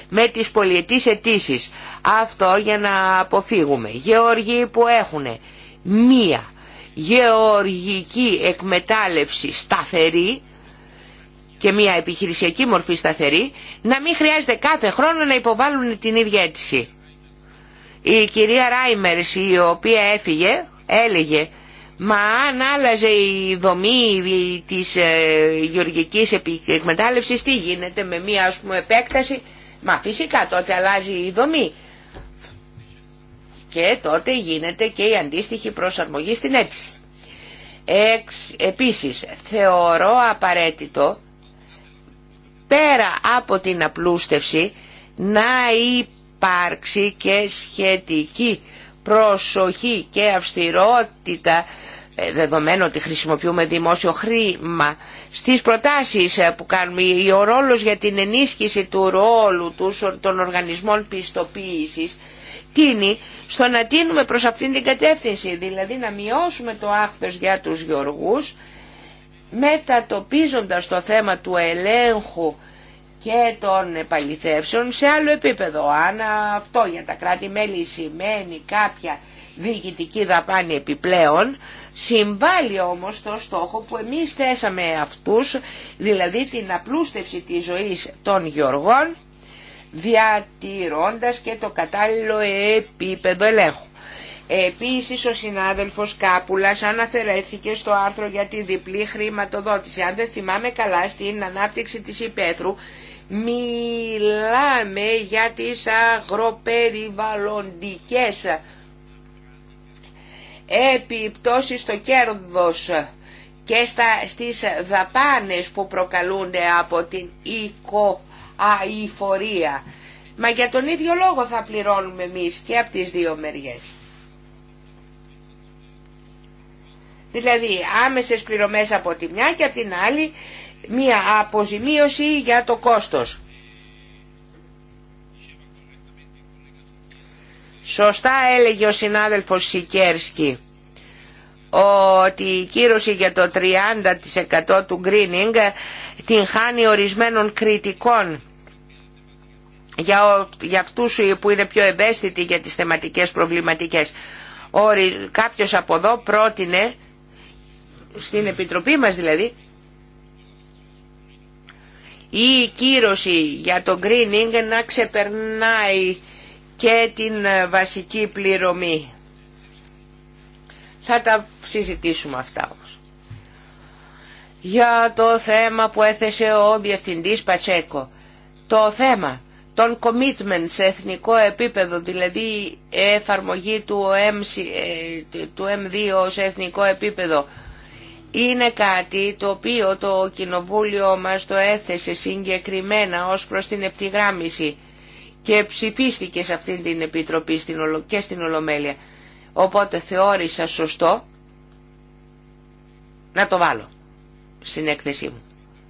με τις πολιετής αιτήσει. Αυτό για να αποφύγουμε. Γεωργοί που έχουν μία γεωργική εκμετάλλευση σταθερή και μία επιχειρησιακή μορφή σταθερή, να μην χρειάζεται κάθε χρόνο να υποβάλουν την ίδια αίτηση. Η κυρία Ράιμερς η οποία έφυγε έλεγε Μα αν άλλαζε η δομή της ε, γεωργικής εκμετάλλευσης, τι γίνεται με μία ας πούμε επέκταση Μα φυσικά τότε αλλάζει η δομή και τότε γίνεται και η αντίστοιχη προσαρμογή στην έτσι. Εξ, επίσης θεωρώ απαραίτητο πέρα από την απλούστευση να υπάρξει και σχετική προσοχή και αυστηρότητα ε, δεδομένου ότι χρησιμοποιούμε δημόσιο χρήμα στις προτάσεις ε, που κάνουμε. Ο ρόλος για την ενίσχυση του ρόλου των οργανισμών πιστοποίησης τίνει στο να τίνουμε προς αυτήν την κατεύθυνση, δηλαδή να μειώσουμε το άχθος για τους γεωργούς μετατοπίζοντας το θέμα του ελέγχου και των επαληθεύσεων σε άλλο επίπεδο. Αν αυτό για τα κράτη-μέλη σημαίνει κάποια διοικητική δαπάνη επιπλέον, συμβάλλει όμως στο στόχο που εμείς θέσαμε αυτούς, δηλαδή την απλούστευση της ζωής των γεωργών, διατηρώντας και το κατάλληλο επίπεδο ελέγχου. Επίσης ο συνάδελφος Κάπουλας αναφερέθηκε στο άρθρο για τη διπλή χρηματοδότηση. Αν δεν θυμάμαι καλά στην ανάπτυξη της υπαίθρου μιλάμε για τις αγροπεριβαλλοντικές επιπτώσεις στο κέρδος και στα, στις δαπάνες που προκαλούνται από την οικοαϊφορία. Μα για τον ίδιο λόγο θα πληρώνουμε εμείς και από τις δύο μεριές. Δηλαδή άμεσες πληρωμές από τη μια και από την άλλη μία αποζημίωση για το κόστος. Σωστά έλεγε ο συνάδελφος Σικέρσκι ότι η κύρωση για το 30% του greening την χάνει ορισμένων κριτικών για, για αυτούς που είναι πιο ευαίσθητοι για τις θεματικές προβληματικές. Όρι, κάποιος από εδώ πρότεινε, στην Επιτροπή μας δηλαδή, η κύρωση για το greening να ξεπερνάει και την ε, βασική πληρωμή. Θα τα συζητήσουμε αυτά όμως. Για το θέμα που έθεσε ο Διευθυντής Πατσέκο. Το θέμα των commitment σε εθνικό επίπεδο, δηλαδή εφαρμογή του, M, ε, του M2 σε εθνικό επίπεδο, είναι κάτι το οποίο το Κοινοβούλιο μας το έθεσε συγκεκριμένα ως προς την ευθυγράμμιση και ψηφίστηκε σε αυτήν την Επιτροπή και στην Ολομέλεια. Οπότε θεώρησα σωστό να το βάλω στην έκθεσή μου.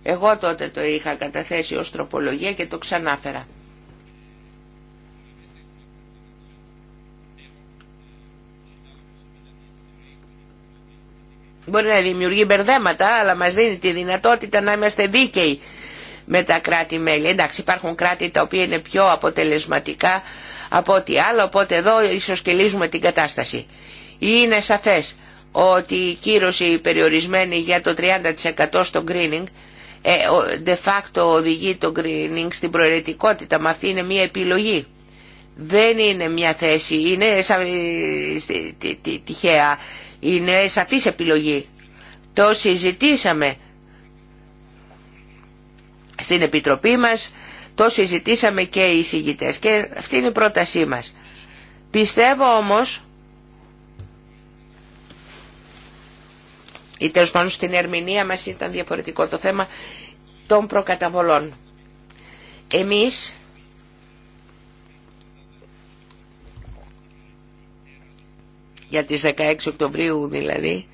Εγώ τότε το είχα καταθέσει ως τροπολογία και το ξανάφερα. Μπορεί να δημιουργεί μπερδέματα, αλλά μας δίνει τη δυνατότητα να είμαστε δίκαιοι με τα κράτη-μέλη. Εντάξει υπάρχουν κράτη τα οποία είναι πιο αποτελεσματικά από ό,τι άλλο, οπότε εδώ ίσως την κατάσταση. Είναι σαφές ότι η κύρωση περιορισμένη για το 30% στο greening ε, de facto οδηγεί το greening στην προαιρετικότητα, μα αυτή είναι μια επιλογή. Δεν είναι μια θέση, είναι ε, τυχαία, είναι σαφής επιλογή. Το συζητήσαμε στην Επιτροπή μας, το συζητήσαμε και οι εισηγητές και αυτή είναι η πρότασή μας. Πιστεύω όμως, ή τέλος πάντων στην ερμηνεία μας ήταν διαφορετικό το θέμα των προκαταβολών. Εμείς για τις 16 Οκτωβρίου δηλαδή,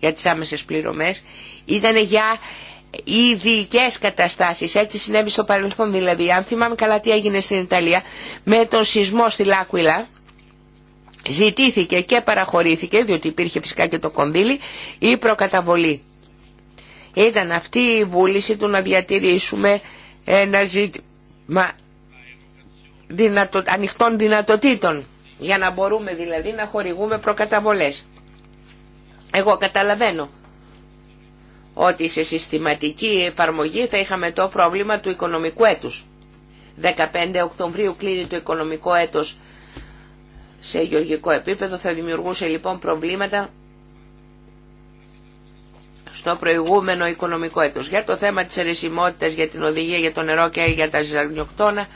για τις άμεσες πληρωμές, ήταν για ειδικέ καταστάσεις. Έτσι συνέβη στο παρελθόν δηλαδή. Αν θυμάμαι καλά τι έγινε στην Ιταλία με τον σεισμό στη Λάκουιλα ζητήθηκε και παραχωρήθηκε διότι υπήρχε φυσικά και το κονδύλι η προκαταβολή. Ήταν αυτή η βούληση του να διατηρήσουμε ένα ζήτημα δυνατο, ανοιχτών δυνατοτήτων για να μπορούμε δηλαδή να χορηγούμε προκαταβολές. Εγώ καταλαβαίνω ότι σε συστηματική εφαρμογή θα είχαμε το πρόβλημα του οικονομικού έτους. 15 Οκτωβρίου κλείνει το οικονομικό έτος σε γεωργικό επίπεδο, θα δημιουργούσε λοιπόν προβλήματα στο προηγούμενο οικονομικό έτος. Για το θέμα της ερεσιμότητας, για την οδηγία, για το νερό και για τα ζαρνιοκτώνα,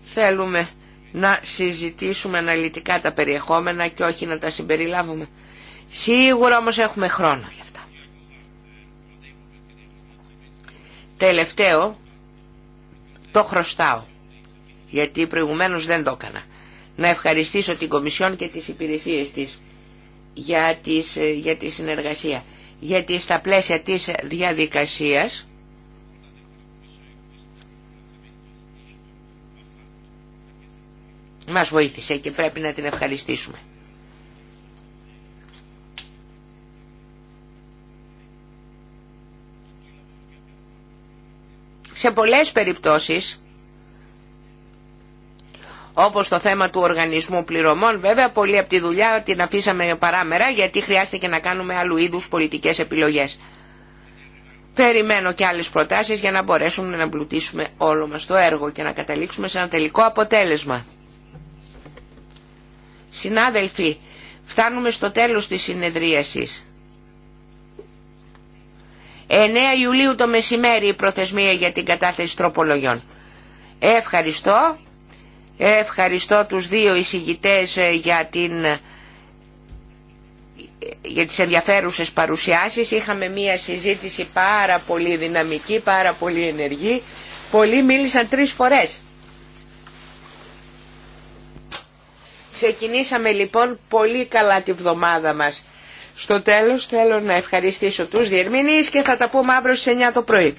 θέλουμε να συζητήσουμε αναλυτικά τα περιεχόμενα και όχι να τα συμπεριλάβουμε. Σίγουρα όμως έχουμε χρόνο γι' αυτά. Τελευταίο, το χρωστάω, γιατί προηγουμένως δεν το έκανα. Να ευχαριστήσω την Κομισιόν και τις υπηρεσίες της για, τις, για τη συνεργασία. Γιατί στα πλαίσια της διαδικασίας μας βοήθησε και πρέπει να την ευχαριστήσουμε. σε πολλές περιπτώσεις όπως το θέμα του οργανισμού πληρωμών βέβαια πολύ από τη δουλειά την αφήσαμε παράμερα γιατί χρειάστηκε να κάνουμε άλλου είδους πολιτικές επιλογές περιμένω και άλλες προτάσεις για να μπορέσουμε να εμπλουτίσουμε όλο μας το έργο και να καταλήξουμε σε ένα τελικό αποτέλεσμα συνάδελφοι φτάνουμε στο τέλος της συνεδρίασης 9 Ιουλίου το μεσημέρι η προθεσμία για την κατάθεση τροπολογιών. Ευχαριστώ. Ευχαριστώ τους δύο εισηγητές ε, για, την, ε, για τις ενδιαφέρουσες παρουσιάσεις. Είχαμε μία συζήτηση πάρα πολύ δυναμική, πάρα πολύ ενεργή. Πολλοί μίλησαν τρεις φορές. Ξεκινήσαμε λοιπόν πολύ καλά τη βδομάδα μας. Στο τέλος θέλω να ευχαριστήσω τους διερμηνείς και θα τα πούμε αύριο στις 9 το πρωί.